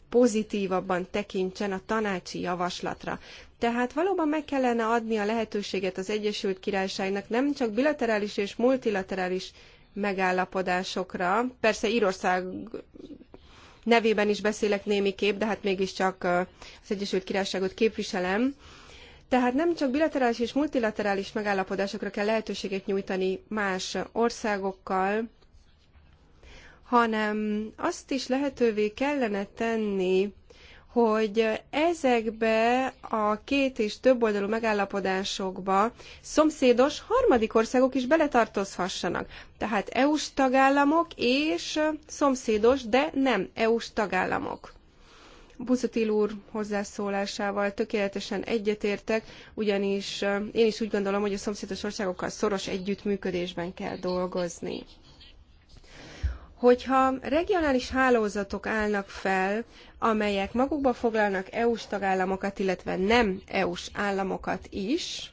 S4: pozitívabban tekintsen a tanácsi javaslatra. Tehát valóban meg kellene adni a lehetőséget az Egyesült Királyságnak nem csak bilaterális és multilaterális megállapodásokra, persze Írország nevében is beszélek némiképp, de hát mégiscsak az Egyesült Királyságot képviselem. Tehát nem csak bilaterális és multilaterális megállapodásokra kell lehetőséget nyújtani más országokkal, hanem azt is lehetővé kellene tenni, hogy ezekbe a két és több oldalú megállapodásokba szomszédos harmadik országok is beletartozhassanak. Tehát EU-s tagállamok és szomszédos, de nem EU-s tagállamok. Buzotil úr hozzászólásával tökéletesen egyetértek, ugyanis eh, én is úgy gondolom, hogy a szomszédos országokkal szoros együttműködésben kell dolgozni. Hogyha regionális hálózatok állnak fel, amelyek magukba foglalnak EU-s tagállamokat, illetve nem EU-s államokat is,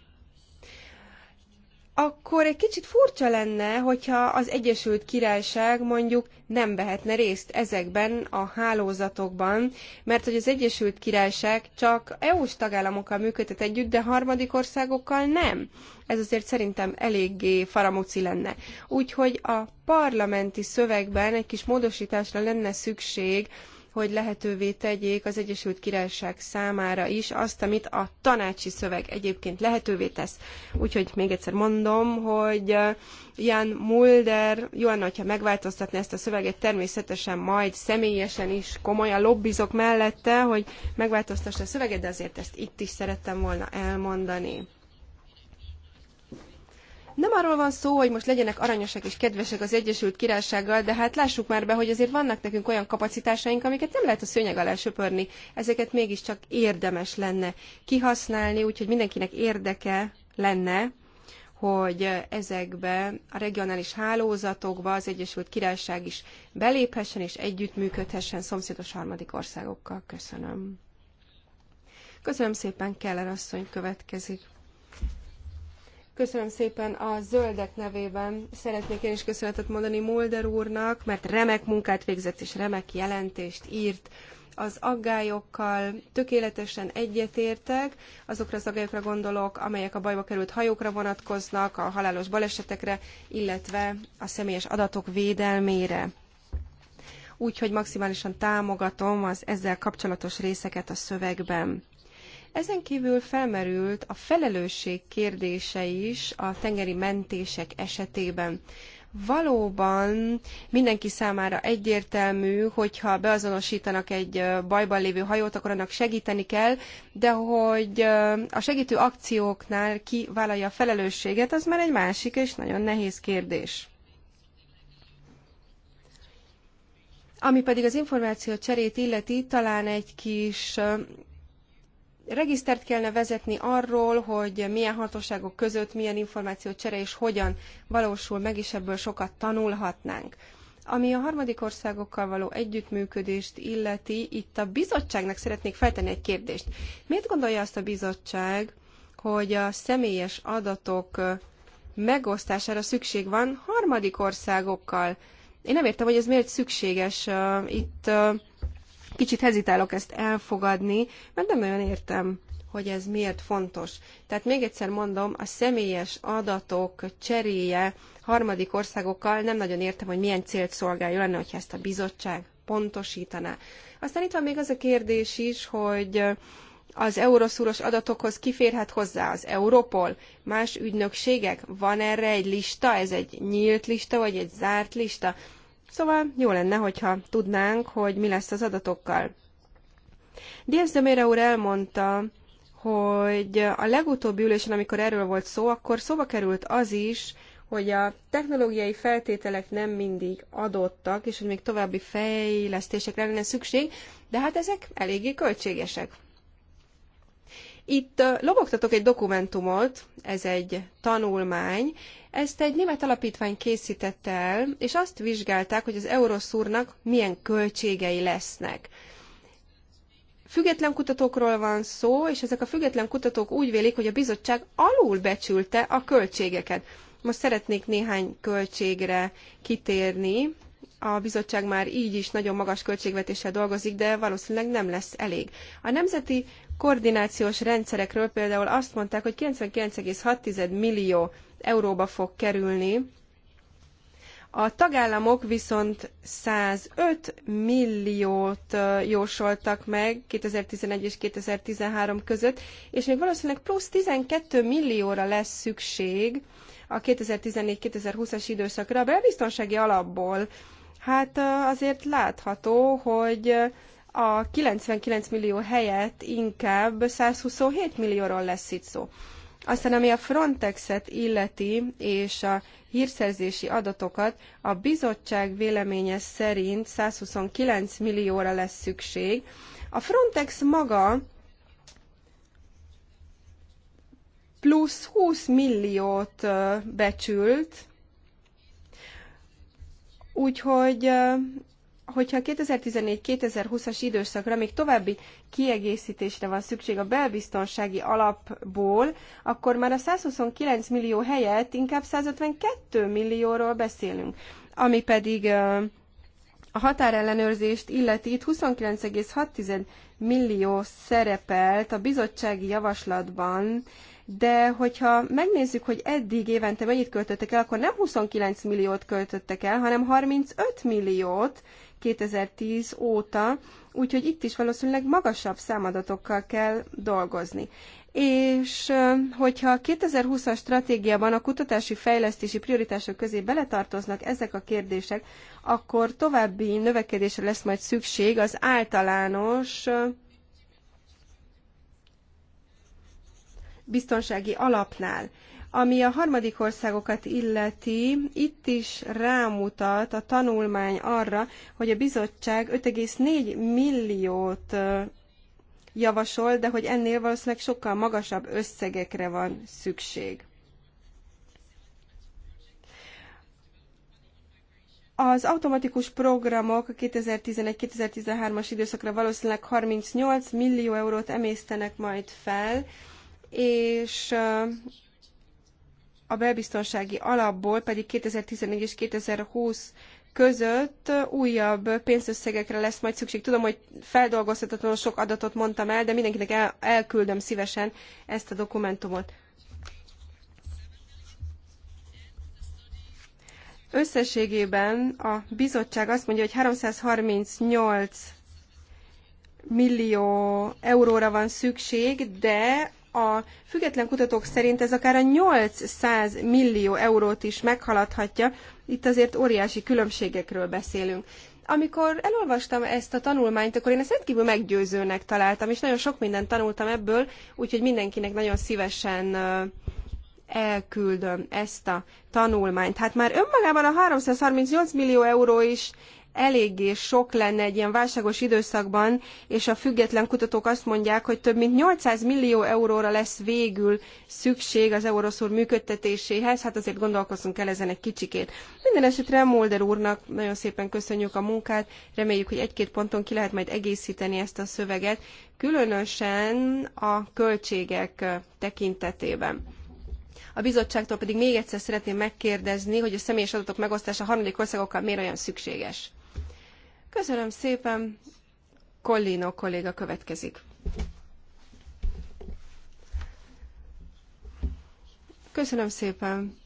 S4: akkor egy kicsit furcsa lenne, hogyha az Egyesült Királyság mondjuk nem vehetne részt ezekben a hálózatokban, mert hogy az Egyesült Királyság csak EU-s tagállamokkal működhet együtt, de harmadik országokkal nem. Ez azért szerintem eléggé faramuci lenne. Úgyhogy a parlamenti szövegben egy kis módosításra lenne szükség, hogy lehetővé tegyék az Egyesült Királyság számára is azt, amit a tanácsi szöveg egyébként lehetővé tesz. Úgyhogy még egyszer mondom, hogy uh, Jan Mulder, jó lenne, hogyha megváltoztatná ezt a szöveget, természetesen majd személyesen is komolyan lobbizok mellette, hogy megváltoztassa a szöveget, de azért ezt itt is szerettem volna elmondani. Nem arról van szó, hogy most legyenek aranyosak és kedvesek az Egyesült Királysággal, de hát lássuk már be, hogy azért vannak nekünk olyan kapacitásaink, amiket nem lehet a szőnyeg alá söpörni. Ezeket mégiscsak érdemes lenne kihasználni, úgyhogy mindenkinek érdeke lenne, hogy ezekbe a regionális hálózatokba az Egyesült Királyság is beléphessen és együttműködhessen szomszédos harmadik országokkal. Köszönöm. Köszönöm szépen, Keller asszony következik. Köszönöm szépen a zöldek nevében. Szeretnék én is köszönetet mondani Mulder úrnak, mert remek munkát végzett és remek jelentést írt az aggályokkal tökéletesen egyetértek, azokra az aggályokra gondolok, amelyek a bajba került hajókra vonatkoznak, a halálos balesetekre, illetve a személyes adatok védelmére. Úgyhogy maximálisan támogatom az ezzel kapcsolatos részeket a szövegben. Ezen kívül felmerült a felelősség kérdése is a tengeri mentések esetében valóban mindenki számára egyértelmű, hogyha beazonosítanak egy bajban lévő hajót, akkor annak segíteni kell, de hogy a segítő akcióknál ki vállalja a felelősséget, az már egy másik és nagyon nehéz kérdés. Ami pedig az információ cserét illeti, talán egy kis regisztert kellene vezetni arról, hogy milyen hatóságok között milyen információcsere és hogyan valósul meg, és ebből sokat tanulhatnánk. Ami a harmadik országokkal való együttműködést illeti, itt a bizottságnak szeretnék feltenni egy kérdést. Miért gondolja azt a bizottság, hogy a személyes adatok megosztására szükség van harmadik országokkal? Én nem értem, hogy ez miért szükséges. Itt kicsit hezitálok ezt elfogadni, mert nem nagyon értem, hogy ez miért fontos. Tehát még egyszer mondom, a személyes adatok cseréje harmadik országokkal nem nagyon értem, hogy milyen célt szolgálja lenne, hogyha ezt a bizottság pontosítaná. Aztán itt van még az a kérdés is, hogy az euroszúros adatokhoz kiférhet hozzá az Europol, más ügynökségek? Van erre egy lista? Ez egy nyílt lista, vagy egy zárt lista? Szóval jó lenne, hogyha tudnánk, hogy mi lesz az adatokkal. Díaz de Mera úr elmondta, hogy a legutóbbi ülésen, amikor erről volt szó, akkor szóba került az is, hogy a technológiai feltételek nem mindig adottak, és hogy még további fejlesztésekre lenne szükség, de hát ezek eléggé költségesek. Itt lobogtatok egy dokumentumot, ez egy tanulmány, ezt egy német alapítvány készítette el, és azt vizsgálták, hogy az Euroszúrnak milyen költségei lesznek. Független kutatókról van szó, és ezek a független kutatók úgy vélik, hogy a bizottság alulbecsülte a költségeket. Most szeretnék néhány költségre kitérni. A bizottság már így is nagyon magas költségvetéssel dolgozik, de valószínűleg nem lesz elég. A nemzeti koordinációs rendszerekről például azt mondták, hogy 99,6 millió euróba fog kerülni. A tagállamok viszont 105 milliót jósoltak meg 2011 és 2013 között, és még valószínűleg plusz 12 millióra lesz szükség a 2014-2020-as időszakra a belbiztonsági alapból. Hát azért látható, hogy a 99 millió helyett inkább 127 millióról lesz itt szó. Aztán ami a Frontexet illeti és a hírszerzési adatokat, a bizottság véleménye szerint 129 millióra lesz szükség. A Frontex maga plusz 20 milliót becsült, úgyhogy hogyha a 2014-2020-as időszakra még további kiegészítésre van szükség a belbiztonsági alapból, akkor már a 129 millió helyett inkább 152 millióról beszélünk, ami pedig a határellenőrzést illeti itt 29,6 millió szerepelt a bizottsági javaslatban, de hogyha megnézzük, hogy eddig évente mennyit költöttek el, akkor nem 29 milliót költöttek el, hanem 35 milliót, 2010 óta, úgyhogy itt is valószínűleg magasabb számadatokkal kell dolgozni. És hogyha a 2020-as stratégiában a kutatási fejlesztési prioritások közé beletartoznak ezek a kérdések, akkor további növekedésre lesz majd szükség az általános biztonsági alapnál. Ami a harmadik országokat illeti, itt is rámutat a tanulmány arra, hogy a bizottság 5,4 milliót javasol, de hogy ennél valószínűleg sokkal magasabb összegekre van szükség. Az automatikus programok 2011-2013-as időszakra valószínűleg 38 millió eurót emésztenek majd fel, és a belbiztonsági alapból pedig 2014 és 2020 között újabb pénzösszegekre lesz majd szükség. Tudom, hogy feldolgozhatatlanul sok adatot mondtam el, de mindenkinek el, elküldöm szívesen ezt a dokumentumot. Összességében a bizottság azt mondja, hogy 338 millió euróra van szükség, de a független kutatók szerint ez akár a 800 millió eurót is meghaladhatja, itt azért óriási különbségekről beszélünk. Amikor elolvastam ezt a tanulmányt, akkor én ezt rendkívül meggyőzőnek találtam, és nagyon sok mindent tanultam ebből, úgyhogy mindenkinek nagyon szívesen elküldöm ezt a tanulmányt. Hát már önmagában a 338 millió euró is eléggé sok lenne egy ilyen válságos időszakban, és a független kutatók azt mondják, hogy több mint 800 millió euróra lesz végül szükség az Euroszur működtetéséhez, hát azért gondolkozzunk el ezen egy kicsikét. Minden esetre Molder úrnak nagyon szépen köszönjük a munkát, reméljük, hogy egy-két ponton ki lehet majd egészíteni ezt a szöveget, különösen a költségek tekintetében. A bizottságtól pedig még egyszer szeretném megkérdezni, hogy a személyes adatok megosztása harmadik országokkal miért olyan szükséges. Köszönöm szépen, Collino kolléga következik. Köszönöm szépen.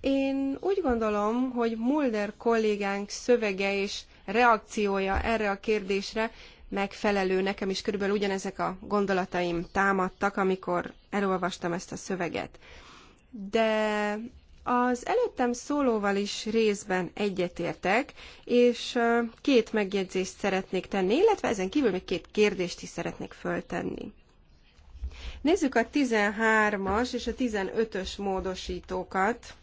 S4: Én úgy gondolom, hogy Mulder kollégánk szövege és reakciója erre a kérdésre megfelelő. Nekem is körülbelül ugyanezek a gondolataim támadtak, amikor elolvastam ezt a szöveget. De az előttem szólóval is részben egyetértek, és két megjegyzést szeretnék tenni, illetve ezen kívül még két kérdést is szeretnék föltenni. Nézzük a 13-as és a 15-ös módosítókat.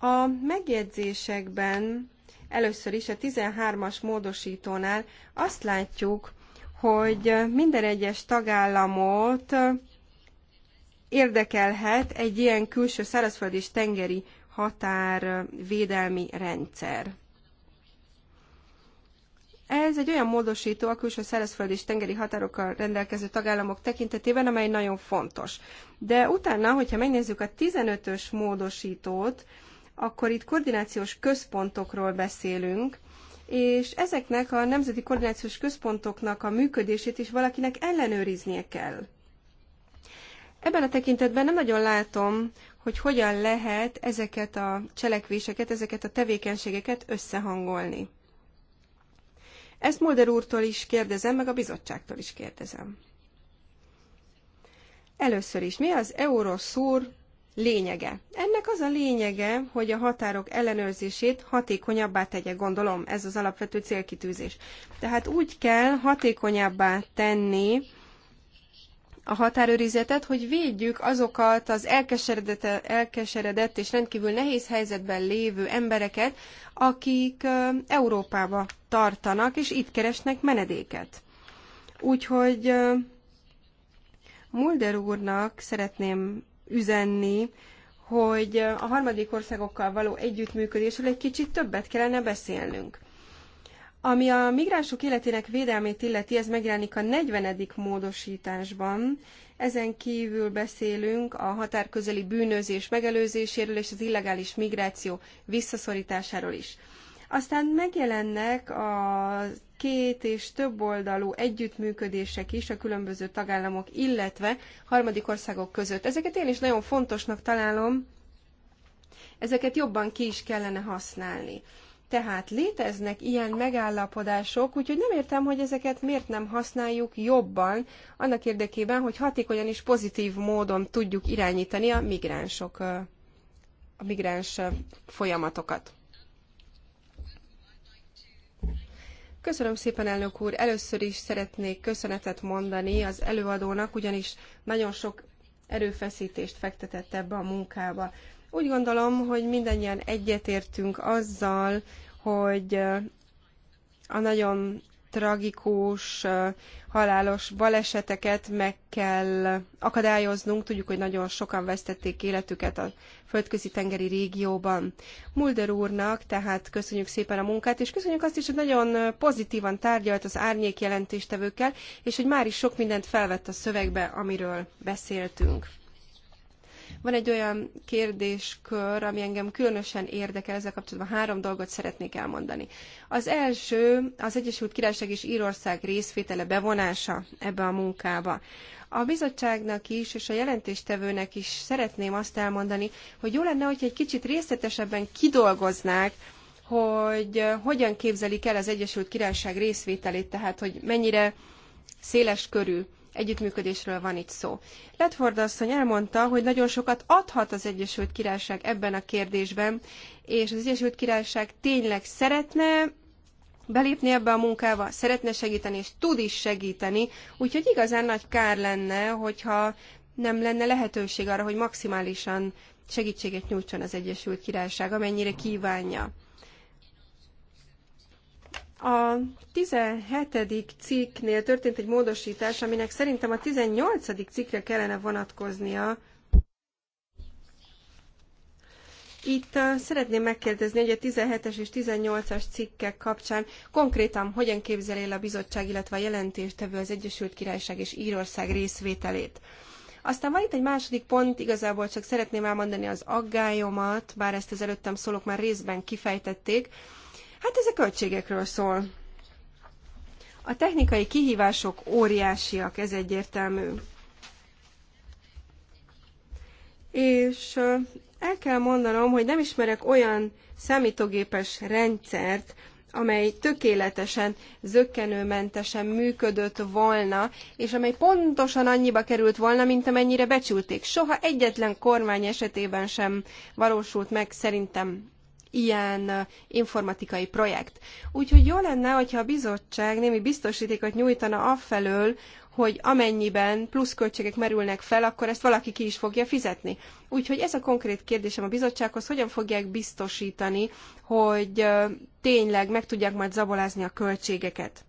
S4: A megjegyzésekben először is a 13-as módosítónál azt látjuk, hogy minden egyes tagállamot érdekelhet egy ilyen külső szárazföldi és tengeri határvédelmi rendszer. Ez egy olyan módosító a külső szárazföldi és tengeri határokkal rendelkező tagállamok tekintetében, amely nagyon fontos. De utána, hogyha megnézzük a 15-ös módosítót, akkor itt koordinációs központokról beszélünk, és ezeknek a nemzeti koordinációs központoknak a működését is valakinek ellenőriznie kell. Ebben a tekintetben nem nagyon látom, hogy hogyan lehet ezeket a cselekvéseket, ezeket a tevékenységeket összehangolni. Ezt Mulder úrtól is kérdezem, meg a bizottságtól is kérdezem. Először is, mi az Euroszúr lényege? Ennek az a lényege, hogy a határok ellenőrzését hatékonyabbá tegye, gondolom, ez az alapvető célkitűzés. Tehát úgy kell hatékonyabbá tenni a határőrizetet, hogy védjük azokat az elkeseredett, elkeseredett és rendkívül nehéz helyzetben lévő embereket, akik Európába tartanak, és itt keresnek menedéket. Úgyhogy Mulder úrnak szeretném üzenni, hogy a harmadik országokkal való együttműködésről egy kicsit többet kellene beszélnünk. Ami a migránsok életének védelmét illeti, ez megjelenik a 40. módosításban. Ezen kívül beszélünk a határközeli bűnözés megelőzéséről és az illegális migráció visszaszorításáról is. Aztán megjelennek a két és több oldalú együttműködések is a különböző tagállamok, illetve harmadik országok között. Ezeket én is nagyon fontosnak találom, ezeket jobban ki is kellene használni. Tehát léteznek ilyen megállapodások, úgyhogy nem értem, hogy ezeket miért nem használjuk jobban, annak érdekében, hogy hatékonyan és pozitív módon tudjuk irányítani a migránsok, a migráns folyamatokat. Köszönöm szépen, elnök úr! Először is szeretnék köszönetet mondani az előadónak, ugyanis nagyon sok erőfeszítést fektetett ebbe a munkába. Úgy gondolom, hogy mindannyian egyetértünk azzal, hogy a nagyon tragikus, halálos baleseteket meg kell akadályoznunk. Tudjuk, hogy nagyon sokan vesztették életüket a földközi tengeri régióban. Mulder úrnak tehát köszönjük szépen a munkát, és köszönjük azt is, hogy nagyon pozitívan tárgyalt az árnyék jelentéstevőkkel, és hogy már is sok mindent felvett a szövegbe, amiről beszéltünk. Van egy olyan kérdéskör, ami engem különösen érdekel, ezzel kapcsolatban három dolgot szeretnék elmondani. Az első az Egyesült Királyság és Írország részvétele bevonása ebbe a munkába. A bizottságnak is, és a jelentéstevőnek is szeretném azt elmondani, hogy jó lenne, hogyha egy kicsit részletesebben kidolgoznák, hogy eh, hogyan képzelik el az Egyesült Királyság részvételét, tehát hogy mennyire széles körű együttműködésről van itt szó. Ledford asszony elmondta, hogy nagyon sokat adhat az Egyesült Királyság ebben a kérdésben, és az Egyesült Királyság tényleg szeretne belépni ebbe a munkába, szeretne segíteni, és tud is segíteni, úgyhogy igazán nagy kár lenne, hogyha nem lenne lehetőség arra, hogy maximálisan segítséget nyújtson az Egyesült Királyság, amennyire kívánja. A 17. cikknél történt egy módosítás, aminek szerintem a 18. cikkre kellene vonatkoznia. Itt uh, szeretném megkérdezni, hogy a 17-es és 18-as cikkek kapcsán konkrétan hogyan képzeli a bizottság, illetve a jelentéstevő az Egyesült Királyság és Írország részvételét. Aztán van itt egy második pont, igazából csak szeretném elmondani az aggályomat, bár ezt az előttem szólók már részben kifejtették, Hát ez a költségekről szól. A technikai kihívások óriásiak, ez egyértelmű. És el kell mondanom, hogy nem ismerek olyan számítógépes rendszert, amely tökéletesen, zöggenőmentesen működött volna, és amely pontosan annyiba került volna, mint amennyire becsülték. Soha egyetlen kormány esetében sem valósult meg szerintem ilyen informatikai projekt. Úgyhogy jó lenne, hogyha a bizottság némi biztosítékot nyújtana afelől, hogy amennyiben plusz költségek merülnek fel, akkor ezt valaki ki is fogja fizetni. Úgyhogy ez a konkrét kérdésem a bizottsághoz, hogyan fogják biztosítani, hogy tényleg meg tudják majd zabolázni a költségeket.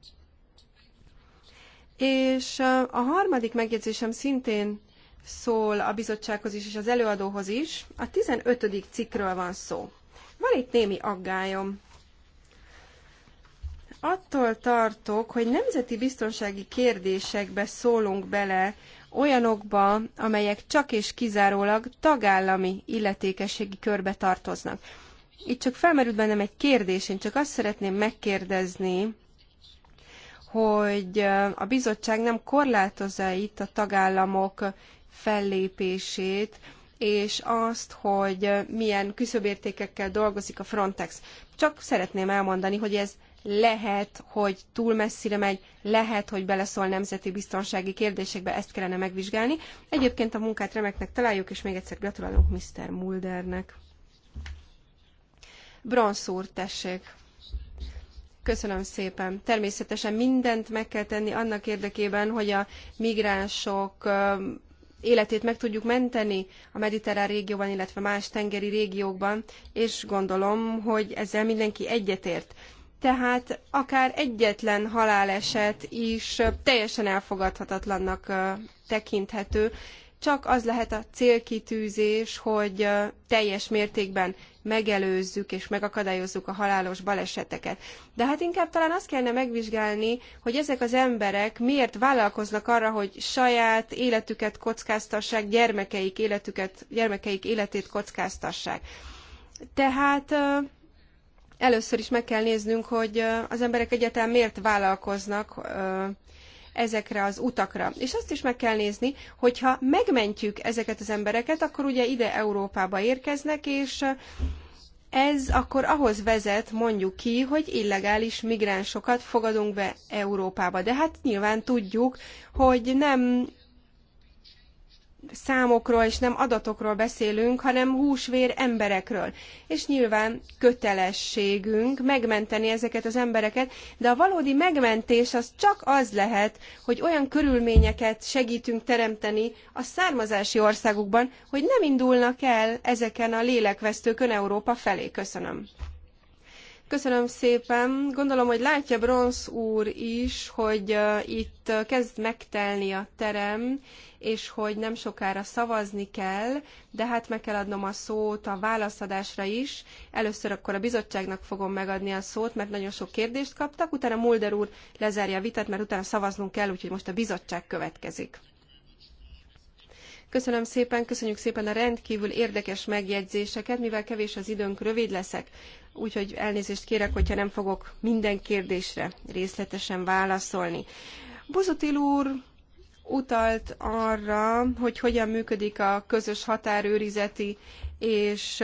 S4: És a harmadik megjegyzésem szintén szól a bizottsághoz is, és az előadóhoz is. A 15. cikkről van szó. Van itt némi aggályom. Attól tartok, hogy nemzeti biztonsági kérdésekbe szólunk bele, olyanokba, amelyek csak és kizárólag tagállami illetékességi körbe tartoznak. Itt csak felmerült bennem egy kérdés, én csak azt szeretném megkérdezni, hogy a bizottság nem korlátozza itt a tagállamok fellépését, és azt, hogy milyen küszöbértékekkel dolgozik a Frontex. Csak szeretném elmondani, hogy ez lehet, hogy túl messzire megy, lehet, hogy beleszól nemzeti biztonsági kérdésekbe, ezt kellene megvizsgálni. Egyébként a munkát remeknek találjuk, és még egyszer gratulálunk Mr. Muldernek. Bronsz úr, tessék! Köszönöm szépen. Természetesen mindent meg kell tenni annak érdekében, hogy a migránsok életét meg tudjuk menteni a mediterrán régióban, illetve más tengeri régiókban, és gondolom, hogy ezzel mindenki egyetért. Tehát akár egyetlen haláleset is teljesen elfogadhatatlannak tekinthető, csak az lehet a célkitűzés, hogy teljes mértékben megelőzzük és megakadályozzuk a halálos baleseteket. De hát inkább talán azt kellene megvizsgálni, hogy ezek az emberek miért vállalkoznak arra, hogy saját életüket kockáztassák, gyermekeik, életüket, gyermekeik életét kockáztassák. Tehát először is meg kell néznünk, hogy az emberek egyáltalán miért vállalkoznak ezekre az utakra. És azt is meg kell nézni, hogyha megmentjük ezeket az embereket, akkor ugye ide Európába érkeznek, és ez akkor ahhoz vezet, mondjuk ki, hogy illegális migránsokat fogadunk be Európába. De hát nyilván tudjuk, hogy nem számokról és nem adatokról beszélünk, hanem húsvér emberekről. És nyilván kötelességünk megmenteni ezeket az embereket, de a valódi megmentés az csak az lehet, hogy olyan körülményeket segítünk teremteni a származási országukban, hogy nem indulnak el ezeken a lélekvesztőkön Európa felé. Köszönöm. Köszönöm szépen. Gondolom, hogy látja Bronz úr is, hogy uh, itt uh, kezd megtelni a terem, és hogy nem sokára szavazni kell, de hát meg kell adnom a szót a válaszadásra is. Először akkor a bizottságnak fogom megadni a szót, mert nagyon sok kérdést kaptak, utána Mulder úr lezárja a vitát, mert utána szavaznunk kell, úgyhogy most a bizottság következik. Köszönöm szépen, köszönjük szépen a rendkívül érdekes megjegyzéseket, mivel kevés az időnk, rövid leszek, úgyhogy elnézést kérek, hogyha nem fogok minden kérdésre részletesen válaszolni. Bozotil úr utalt arra, hogy hogyan működik a közös határőrizeti és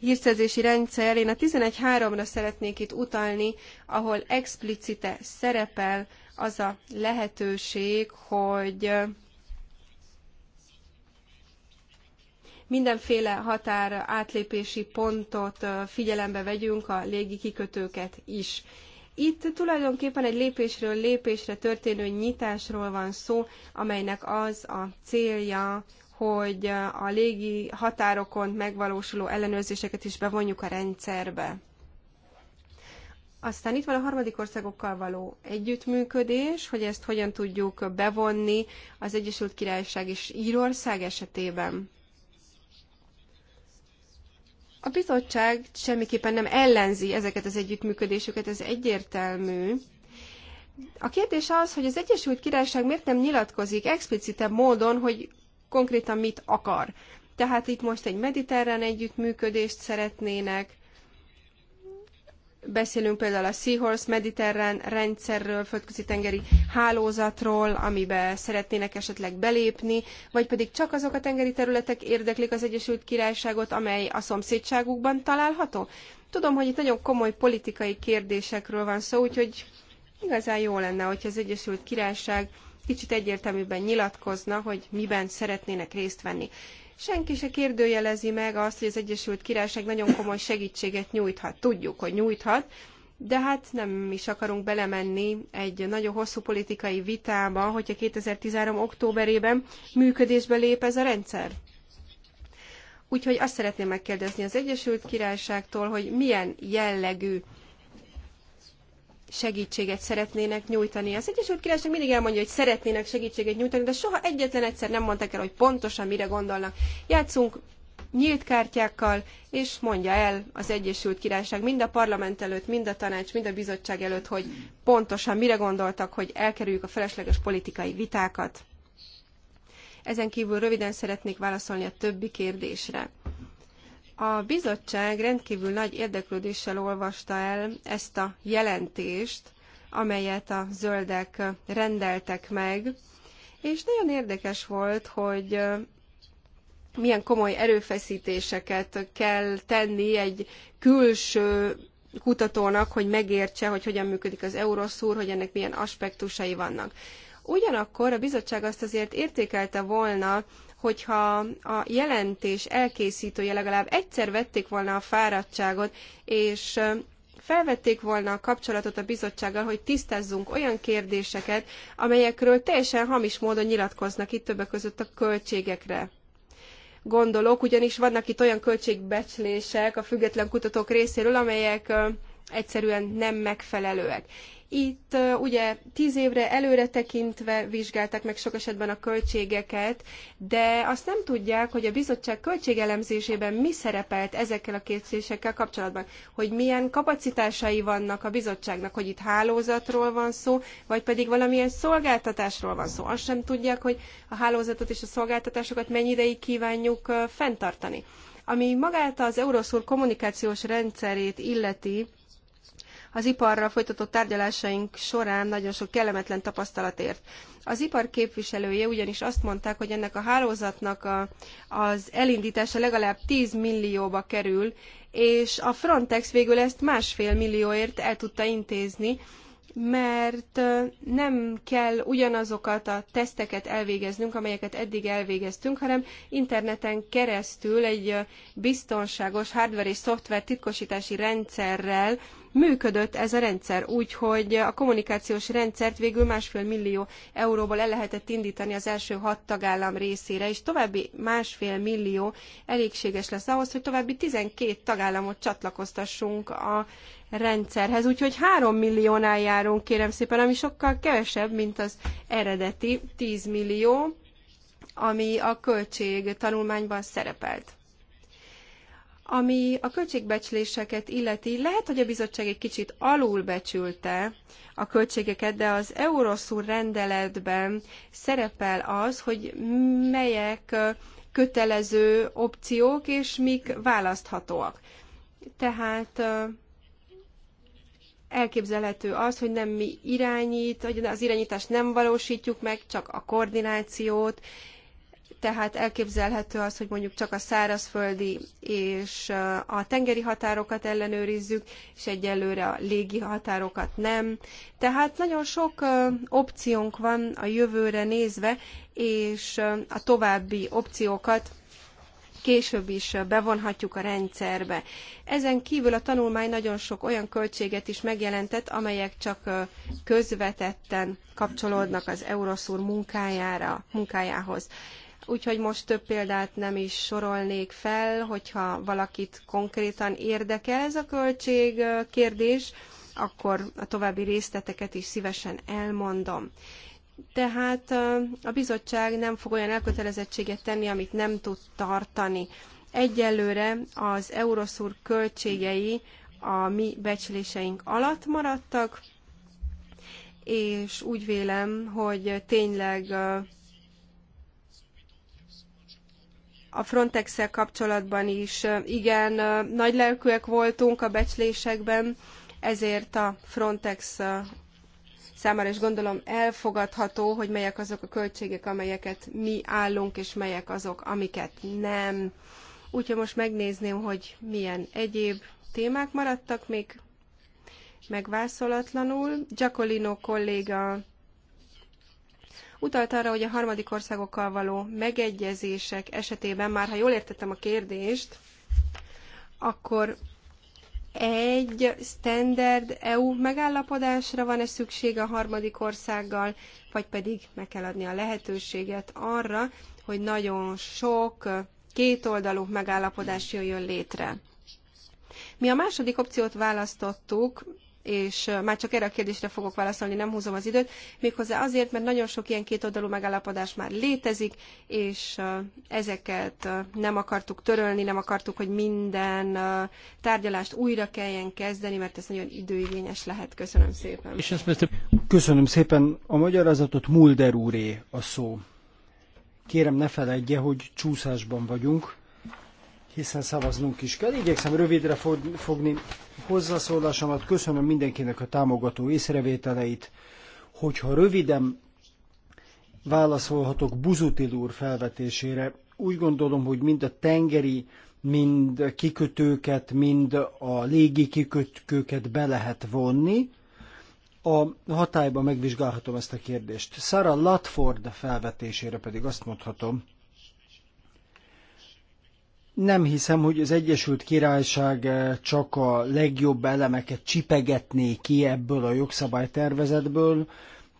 S4: hírszerzési rendszer. Én a 11.3-ra szeretnék itt utalni, ahol explicite szerepel az a lehetőség, hogy mindenféle határ átlépési pontot figyelembe vegyünk, a légi kikötőket is. Itt tulajdonképpen egy lépésről lépésre történő nyitásról van szó, amelynek az a célja, hogy a légi határokon megvalósuló ellenőrzéseket is bevonjuk a rendszerbe. Aztán itt van a harmadik országokkal való együttműködés, hogy ezt hogyan tudjuk bevonni az Egyesült Királyság és Írország esetében. A bizottság semmiképpen nem ellenzi ezeket az együttműködésüket, ez egyértelmű. A kérdés az, hogy az Egyesült Királyság miért nem nyilatkozik explicitebb módon, hogy konkrétan mit akar. Tehát itt most egy mediterrán együttműködést szeretnének, Beszélünk például a Seahorse mediterrán rendszerről, földközi tengeri hálózatról, amibe szeretnének esetleg belépni, vagy pedig csak azok a tengeri területek érdeklik az Egyesült Királyságot, amely a szomszédságukban található? Tudom, hogy itt nagyon komoly politikai kérdésekről van szó, úgyhogy igazán jó lenne, hogy az Egyesült Királyság kicsit egyértelműbben nyilatkozna, hogy miben szeretnének részt venni. Senki se kérdőjelezi meg azt, hogy az Egyesült Királyság nagyon komoly segítséget nyújthat. Tudjuk, hogy nyújthat, de hát nem is akarunk belemenni egy nagyon hosszú politikai vitába, hogyha 2013. októberében működésbe lép ez a rendszer. Úgyhogy azt szeretném megkérdezni az Egyesült Királyságtól, hogy milyen jellegű segítséget szeretnének nyújtani. Az Egyesült Királyság mindig elmondja, hogy szeretnének segítséget nyújtani, de soha egyetlen egyszer nem mondták el, hogy pontosan mire gondolnak. Játszunk nyílt kártyákkal, és mondja el az Egyesült Királyság mind a parlament előtt, mind a tanács, mind a bizottság előtt, hogy pontosan mire gondoltak, hogy elkerüljük a felesleges politikai vitákat. Ezen kívül röviden szeretnék válaszolni a többi kérdésre. A bizottság rendkívül nagy érdeklődéssel olvasta el ezt a jelentést, amelyet a zöldek rendeltek meg, és nagyon érdekes volt, hogy milyen komoly erőfeszítéseket kell tenni egy külső kutatónak, hogy megértse, hogy hogyan működik az Euroszúr, hogy ennek milyen aspektusai vannak. Ugyanakkor a bizottság azt azért értékelte volna, hogyha a jelentés elkészítője legalább egyszer vették volna a fáradtságot, és felvették volna a kapcsolatot a bizottsággal, hogy tisztázzunk olyan kérdéseket, amelyekről teljesen hamis módon nyilatkoznak itt többek között a költségekre gondolok, ugyanis vannak itt olyan költségbecslések a független kutatók részéről, amelyek egyszerűen nem megfelelőek. Itt ugye tíz évre előre tekintve vizsgálták meg sok esetben a költségeket, de azt nem tudják, hogy a bizottság költségelemzésében mi szerepelt ezekkel a készülésekkel kapcsolatban, hogy milyen kapacitásai vannak a bizottságnak, hogy itt hálózatról van szó, vagy pedig valamilyen szolgáltatásról van szó. Azt sem tudják, hogy a hálózatot és a szolgáltatásokat mennyi ideig kívánjuk fenntartani. Ami magát az Euroszur kommunikációs rendszerét illeti, az iparra folytatott tárgyalásaink során nagyon sok kellemetlen tapasztalat ért. Az ipar képviselője ugyanis azt mondták, hogy ennek a hálózatnak a, az elindítása legalább 10 millióba kerül, és a Frontex végül ezt másfél millióért el tudta intézni, mert nem kell ugyanazokat a teszteket elvégeznünk, amelyeket eddig elvégeztünk, hanem interneten keresztül egy biztonságos hardware és szoftver titkosítási rendszerrel működött ez a rendszer, úgy, hogy a kommunikációs rendszert végül másfél millió euróból el lehetett indítani az első hat tagállam részére, és további másfél millió elégséges lesz ahhoz, hogy további 12 tagállamot csatlakoztassunk a rendszerhez, úgyhogy 3 milliónál járunk, kérem szépen, ami sokkal kevesebb, mint az eredeti 10 millió, ami a költség tanulmányban szerepelt. Ami a költségbecsléseket illeti, lehet, hogy a bizottság egy kicsit alulbecsülte a költségeket, de az Euroszur rendeletben szerepel az, hogy melyek kötelező opciók, és mik választhatóak. Tehát elképzelhető az, hogy nem mi irányít, hogy az irányítást nem valósítjuk meg, csak a koordinációt, tehát elképzelhető az, hogy mondjuk csak a szárazföldi és uh, a tengeri határokat ellenőrizzük, és egyelőre a légi határokat nem. Tehát nagyon sok uh, opciónk van a jövőre nézve, és uh, a további opciókat később is bevonhatjuk a rendszerbe. Ezen kívül a tanulmány nagyon sok olyan költséget is megjelentett, amelyek csak közvetetten kapcsolódnak az Euroszur munkájára, munkájához úgyhogy most több példát nem is sorolnék fel, hogyha valakit konkrétan érdekel ez a költség kérdés, akkor a további részleteket is szívesen elmondom. Tehát a bizottság nem fog olyan elkötelezettséget tenni, amit nem tud tartani. Egyelőre az Euroszur költségei a mi becsléseink alatt maradtak, és úgy vélem, hogy tényleg a frontex kapcsolatban is igen nagy lelkűek voltunk a becslésekben, ezért a Frontex számára is gondolom elfogadható, hogy melyek azok a költségek, amelyeket mi állunk, és melyek azok, amiket nem. Úgyhogy most megnézném, hogy milyen egyéb témák maradtak még megvászolatlanul. Giacolino kolléga utalt arra, hogy a harmadik országokkal való megegyezések esetében már, ha jól értettem a kérdést, akkor egy standard EU megállapodásra van-e szükség a harmadik országgal, vagy pedig meg kell adni a lehetőséget arra, hogy nagyon sok kétoldalú megállapodás jöjjön létre. Mi a második opciót választottuk, és már csak erre a kérdésre fogok válaszolni, nem húzom az időt, méghozzá azért, mert nagyon sok ilyen kétoldalú megállapodás már létezik, és ezeket nem akartuk törölni, nem akartuk, hogy minden tárgyalást újra kelljen kezdeni, mert ez nagyon időigényes lehet. Köszönöm szépen.
S3: Köszönöm szépen. A magyarázatot Mulder úré a szó. Kérem, ne feledje, hogy csúszásban vagyunk, hiszen szavaznunk is kell. Igyekszem rövidre fogni hozzászólásomat, köszönöm mindenkinek a támogató észrevételeit. Hogyha röviden válaszolhatok Buzutil úr felvetésére, úgy gondolom, hogy mind a tengeri, mind a kikötőket, mind a légi kikötőket be lehet vonni. A hatályban megvizsgálhatom ezt a kérdést. Sarah Latford felvetésére pedig azt mondhatom, nem hiszem, hogy az Egyesült Királyság eh, csak a legjobb elemeket csipegetné ki ebből a jogszabálytervezetből.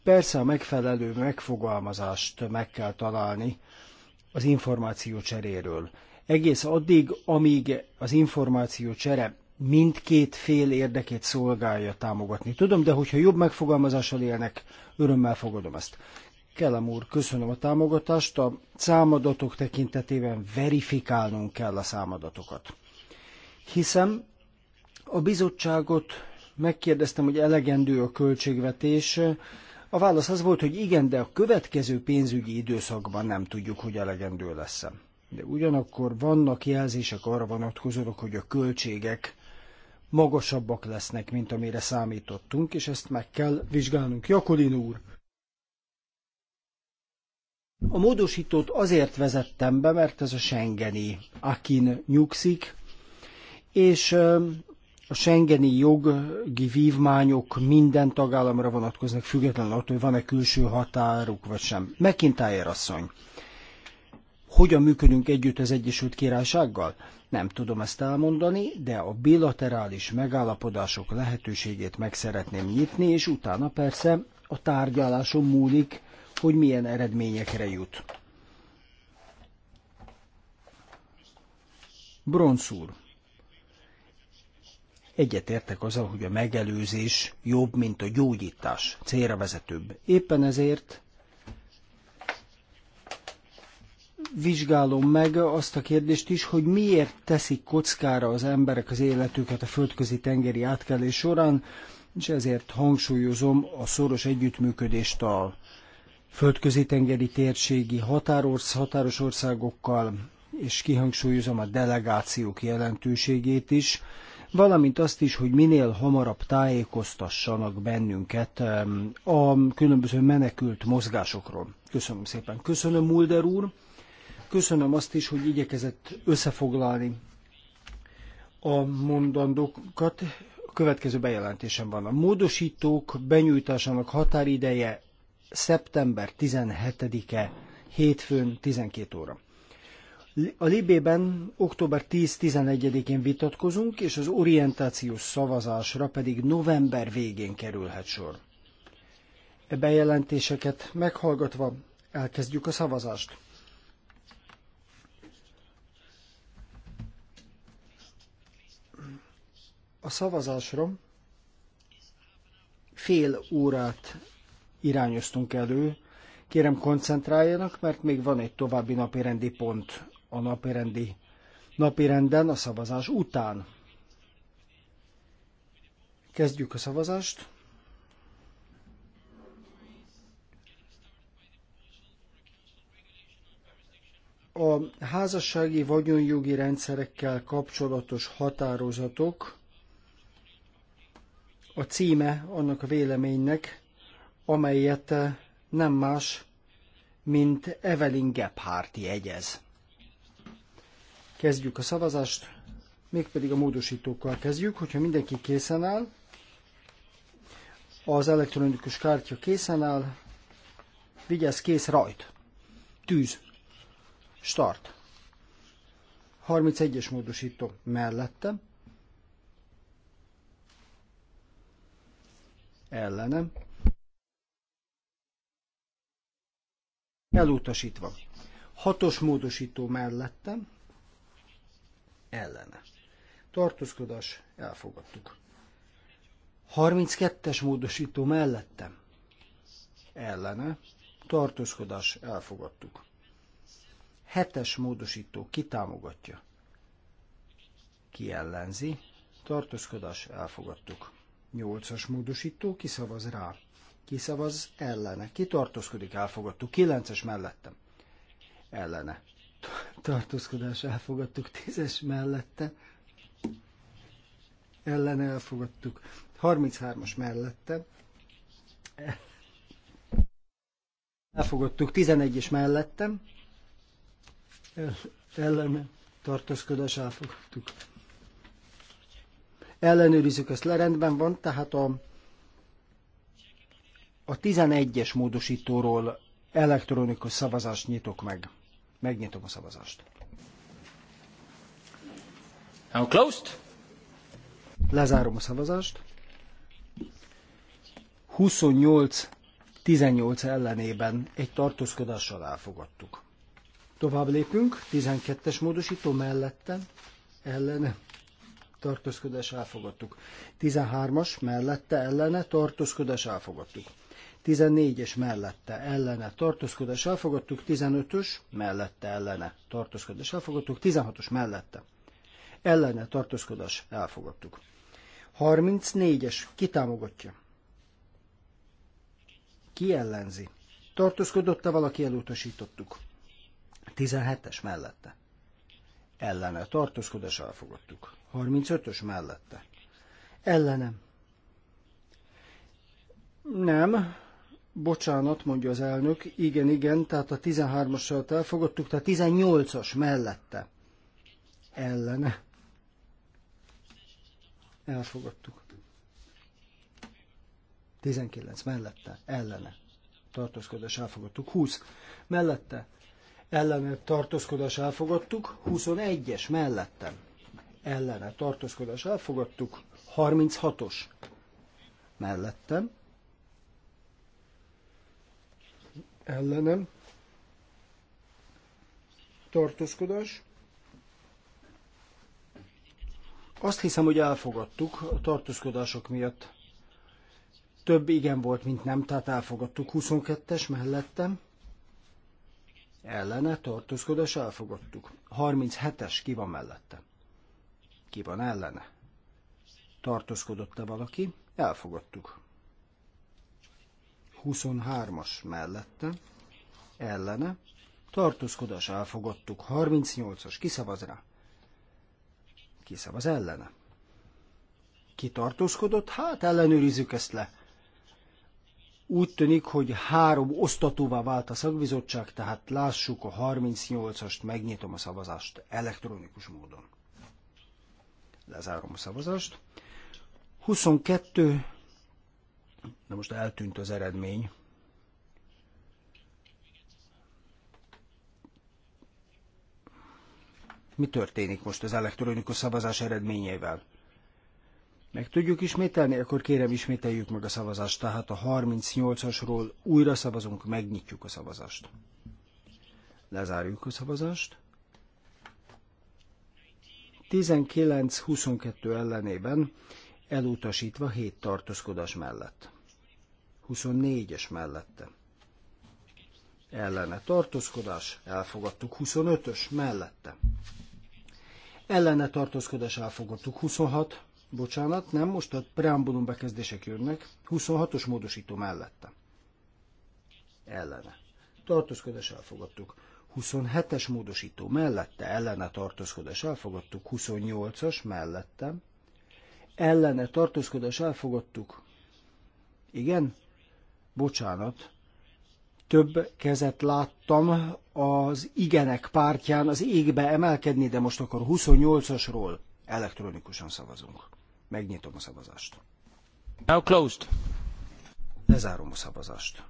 S3: Persze a megfelelő megfogalmazást meg kell találni az információ cseréről. Egész addig, amíg az információ csere mindkét fél érdekét szolgálja támogatni. Tudom, de hogyha jobb megfogalmazással élnek, örömmel fogadom ezt. Kellem úr, köszönöm a támogatást. A számadatok tekintetében verifikálnunk kell a számadatokat. Hiszem, a bizottságot megkérdeztem, hogy elegendő a költségvetés. A válasz az volt, hogy igen, de a következő pénzügyi időszakban nem tudjuk, hogy elegendő lesz -e. De ugyanakkor vannak jelzések arra vonatkozóak, hogy a költségek magasabbak lesznek, mint amire számítottunk, és ezt meg kell vizsgálnunk. Jakolin úr a módosítót azért vezettem be, mert ez a Schengeni akin nyugszik, és a Schengeni jogi vívmányok minden tagállamra vonatkoznak, függetlenül attól, hogy van-e külső határuk vagy sem. McIntyre asszony, hogyan működünk együtt az Egyesült Királysággal? Nem tudom ezt elmondani, de a bilaterális megállapodások lehetőségét meg szeretném nyitni, és utána persze a tárgyaláson múlik, hogy milyen eredményekre jut. Bronzúr. Egyet Egyetértek azzal, hogy a megelőzés jobb, mint a gyógyítás, célra vezetőbb. Éppen ezért vizsgálom meg azt a kérdést is, hogy miért teszik kockára az emberek az életüket a földközi tengeri átkelés során, és ezért hangsúlyozom a szoros együttműködést a földközi-tengeri térségi határos, határos országokkal, és kihangsúlyozom a delegációk jelentőségét is, valamint azt is, hogy minél hamarabb tájékoztassanak bennünket a különböző menekült mozgásokról. Köszönöm szépen. Köszönöm, Mulder úr. Köszönöm azt is, hogy igyekezett összefoglalni a mondandókat. A következő bejelentésem van. A módosítók benyújtásának határideje szeptember 17-e, hétfőn 12 óra. A Libében október 10-11-én vitatkozunk, és az orientációs szavazásra pedig november végén kerülhet sor. E bejelentéseket meghallgatva elkezdjük a szavazást. A szavazásra fél órát irányoztunk elő. Kérem koncentráljanak, mert még van egy további napirendi pont a napirendi napirenden a szavazás után. Kezdjük a szavazást. A házassági vagyonjogi rendszerekkel kapcsolatos határozatok a címe annak a véleménynek, amelyet eh, nem más, mint Evelyn Gephardt jegyez. Kezdjük a szavazást, mégpedig a módosítókkal kezdjük, hogyha mindenki készen áll, az elektronikus kártya készen áll, vigyázz kész rajt, tűz, start. 31-es módosító mellettem, ellenem, Elutasítva. Hatos módosító mellettem, ellene. Tartózkodás, elfogadtuk. 32-es módosító mellettem, ellene. Tartózkodás, elfogadtuk. 7-es módosító kitámogatja. kiellenzi. Tartózkodás, elfogadtuk. 8-as módosító kiszavaz rá kiszavaz ellene, ki tartózkodik, elfogadtuk, kilences es mellettem, ellene, tartózkodás, elfogadtuk, tízes mellette, ellene elfogadtuk, 33-as mellette, elfogadtuk, 11-es mellettem, ellene, tartózkodás, elfogadtuk. Ellenőrizzük, ezt lerendben van, tehát a a 11-es módosítóról elektronikus szavazást nyitok meg. Megnyitom a szavazást. Now closed. Lezárom a szavazást. 28-18 ellenében egy tartózkodással elfogadtuk. Tovább lépünk, 12-es módosító mellette, ellene, tartózkodás elfogadtuk. 13-as mellette, ellene, tartózkodás elfogadtuk. 14-es mellette ellene tartózkodás elfogadtuk, 15-ös mellette ellene tartózkodás elfogadtuk, 16-os mellette ellene tartózkodás elfogadtuk. 34-es kitámogatja. Ki ellenzi? Tartózkodott-e valaki elutasítottuk? 17-es mellette. Ellene tartózkodás elfogadtuk. 35-ös mellette. Ellenem. Nem, Bocsánat, mondja az elnök. Igen, igen, tehát a 13-asat elfogadtuk, tehát 18-as mellette. Ellene. Elfogadtuk. 19 mellette, ellene. Tartózkodás elfogadtuk. 20 mellette, ellene tartózkodás elfogadtuk. 21-es mellette, ellene tartózkodás elfogadtuk. 36-os mellettem, ellenem, tartózkodás. Azt hiszem, hogy elfogadtuk a tartózkodások miatt. Több igen volt, mint nem, tehát elfogadtuk 22-es mellettem. Ellene tartózkodás elfogadtuk. 37-es ki van mellette? Ki van ellene? Tartózkodott-e valaki? Elfogadtuk. 23-as mellette, ellene, tartózkodás elfogadtuk, 38-as, kiszavaz rá, kiszavaz ellene. Kitartózkodott, hát ellenőrizzük ezt le. Úgy tűnik, hogy három osztatóvá vált a szakbizottság, tehát lássuk a 38-ast, megnyitom a szavazást elektronikus módon. Lezárom a szavazást. 22 de most eltűnt az eredmény. Mi történik most az elektronikus szavazás eredményével? Meg tudjuk ismételni? Akkor kérem, ismételjük meg a szavazást. Tehát a 38-asról újra szavazunk, megnyitjuk a szavazást. Lezárjuk a szavazást. 19-22 ellenében elutasítva 7 tartózkodás mellett. 24-es mellette. Ellene tartózkodás, elfogadtuk 25-ös mellette. Ellene tartózkodás, elfogadtuk 26, bocsánat, nem, most a preambulum bekezdések jönnek, 26-os módosító mellette. Ellene. Tartózkodás, elfogadtuk. 27-es módosító mellette, ellene tartózkodás, elfogadtuk. 28-as mellette, ellene tartózkodás elfogadtuk. Igen? Bocsánat. Több kezet láttam az igenek pártján az égbe emelkedni, de most akkor 28-asról elektronikusan szavazunk. Megnyitom a szavazást. Now closed. Lezárom a szavazást.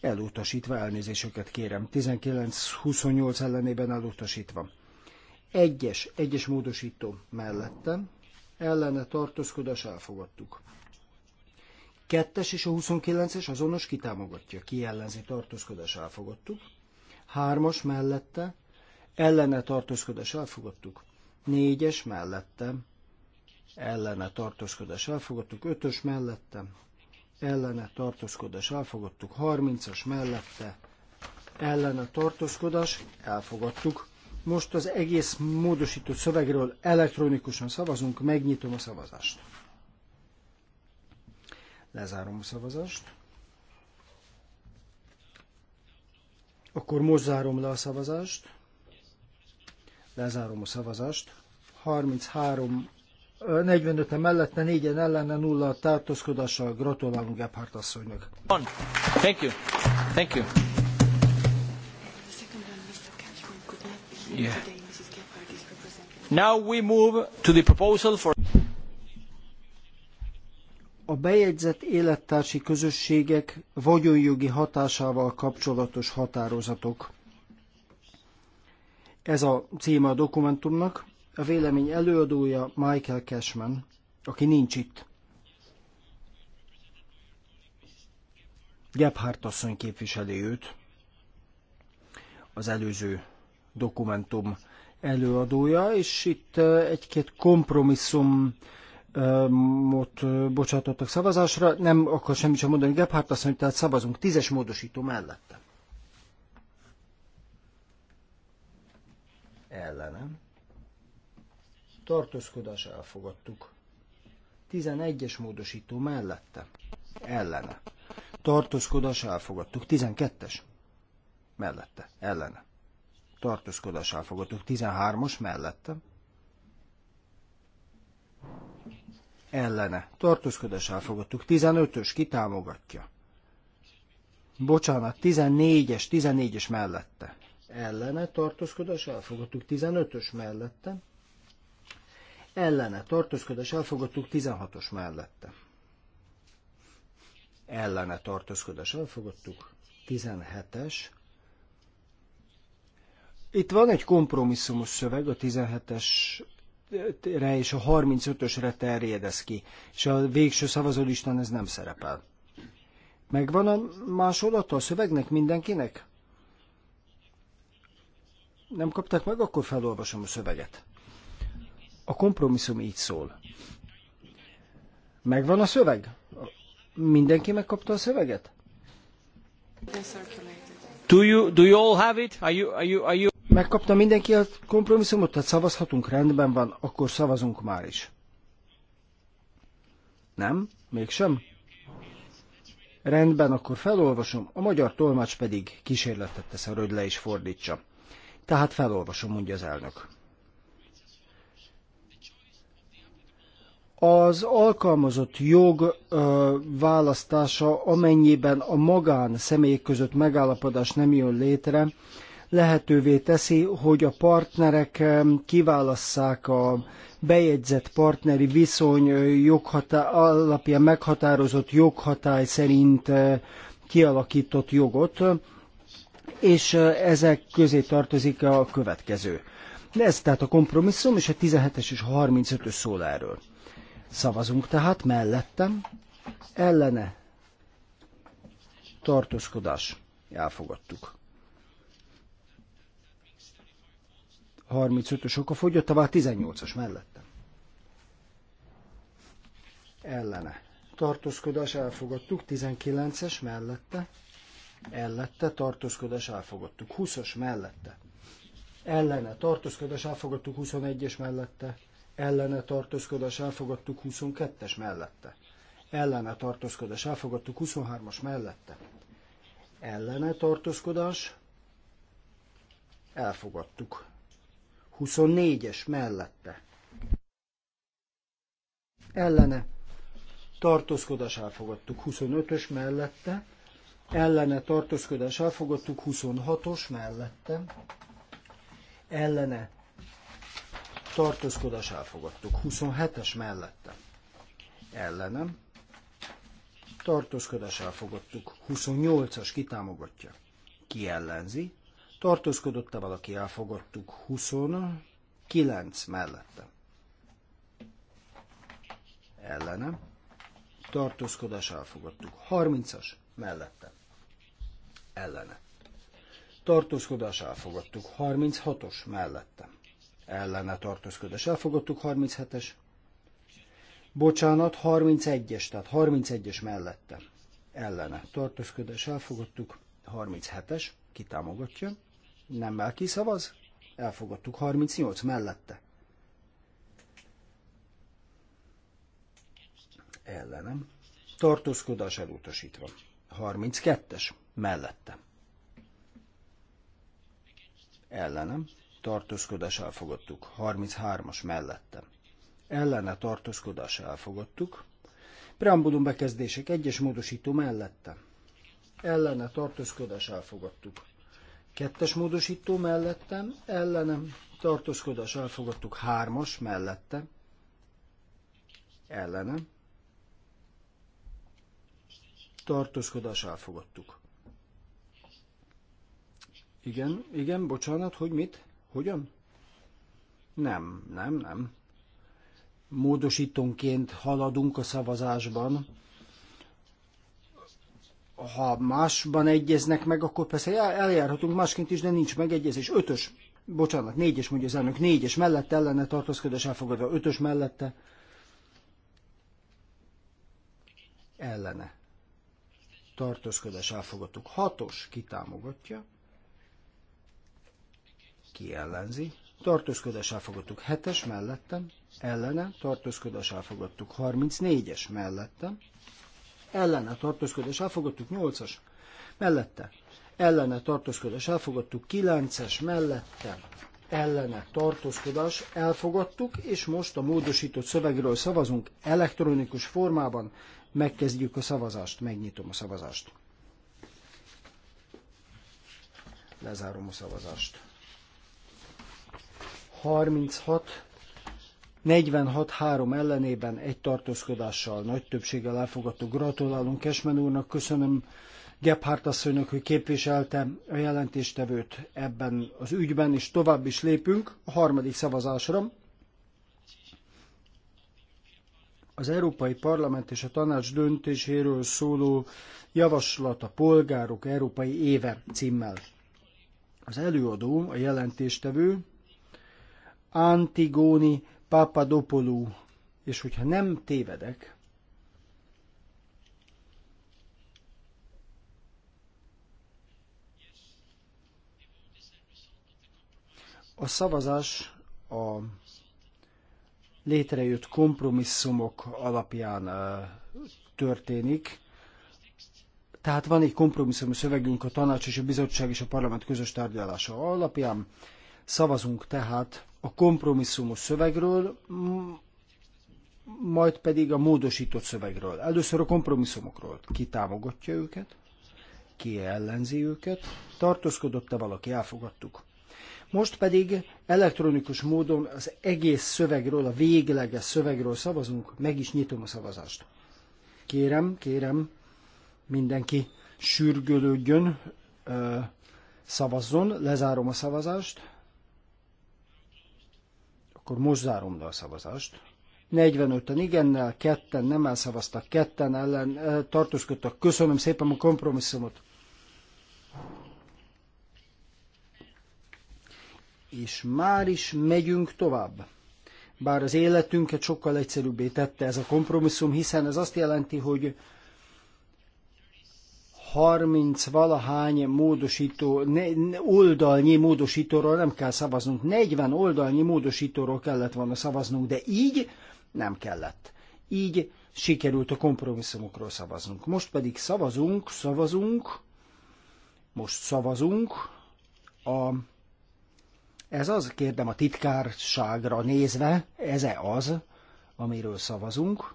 S3: Elutasítva elnézéseket kérem. 19-28 ellenében elutasítva. Egyes, egyes módosító mellettem, ellene tartózkodás elfogadtuk. Kettes és a 29-es azonos kitámogatja, ki ellenzi tartózkodás elfogadtuk. Hármas mellette, ellene tartózkodás elfogadtuk. Négyes mellette, ellene tartózkodás elfogadtuk. Ötös mellette, ellene tartózkodás elfogadtuk. Harmincas mellette, ellene tartózkodás elfogadtuk. Most az egész módosított szövegről elektronikusan szavazunk, megnyitom a szavazást. Lezárom a szavazást. Akkor most zárom le a szavazást. Lezárom a szavazást. 33 45 -e mellette, 4-en ellene, a tartózkodással gratulálunk Gebhardt asszonynak. Thank you. Thank you. a bejegyzett élettársi közösségek vagyonjogi hatásával kapcsolatos határozatok. Ez a címe a dokumentumnak. A vélemény előadója Michael Cashman, aki nincs itt. Gebhardt asszony képviseli őt az előző dokumentum előadója, és itt egy-két kompromisszum ott bocsátottak szavazásra. Nem akar semmit sem mondani Gebhardt, azt mondja, tehát szavazunk tízes módosító mellette. Ellenem. Tartózkodás elfogadtuk. 11-es módosító mellette. Ellene. Tartózkodás elfogadtuk. 12-es. Mellette. Ellene tartózkodás elfogadtuk. 13-as mellette. Ellene. Tartózkodás elfogadtuk. 15-ös kitámogatja. Bocsánat, 14-es, 14-es mellette. Ellene tartózkodás elfogadtuk 15-ös mellette. Ellene tartózkodás elfogadtuk 16-os mellette. Ellene tartózkodás elfogadtuk 17-es itt van egy kompromisszumos szöveg, a 17-es re és a 35-ösre terjedez ki, és a végső szavazólistán ez nem szerepel. Megvan a másolata a szövegnek mindenkinek? Nem kapták meg, akkor felolvasom a szöveget. A kompromisszum így szól. Megvan a szöveg? Mindenki megkapta a szöveget? Do you, do you all have it? Are you, are you, are you... Megkapta mindenki a kompromisszumot, tehát szavazhatunk, rendben van, akkor szavazunk már is. Nem? Mégsem? Rendben, akkor felolvasom, a magyar tolmács pedig kísérletet tesz hogy le is fordítsa. Tehát felolvasom, mondja az elnök. az alkalmazott jog ö, választása, amennyiben a magán személyek között megállapodás nem jön létre, lehetővé teszi, hogy a partnerek kiválasszák a bejegyzett partneri viszony joghatá- alapján meghatározott joghatály szerint kialakított jogot, és ezek közé tartozik a következő. ez tehát a kompromisszum, és a 17-es és a 35-ös szól erről. Szavazunk tehát mellettem, ellene tartózkodás. Elfogadtuk. 35-ös oka a 18-as hát mellette. Ellene. Tartózkodás elfogadtuk, 19-es mellette. Ellette, tartózkodás elfogadtuk, 20-as mellette. Ellene, tartózkodás elfogadtuk, 21-es mellette. Ellene, tartózkodás elfogadtuk, 22-es mellette. Ellene, tartózkodás elfogadtuk, 23-as mellette. Ellene, tartózkodás elfogadtuk. 24-es mellette. Ellene tartózkodás elfogadtuk 25-ös mellette, ellene tartózkodás elfogadtuk 26-os mellette, ellene tartózkodás elfogadtuk 27-es mellette, ellenem tartózkodás elfogadtuk 28-as kitámogatja, ki ellenzi, tartózkodott-e valaki, elfogadtuk 29 mellette. Ellene, tartózkodás elfogadtuk 30-as mellette. Ellene, tartózkodás elfogadtuk 36-os mellette. Ellene tartózkodás elfogadtuk 37-es. Bocsánat, 31-es, tehát 31-es mellette. Ellene tartózkodás elfogadtuk 37-es, kitámogatja, nemmel kiszavaz, elfogadtuk 38 mellette. Ellenem. Tartózkodás elutasítva. 32-es mellette. Ellenem. Tartózkodás elfogadtuk. 33-as mellette. Ellene tartózkodás elfogadtuk. Preambulum bekezdések egyes módosító mellette. Ellene tartózkodás elfogadtuk. Kettes módosító mellettem, ellenem, tartózkodás elfogadtuk. Hármas mellette, ellenem, tartózkodás elfogadtuk. Igen, igen, bocsánat, hogy mit? Hogyan? Nem, nem, nem. Módosítónként haladunk a szavazásban ha másban egyeznek meg, akkor persze eljárhatunk másként is, de nincs megegyezés. Ötös, bocsánat, négyes mondja az elnök, négyes mellette ellene tartózkodás elfogadva, ötös mellette ellene tartózkodás elfogadtuk. Hatos kitámogatja, kiellenzi. ellenzi, tartózkodás elfogadtuk. Hetes mellettem, ellene tartózkodás elfogadtuk. 34-es mellettem, ellene tartózkodás elfogadtuk, 8-as mellette ellene tartózkodás elfogadtuk, 9-es mellette ellene tartózkodás elfogadtuk, és most a módosított szövegről szavazunk elektronikus formában, megkezdjük a szavazást, megnyitom a szavazást. Lezárom a szavazást. 36 46-3 ellenében egy tartózkodással nagy többséggel elfogadtuk. Gratulálunk Kesmen úrnak, köszönöm Gebhardt asszonynak, hogy képviselte a jelentéstevőt ebben az ügyben, és tovább is lépünk a harmadik szavazásra. Az Európai Parlament és a Tanács döntéséről szóló javaslat a Polgárok Európai Éve címmel. Az előadó, a jelentéstevő Antigóni Papadopoulou, és hogyha nem tévedek, a szavazás a létrejött kompromisszumok alapján történik. Tehát van egy kompromisszum szövegünk a tanács és a bizottság és a parlament közös tárgyalása alapján. Szavazunk tehát a kompromisszumos szövegről, majd pedig a módosított szövegről. Először a kompromisszumokról. Ki támogatja őket? Ki ellenzi őket? Tartózkodott-e valaki? Elfogadtuk. Most pedig elektronikus módon az egész szövegről, a végleges szövegről szavazunk, meg is nyitom a szavazást. Kérem, kérem, mindenki sürgölődjön, szavazzon, lezárom a szavazást. Akkor most zárom le a szavazást. 45-en igennel, ketten nem elszavaztak, ketten ellen tartózkodtak. Köszönöm szépen a kompromisszumot. És már is megyünk tovább. Bár az életünket sokkal egyszerűbbé tette ez a kompromisszum, hiszen ez azt jelenti, hogy 30 valahány módosító, oldalnyi módosítóról nem kell szavaznunk, 40 oldalnyi módosítóról kellett volna szavaznunk, de így nem kellett. Így sikerült a kompromisszumokról szavaznunk. Most pedig szavazunk, szavazunk, most szavazunk a ez az, kérdem a titkárságra nézve, ez-e az, amiről szavazunk?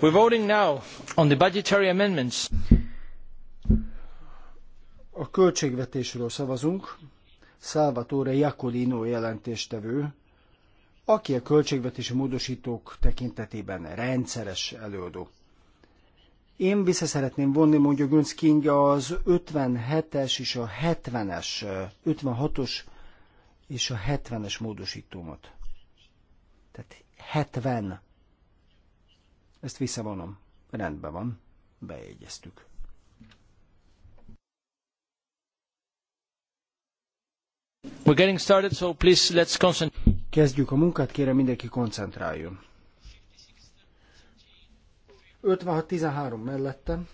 S3: We're voting now on the budgetary amendments. A költségvetésről szavazunk. Salvatore Iacolino jelentéstevő, aki a költségvetési módosítók tekintetében rendszeres előadó. Én vissza szeretném vonni, mondja Gönc King, az 57-es és a 70-es, 56-os és a 70-es módosítómat. Tehát 70. Ezt visszavonom. Rendben van. Bejegyeztük. We're getting started, so please let's concentrate. Kezdjük a munkát, kérem mindenki koncentráljon. 56-13 mellettem,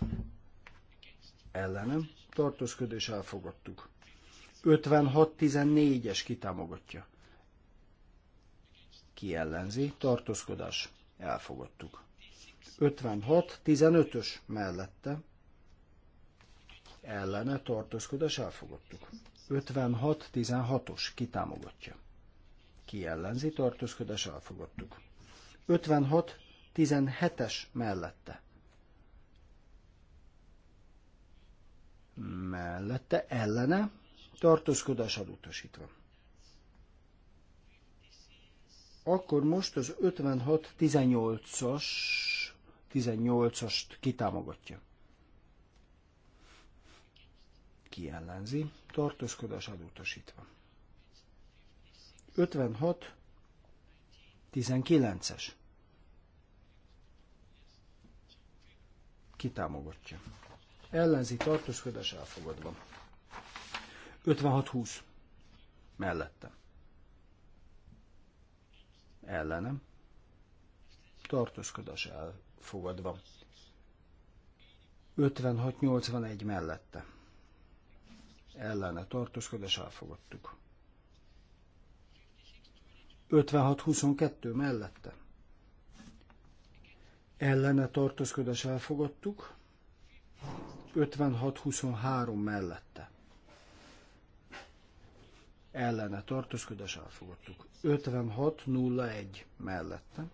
S3: ellenem, tartózkodás elfogadtuk. 56-14-es kitámogatja. Ki ellenzi, tartózkodás, elfogadtuk. 56-15-ös mellette, ellene, tartózkodás, elfogadtuk. 56-16-os kitámogatja. Ki ellenzi, tartózkodás, elfogadtuk. 56 17-es mellette. Mellette ellene tartózkodás elutasítva. Akkor most az 56-18-as 18-ast kitámogatja. Ki ellenzi? Tartózkodás elutasítva. 56 19-es kitámogatja. Ellenzi tartózkodás elfogadva. 56-20 mellette. Ellenem. Tartózkodás elfogadva. 56-81 mellette. Ellene tartózkodás elfogadtuk. 56-22 mellette 56-23 ellene tartózkodás elfogadtuk, 56-23 mellette ellene tartózkodás elfogadtuk, 56-01 mellette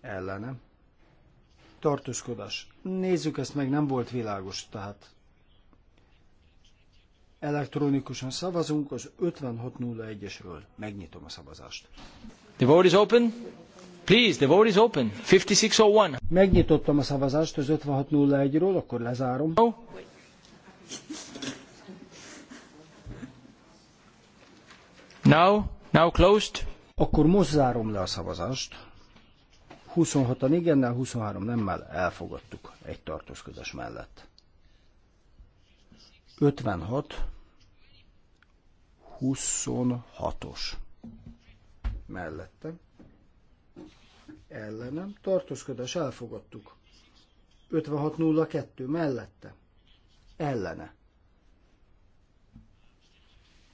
S3: ellene tartózkodás. Nézzük ezt meg, nem volt világos, tehát elektronikusan szavazunk az 5601-esről. Megnyitom a szavazást. The vote is open. Please, the vote is open. 5601. Megnyitottam a szavazást az 5601-ről, akkor lezárom. No. Now, now closed. Akkor most zárom le a szavazást. 26-an igennel, 23 nemmel elfogadtuk egy tartózkodás mellett. 56, 26-os mellette ellenem, tartózkodás elfogadtuk. 5602 mellette, ellene.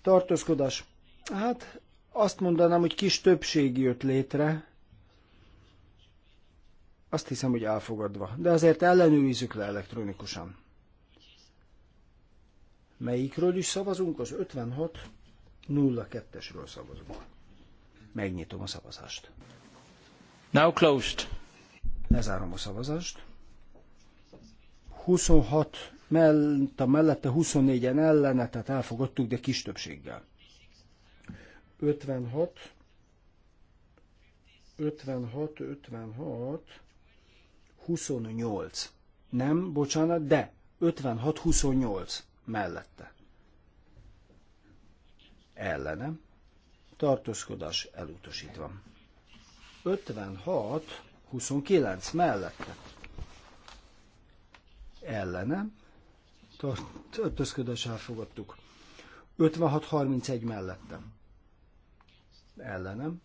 S3: Tartózkodás. Hát azt mondanám, hogy kis többség jött létre. Azt hiszem, hogy elfogadva. De azért ellenőrizzük le elektronikusan. Melyikről is szavazunk? Az 5602 esről szavazunk. Megnyitom a szavazást. Now closed. Lezárom a szavazást. 26 mellett, a mellette 24-en ellene, tehát elfogadtuk, de kis többséggel. 56, 56, 56, 28. Nem, bocsánat, de 56, 28 mellette. Ellenem. Tartózkodás elutasítva. 56, 29 mellette. Ellenem. Tartózkodás elfogadtuk. 56, 31 mellettem. Ellenem.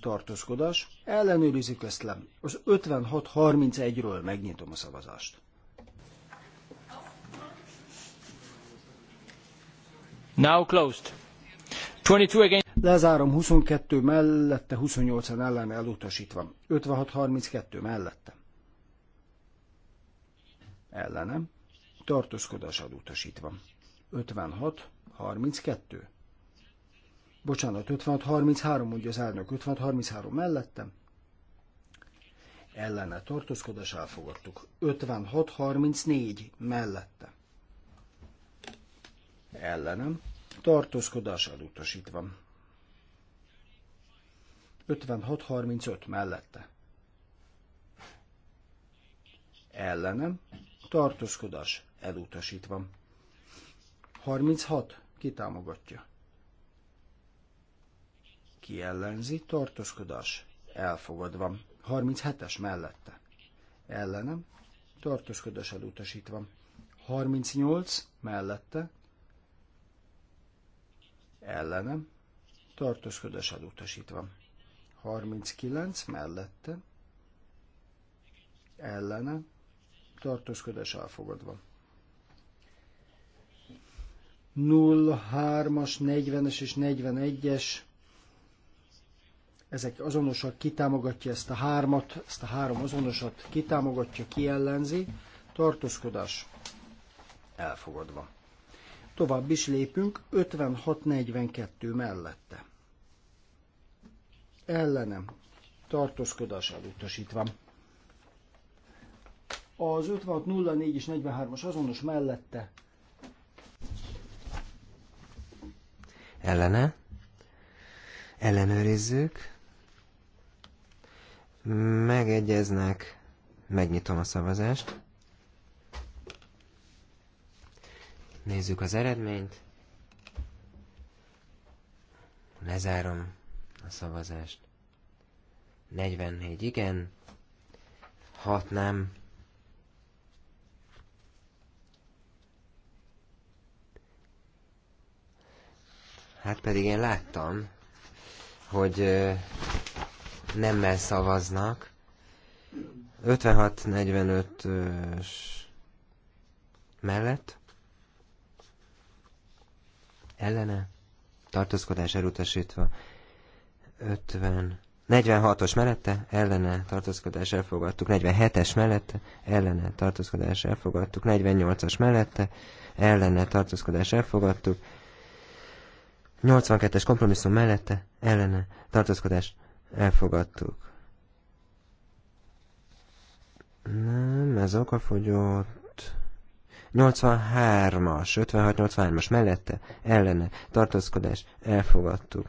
S3: Tartózkodás. Ellenőrizik ezt le. Az 56-31-ről megnyitom a szavazást. Now closed. 22 again. Lezárom 22 mellette, 28-an ellen elutasítva. 56-32 mellette. Ellenem. Tartózkodás elutasítva. 56-32. Bocsánat, 56-33 mondja az elnök. 56-33 mellette. Ellene tartózkodás elfogadtuk. 56-34 mellette. Ellenem tartózkodás elutasítva. 56-35 mellette. Ellenem. Tartózkodás. Elutasítva. 36. kitámogatja. támogatja? Ki ellenzi? Tartózkodás. Elfogadva. 37-es mellette. Ellenem. Tartózkodás elutasítva. 38 mellette. Ellenem. Tartózkodás elutasítva. 39 mellette, ellene, tartózkodás elfogadva. 03-as, 40-es és 41-es, ezek azonosak, kitámogatja ezt a hármat, ezt a három azonosat, kitámogatja, kiellenzi, tartózkodás elfogadva. Tovább is lépünk 56-42 mellette ellenem tartózkodás elutasítva. Az 5604 és 43-as azonos mellette
S2: ellene ellenőrizzük, megegyeznek, megnyitom a szavazást, nézzük az eredményt, lezárom a szavazást. 44 igen, 6 nem. Hát pedig én láttam, hogy nemmel szavaznak. 56-45-ös mellett ellene tartózkodás elutasítva 50. 46-os mellette ellene tartózkodás elfogadtuk, 47-es mellette ellene tartózkodás elfogadtuk, 48-as mellette ellene tartózkodás elfogadtuk, 82-es kompromisszum mellette ellene tartózkodás elfogadtuk. Nem, ez okafogyott. 83-as, 56-83-as mellette ellene tartózkodás elfogadtuk.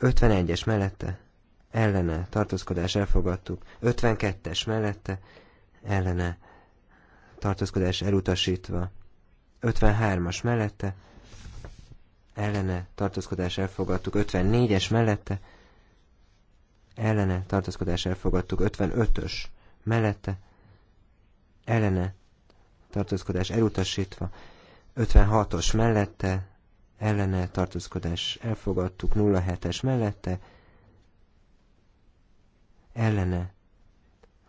S2: 51-es mellette ellene tartózkodás elfogadtuk, 52-es mellette ellene tartózkodás elutasítva, 53-as mellette ellene tartózkodás elfogadtuk, 54-es mellette ellene tartózkodás elfogadtuk, 55-ös mellette ellene tartózkodás elutasítva, 56-os mellette ellene tartózkodás elfogadtuk, 07-es mellette ellene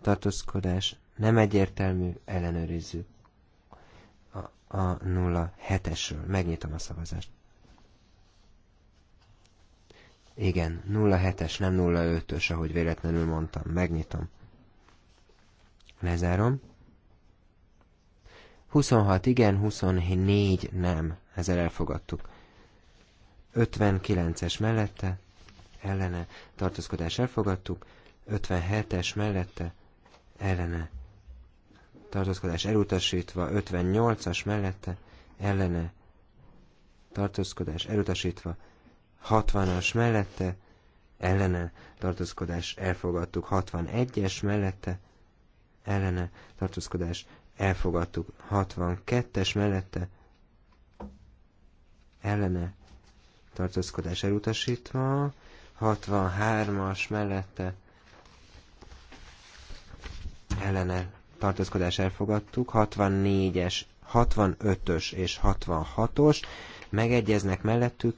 S2: tartózkodás nem egyértelmű, ellenőrizzük a, a 07-esről. Megnyitom a szavazást. Igen, 07-es, nem 05-ös, ahogy véletlenül mondtam. Megnyitom. Lezárom. 26 igen, 24 nem. Ezzel elfogadtuk. 59-es mellette, ellene, tartózkodás elfogadtuk, 57-es mellette, ellene, tartózkodás elutasítva, 58-as mellette, ellene, tartózkodás elutasítva, 60-as mellette, ellene, tartózkodás elfogadtuk, 61-es mellette, ellene, tartózkodás elfogadtuk, 62-es mellette, ellene, tartózkodás elutasítva, 63-as mellette ellene tartózkodás elfogadtuk, 64-es, 65-ös és 66-os megegyeznek mellettük,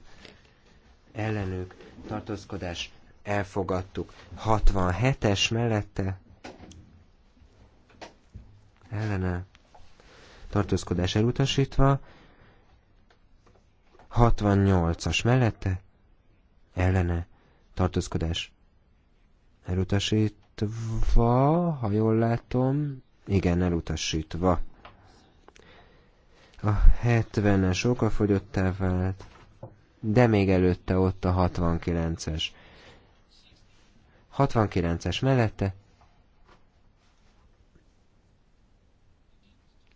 S2: ellenük tartózkodás elfogadtuk, 67-es mellette ellene tartózkodás elutasítva, 68-as mellette, ellene, tartózkodás. Elutasítva, ha jól látom, igen, elutasítva. A 70-es okafogyottá vált, de még előtte ott a 69-es. 69-es mellette,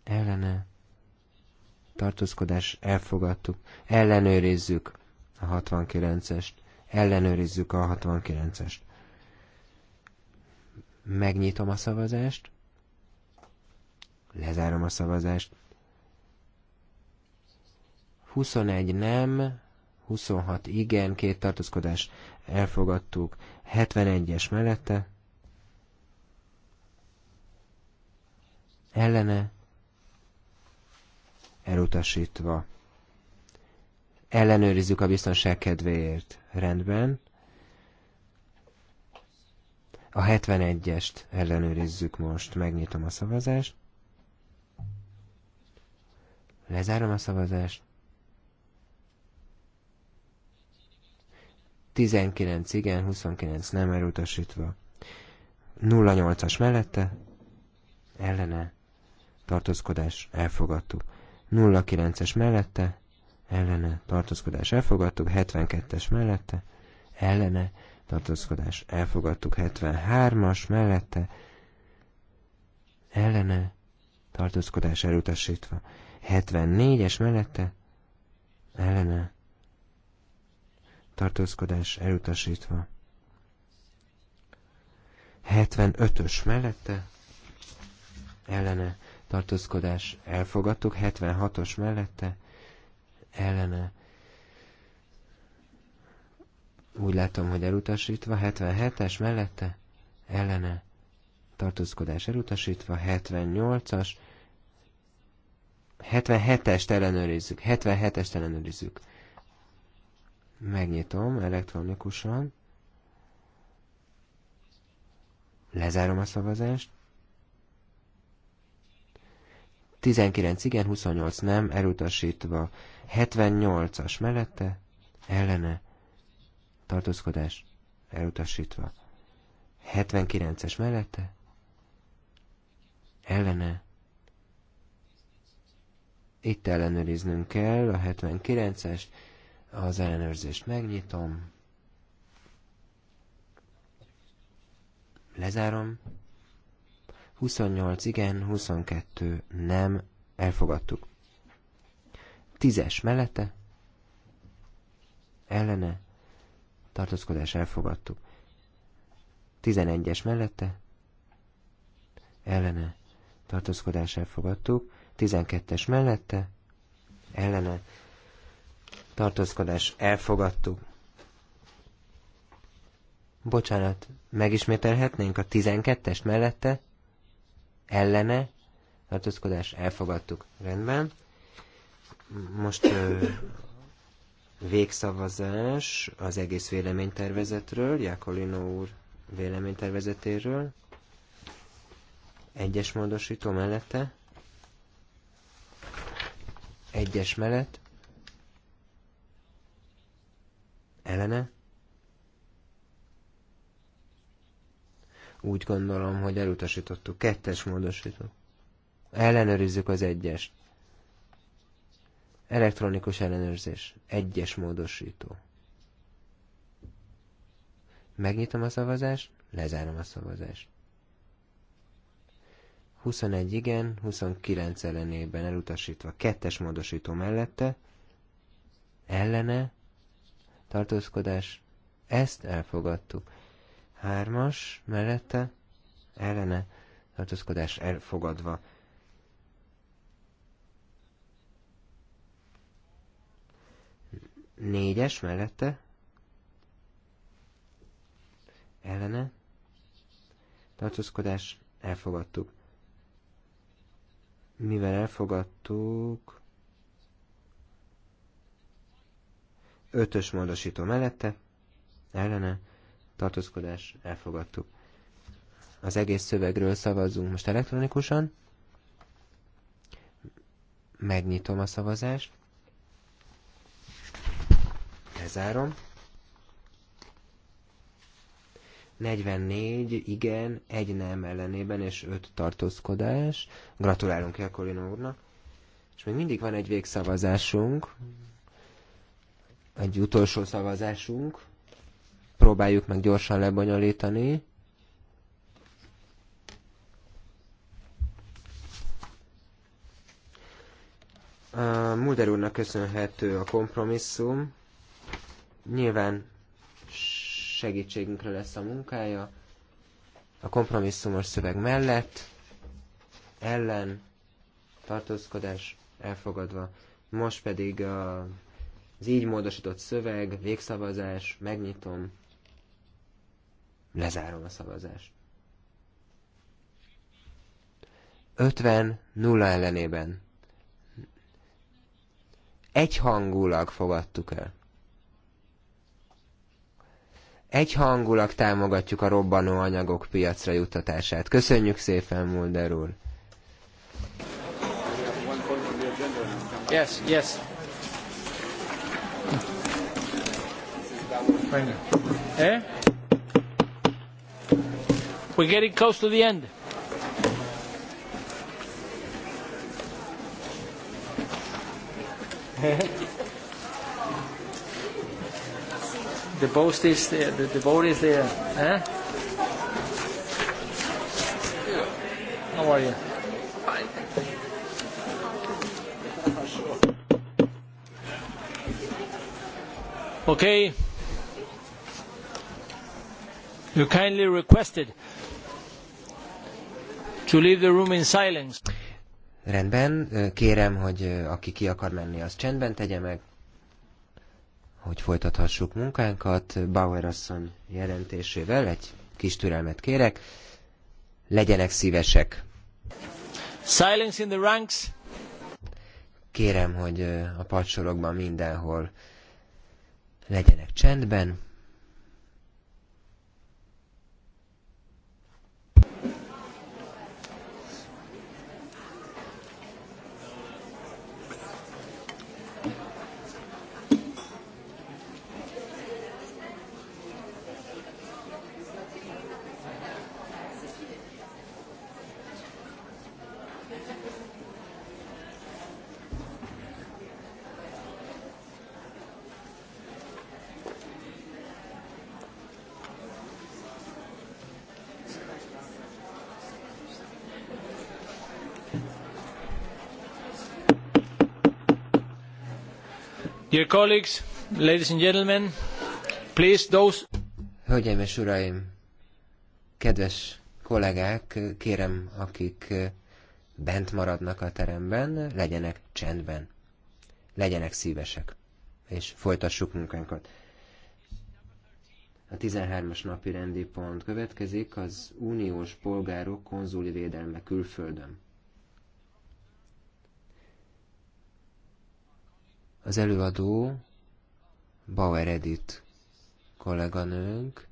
S2: ellene, tartózkodás elfogadtuk. Ellenőrizzük a 69-est. Ellenőrizzük a 69-est. Megnyitom a szavazást. Lezárom a szavazást. 21 nem, 26 igen, két tartózkodás elfogadtuk. 71-es mellette. Ellene elutasítva. Ellenőrizzük a biztonság kedvéért. Rendben. A 71-est ellenőrizzük most. Megnyitom a szavazást. Lezárom a szavazást. 19 igen, 29 nem elutasítva. 08-as mellette, ellene, tartózkodás, elfogadtuk. 09-es mellette, ellene tartózkodás elfogadtuk, 72-es mellette, ellene tartózkodás elfogadtuk, 73-as mellette, ellene tartózkodás elutasítva, 74-es mellette, ellene tartózkodás elutasítva, 75-ös mellette, ellene tartózkodás elfogadtuk, 76-os mellette ellene. Úgy látom, hogy elutasítva, 77-es mellette ellene tartózkodás elutasítva, 78-as, 77-est ellenőrizzük, 77-est ellenőrizzük. Megnyitom elektronikusan, lezárom a szavazást, 19 igen, 28 nem, elutasítva. 78-as mellette, ellene, tartózkodás, elutasítva. 79-es mellette, ellene, itt ellenőriznünk kell a 79-est, az ellenőrzést megnyitom, lezárom, 28 igen, 22 nem, elfogadtuk. Tízes mellette, ellene, tartózkodás elfogadtuk. Tizenegyes mellette, ellene, tartózkodás elfogadtuk. Tizenkettes mellette, ellene, tartózkodás elfogadtuk. Bocsánat, megismételhetnénk a 12-est mellette? ellene tartózkodás elfogadtuk. Rendben. Most ö, végszavazás az egész véleménytervezetről, Jákolino úr véleménytervezetéről. Egyes módosító mellette. Egyes mellett. Ellene. Úgy gondolom, hogy elutasítottuk. Kettes módosító. Ellenőrizzük az egyest. Elektronikus ellenőrzés. Egyes módosító. Megnyitom a szavazást, lezárom a szavazást. 21 igen, 29 ellenében elutasítva, kettes módosító mellette, ellene, tartózkodás, ezt elfogadtuk. Hármas mellette ellene tartózkodás elfogadva. Négyes mellette ellene tartózkodás elfogadtuk. Mivel elfogadtuk, ötös módosító mellette, ellene, tartózkodás elfogadtuk. Az egész szövegről szavazunk most elektronikusan. Megnyitom a szavazást. Lezárom. 44 igen, egy nem ellenében és 5 tartózkodás. Gratulálunk Jakolino úrnak. És még mindig van egy végszavazásunk, egy utolsó szavazásunk, próbáljuk meg gyorsan lebonyolítani. A Mulder úrnak köszönhető a kompromisszum. Nyilván segítségünkre lesz a munkája. A kompromisszumos szöveg mellett, ellen, tartózkodás elfogadva. Most pedig a, az így módosított szöveg, végszavazás, megnyitom. Lezárom a szavazást. 50 nulla ellenében. Egyhangulag fogadtuk el. Egyhangulag támogatjuk a robbanó anyagok piacra juttatását. Köszönjük szépen, Mulder úr!
S3: Yes, yes.
S1: Eh? We're getting close to the end.
S3: the boat is there. The, the boat is there. Huh? How are you? Okay. You kindly requested
S2: to leave the room in silence. Rendben, kérem, hogy aki ki akar menni, az csendben tegye meg, hogy folytathassuk munkánkat. Bauer asszony jelentésével egy kis türelmet kérek. Legyenek szívesek. Silence in the ranks. Kérem, hogy a padsorokban mindenhol legyenek csendben. Hölgyeim és uraim, kedves kollégák, kérem, akik eh, bent maradnak a teremben, legyenek csendben, legyenek szívesek, és folytassuk munkánkat. A 13-as napi rendi pont következik, az uniós polgárok konzuli védelme külföldön. Az előadó Bauer Edith kolléganőnk,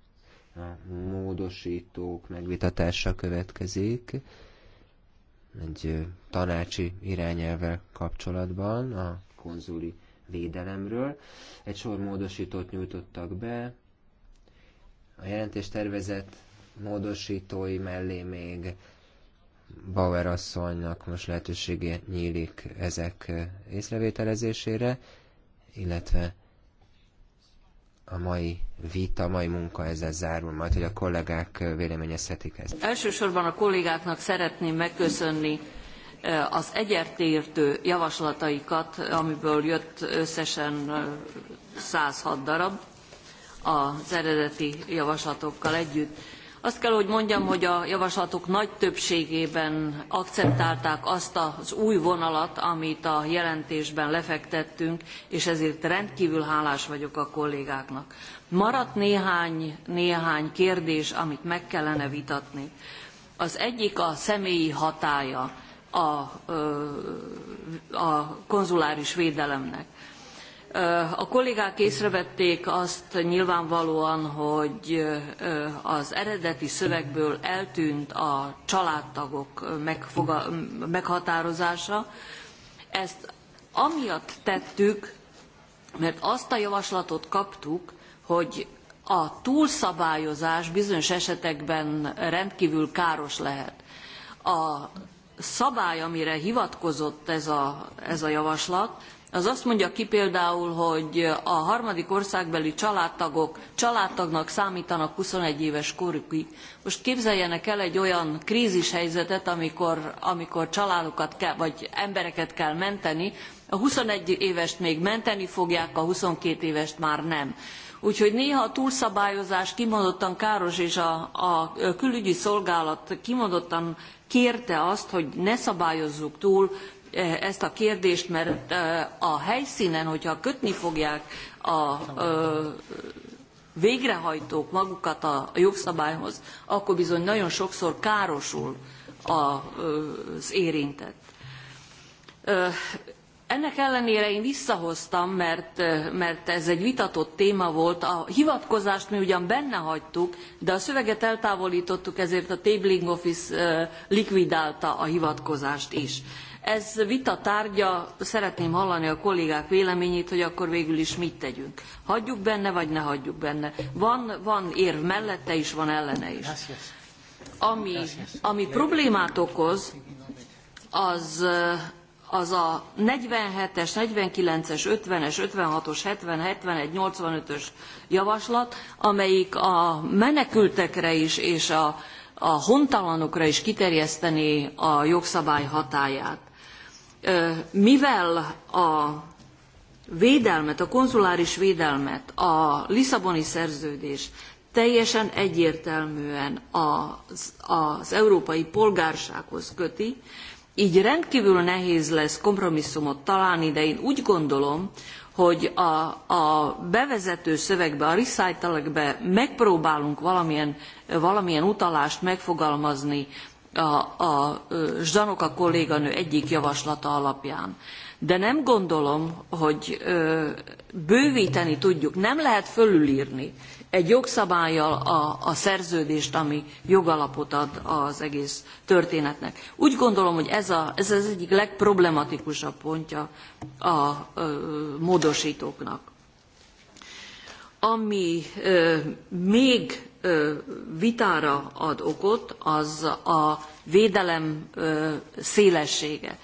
S2: a módosítók megvitatása következik egy tanácsi irányelvel kapcsolatban a konzuli védelemről. Egy sor módosítót nyújtottak be, a jelentés tervezett módosítói mellé még Bauer asszonynak most lehetősége nyílik ezek észrevételezésére, illetve a mai vita, a mai munka ezzel zárul majd, hogy a kollégák véleményezhetik ezt.
S1: Elsősorban a kollégáknak szeretném megköszönni eh, az egyértértő javaslataikat, amiből jött összesen 106 eh, darab az eredeti javaslatokkal együtt. Azt kell, hogy mondjam, hogy a javaslatok nagy többségében akceptálták azt az új vonalat, amit a jelentésben lefektettünk, és ezért rendkívül hálás vagyok a kollégáknak. Maradt néhány, néhány kérdés, amit meg kellene vitatni. Az egyik a személyi hatája a, a konzuláris védelemnek. A kollégák észrevették azt nyilvánvalóan, hogy az eredeti szövegből eltűnt a családtagok meghatározása. Ezt amiatt tettük, mert azt a javaslatot kaptuk, hogy a túlszabályozás bizonyos esetekben rendkívül káros lehet. A szabály, amire hivatkozott ez a, ez a javaslat, az azt mondja ki például, hogy a harmadik országbeli családtagok családtagnak számítanak 21 éves korukig. Most képzeljenek el egy olyan krízishelyzetet, amikor, amikor családokat kell, vagy embereket kell menteni, a 21 évest még menteni fogják, a 22 évest már nem. Úgyhogy néha a túlszabályozás kimondottan káros, és a, a külügyi szolgálat kimondottan kérte azt, hogy ne szabályozzuk túl Eh, ezt a kérdést, mert eh, a helyszínen, hogyha kötni fogják a végrehajtók magukat a jogszabályhoz, akkor bizony nagyon sokszor károsul az érintett. Ennek ellenére én visszahoztam, mert, mert ez egy vitatott téma volt. A hivatkozást mi ugyan benne hagytuk, de a szöveget eltávolítottuk, ezért a Tabling Office likvidálta a hivatkozást is. Ez vita tárgya, szeretném hallani a kollégák véleményét, hogy akkor végül is mit tegyünk. Hagyjuk benne, vagy ne hagyjuk benne. Van, van érv mellette is, van ellene is. Ami, ami problémát okoz, az, az a 47-es, 49-es, 50-es, 56-os, 70, 71, 85-ös javaslat, amelyik a menekültekre is és a a hontalanokra is kiterjeszteni a jogszabály hatályát mivel a védelmet, a konzuláris védelmet a Lisszaboni szerződés teljesen egyértelműen az, az európai polgársághoz köti, így rendkívül nehéz lesz kompromisszumot találni, de én úgy gondolom, hogy a, a bevezető szövegbe, a recitalekbe megpróbálunk valamilyen, valamilyen utalást megfogalmazni a, a Zsdanoka kolléganő egyik javaslata alapján. De nem gondolom, hogy ö, bővíteni tudjuk, nem lehet fölülírni egy jogszabályjal a, a szerződést, ami jogalapot ad az egész történetnek. Úgy gondolom, hogy ez, a, ez az egyik legproblematikusabb pontja a ö, módosítóknak. Ami ö, még vitára ad okot, az a védelem szélessége.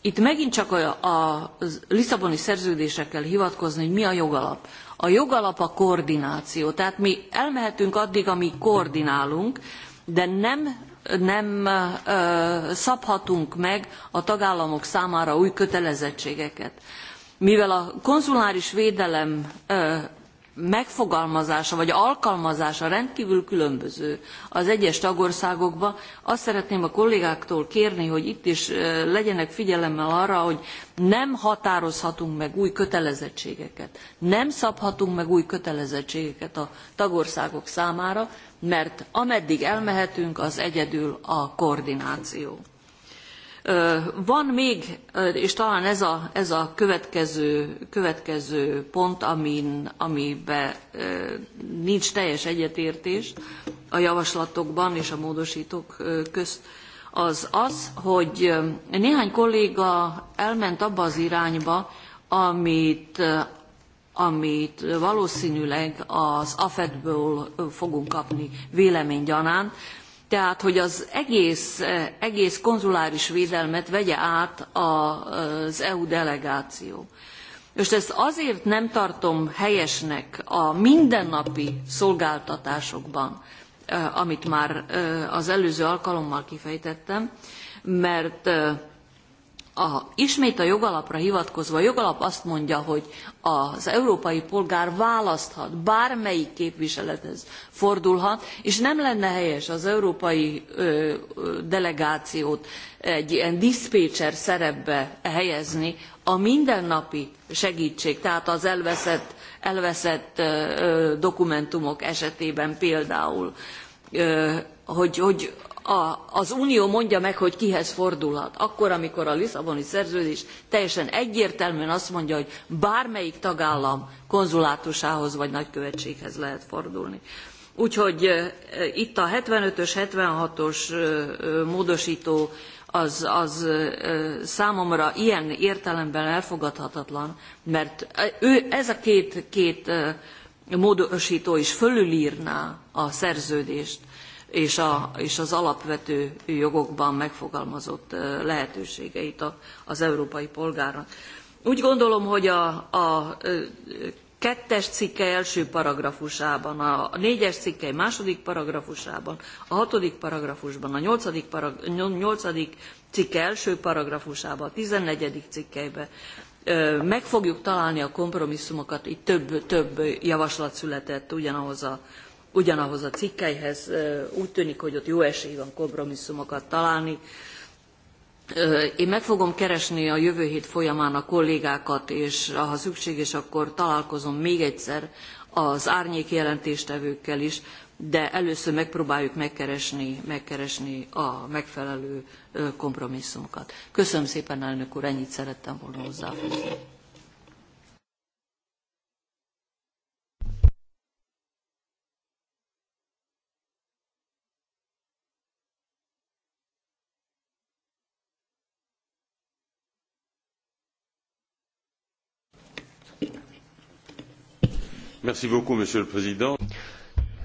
S1: Itt megint csak a, a Lisszaboni szerződésre kell hivatkozni, hogy mi a jogalap. A jogalap a koordináció, tehát mi elmehetünk addig, amíg koordinálunk, de nem nem ö, szabhatunk meg a tagállamok számára új kötelezettségeket. Mivel a konzuláris védelem ö, megfogalmazása vagy alkalmazása rendkívül különböző az egyes tagországokban. Azt szeretném a kollégáktól kérni, hogy itt is legyenek figyelemmel arra, hogy nem határozhatunk meg új kötelezettségeket, nem szabhatunk meg új kötelezettségeket a tagországok számára, mert ameddig elmehetünk, az egyedül a koordináció. Van még, és talán ez a, ez a következő, következő pont, amin, amiben nincs teljes egyetértés a javaslatokban és a módosítók közt, az az, hogy néhány kolléga elment abba az irányba, amit, amit valószínűleg az AFED-ből fogunk kapni véleménygyanánt, tehát hogy az egész, eh, egész konzuláris védelmet vegye át az EU delegáció. Most ezt azért nem tartom helyesnek a mindennapi szolgáltatásokban, eh, amit már eh, az előző alkalommal kifejtettem, mert a, ismét a jogalapra hivatkozva, a jogalap azt mondja, hogy az európai polgár választhat, bármelyik képviselethez fordulhat, és nem lenne helyes az európai ö, delegációt egy ilyen diszpécser szerepbe helyezni a mindennapi segítség, tehát az elveszett, elveszett ö, dokumentumok esetében például, ö, hogy, hogy a, az Unió mondja meg, hogy kihez fordulhat. Akkor, amikor a Lisszaboni szerződés teljesen egyértelműen azt mondja, hogy bármelyik tagállam konzulátusához vagy nagykövetséghez lehet fordulni. Úgyhogy itt a 75-ös, 76-os módosító az, az számomra ilyen értelemben elfogadhatatlan, mert ő, ez a két, két módosító is fölülírná a szerződést, és, a, és az alapvető jogokban megfogalmazott lehetőségeit az európai polgárnak. Úgy gondolom, hogy a, a kettes cikke első paragrafusában, a négyes cikke második paragrafusában, a hatodik paragrafusban, a nyolcadik, parag, nyolcadik cikke első paragrafusában, a tizennegyedik cikkeiben meg fogjuk találni a kompromisszumokat, így több, több javaslat született ugyanahoz a ugyanahoz a cikkelyhez, Úgy tűnik, hogy ott jó esély van kompromisszumokat találni. Én meg fogom keresni a jövő hét folyamán a kollégákat, és ha szükséges, akkor találkozom még egyszer az árnyék jelentéstevőkkel is, de először megpróbáljuk megkeresni, megkeresni a megfelelő kompromisszumokat. Köszönöm szépen, elnök úr, ennyit szerettem volna hozzáfűzni.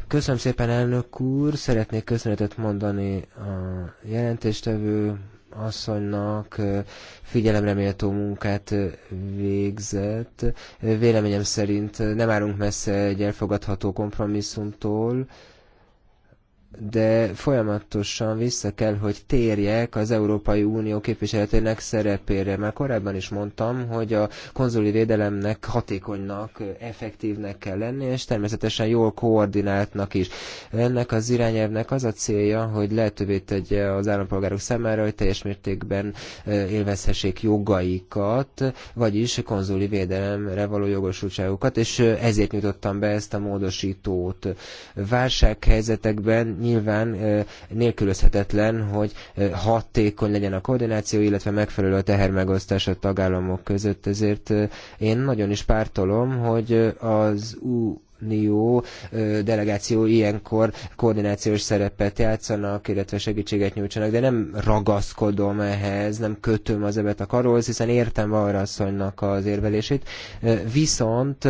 S2: Köszönöm szépen, elnök úr. Szeretnék köszönetet mondani a jelentéstevő asszonynak figyelemre méltó munkát végzett. Véleményem szerint nem állunk messze egy elfogadható kompromisszumtól de folyamatosan vissza kell, hogy térjek az Európai Unió képviseletének szerepére. Már korábban is mondtam, hogy a konzuli védelemnek hatékonynak, effektívnek kell lenni, és természetesen jól koordináltnak is. Ennek az irányelvnek az a célja, hogy lehetővé tegye az állampolgárok számára, hogy teljes mértékben élvezhessék jogaikat, vagyis konzuli védelemre való jogosultságukat, és ezért nyújtottam be ezt a módosítót. Válsághelyzetekben nyilván nélkülözhetetlen, hogy hatékony legyen a koordináció, illetve megfelelő a tehermegosztás a tagállamok között. Ezért én nagyon is pártolom, hogy az U Unió delegáció ilyenkor koordinációs szerepet játszanak, illetve segítséget nyújtsanak, de nem ragaszkodom ehhez, nem kötöm az ebet a karolhoz, hiszen értem arra asszonynak az érvelését. Viszont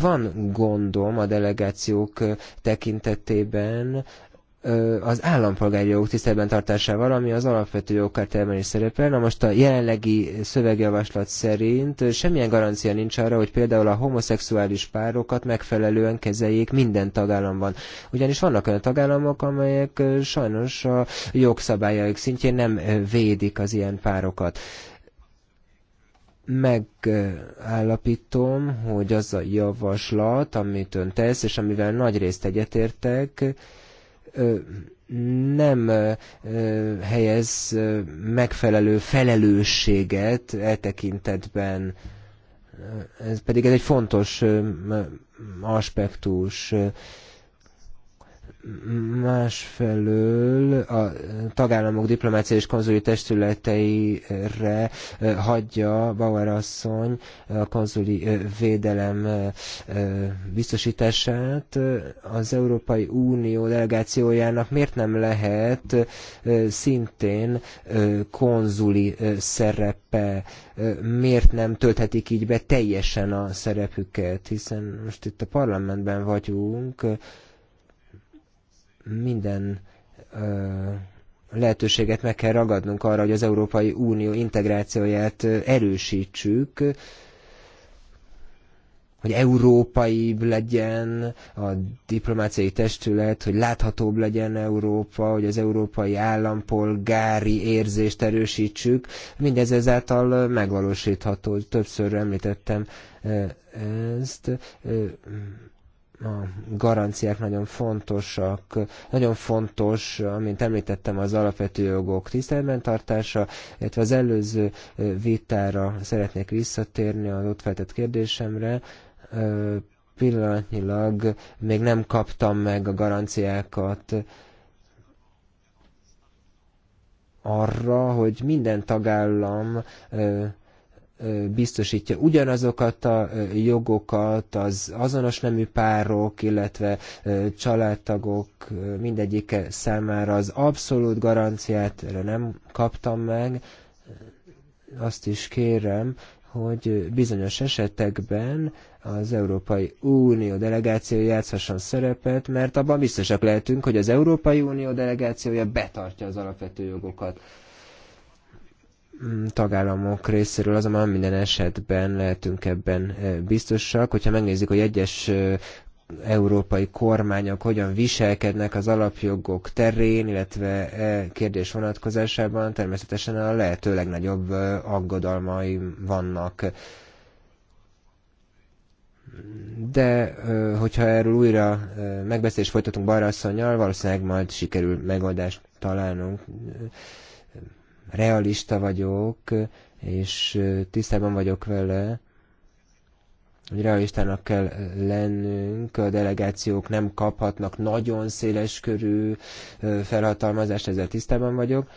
S2: van gondom a delegációk tekintetében, az állampolgári jogok tisztelben tartásával, ami az alapvető jogkártelben is szerepel. Na most a jelenlegi szövegjavaslat szerint semmilyen garancia nincs arra, hogy például a homoszexuális párokat megfelelően kezeljék minden tagállamban. Ugyanis vannak olyan tagállamok, amelyek sajnos a jogszabályaik szintjén nem védik az ilyen párokat megállapítom, hogy az a javaslat, amit ön tesz, és amivel nagy részt egyetértek, nem helyez megfelelő felelősséget e tekintetben. Ez pedig ez egy fontos aspektus másfelől a tagállamok diplomáciai és konzuli testületeire eh, hagyja Bauer asszony a konzuli eh, védelem eh, biztosítását. Az Európai Unió delegációjának miért nem lehet szintén konzuli szerepe, miért nem tölthetik így be teljesen a szerepüket, hiszen most itt a parlamentben vagyunk, minden lehetőséget meg kell ragadnunk arra, hogy az Európai Unió integrációját erősítsük, hogy európai legyen a diplomáciai testület, hogy láthatóbb legyen Európa, hogy az európai állampolgári érzést erősítsük. Mindez ezáltal megvalósítható, többször említettem ezt a garanciák nagyon fontosak, nagyon fontos, amint említettem, az alapvető jogok tiszteletben tartása, illetve az előző vitára szeretnék visszatérni az ott feltett kérdésemre, pillanatnyilag még nem kaptam meg a garanciákat arra, hogy minden tagállam biztosítja ugyanazokat a jogokat az azonos nemű párok, illetve családtagok mindegyike számára az abszolút garanciát erre nem kaptam meg. Azt is kérem, hogy bizonyos esetekben az Európai Unió delegációja játszhasson szerepet, mert abban biztosak lehetünk, hogy az Európai Unió delegációja betartja az alapvető jogokat. Mm, tagállamok részéről azonban minden esetben lehetünk ebben e, biztosak. Hogyha megnézzük, hogy egyes e, európai kormányok hogyan viselkednek az alapjogok terén, illetve e kérdés vonatkozásában természetesen a lehető legnagyobb e, aggodalmai vannak. De hogyha erről újra megbeszélést folytatunk Balra valószínűleg majd sikerül megoldást találnunk realista vagyok, és tisztában vagyok vele, hogy realistának kell lennünk, a delegációk nem kaphatnak nagyon széles körű felhatalmazást, ezzel tisztában vagyok,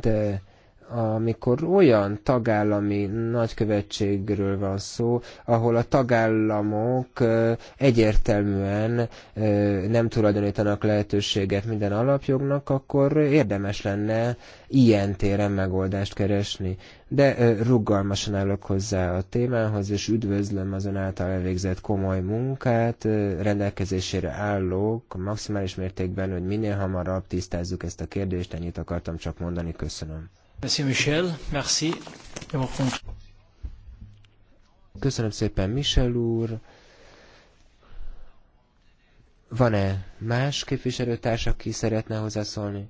S2: de amikor olyan tagállami nagykövetségről van szó, ahol a tagállamok egyértelműen nem tulajdonítanak lehetőséget minden alapjognak, akkor érdemes lenne ilyen téren megoldást keresni. De rugalmasan állok hozzá a témához, és üdvözlöm azon által elvégzett komoly munkát, rendelkezésére állok maximális mértékben, hogy minél hamarabb tisztázzuk ezt a kérdést, ennyit akartam csak mondani, köszönöm. Köszönöm szépen, Michel úr. Van-e más képviselőtárs, aki szeretne hozzászólni?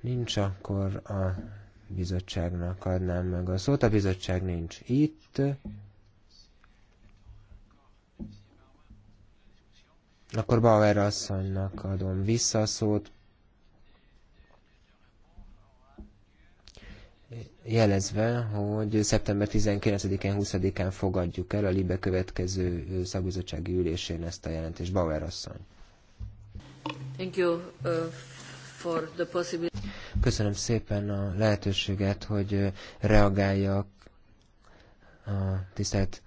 S2: Nincs, akkor a bizottságnak adnám meg a szót. A bizottság nincs itt. Akkor Bauer asszonynak adom vissza a szót, jelezve, hogy szeptember 19-én, 20-án fogadjuk el a LIBE következő szakbizottsági ülésén ezt a jelentést. Bauer asszony.
S1: Thank you, uh, for the possibility.
S2: Köszönöm szépen a lehetőséget, hogy reagáljak a tisztelt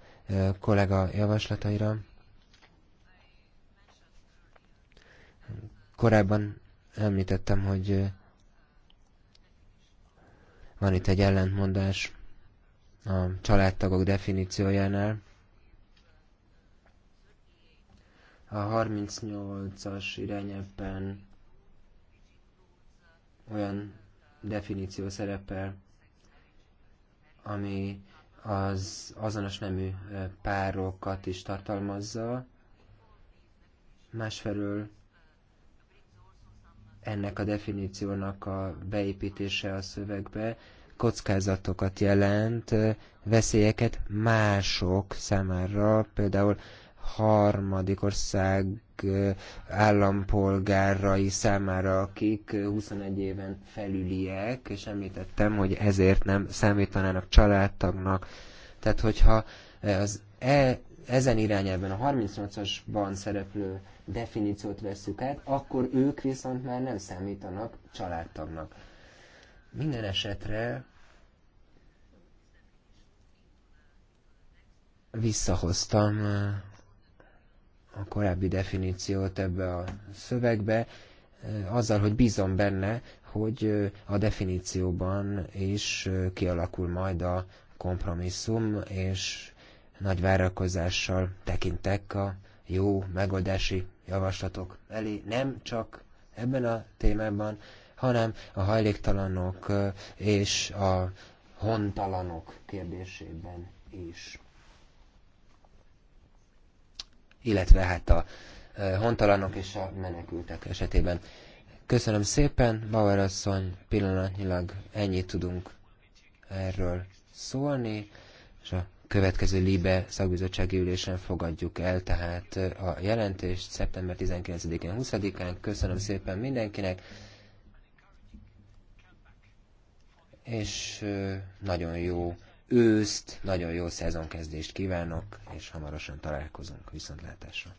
S2: kollega javaslataira. Korábban említettem, hogy van itt egy ellentmondás a családtagok definíciójánál. A 38-as irányelvben olyan definíció szerepel, ami az azonos nemű párokat is tartalmazza, másfelől ennek a definíciónak a beépítése a szövegbe kockázatokat jelent, veszélyeket mások számára, például harmadik ország állampolgárai számára, akik 21 éven felüliek, és említettem, hogy ezért nem számítanának családtagnak. Tehát, hogyha az e, ezen irányában a 38-asban szereplő definíciót veszük át, akkor ők viszont már nem számítanak családtagnak. Minden esetre visszahoztam a korábbi definíciót ebbe a szövegbe, azzal, hogy bízom benne, hogy a definícióban is kialakul majd a kompromisszum, és nagy várakozással tekintek a jó megoldási javaslatok elé, nem csak ebben a témában, hanem a hajléktalanok és a hontalanok kérdésében is. Illetve hát a hontalanok és a menekültek esetében. Köszönöm szépen, Bauer asszony, pillanatnyilag ennyit tudunk erről szólni, és a következő LIBE szakbizottsági ülésen fogadjuk el, tehát eh, a jelentést szeptember 19-én, 20-án. Köszönöm szépen mindenkinek, és eh, nagyon jó őszt, nagyon jó szezonkezdést kívánok, és hamarosan találkozunk. Viszontlátásra!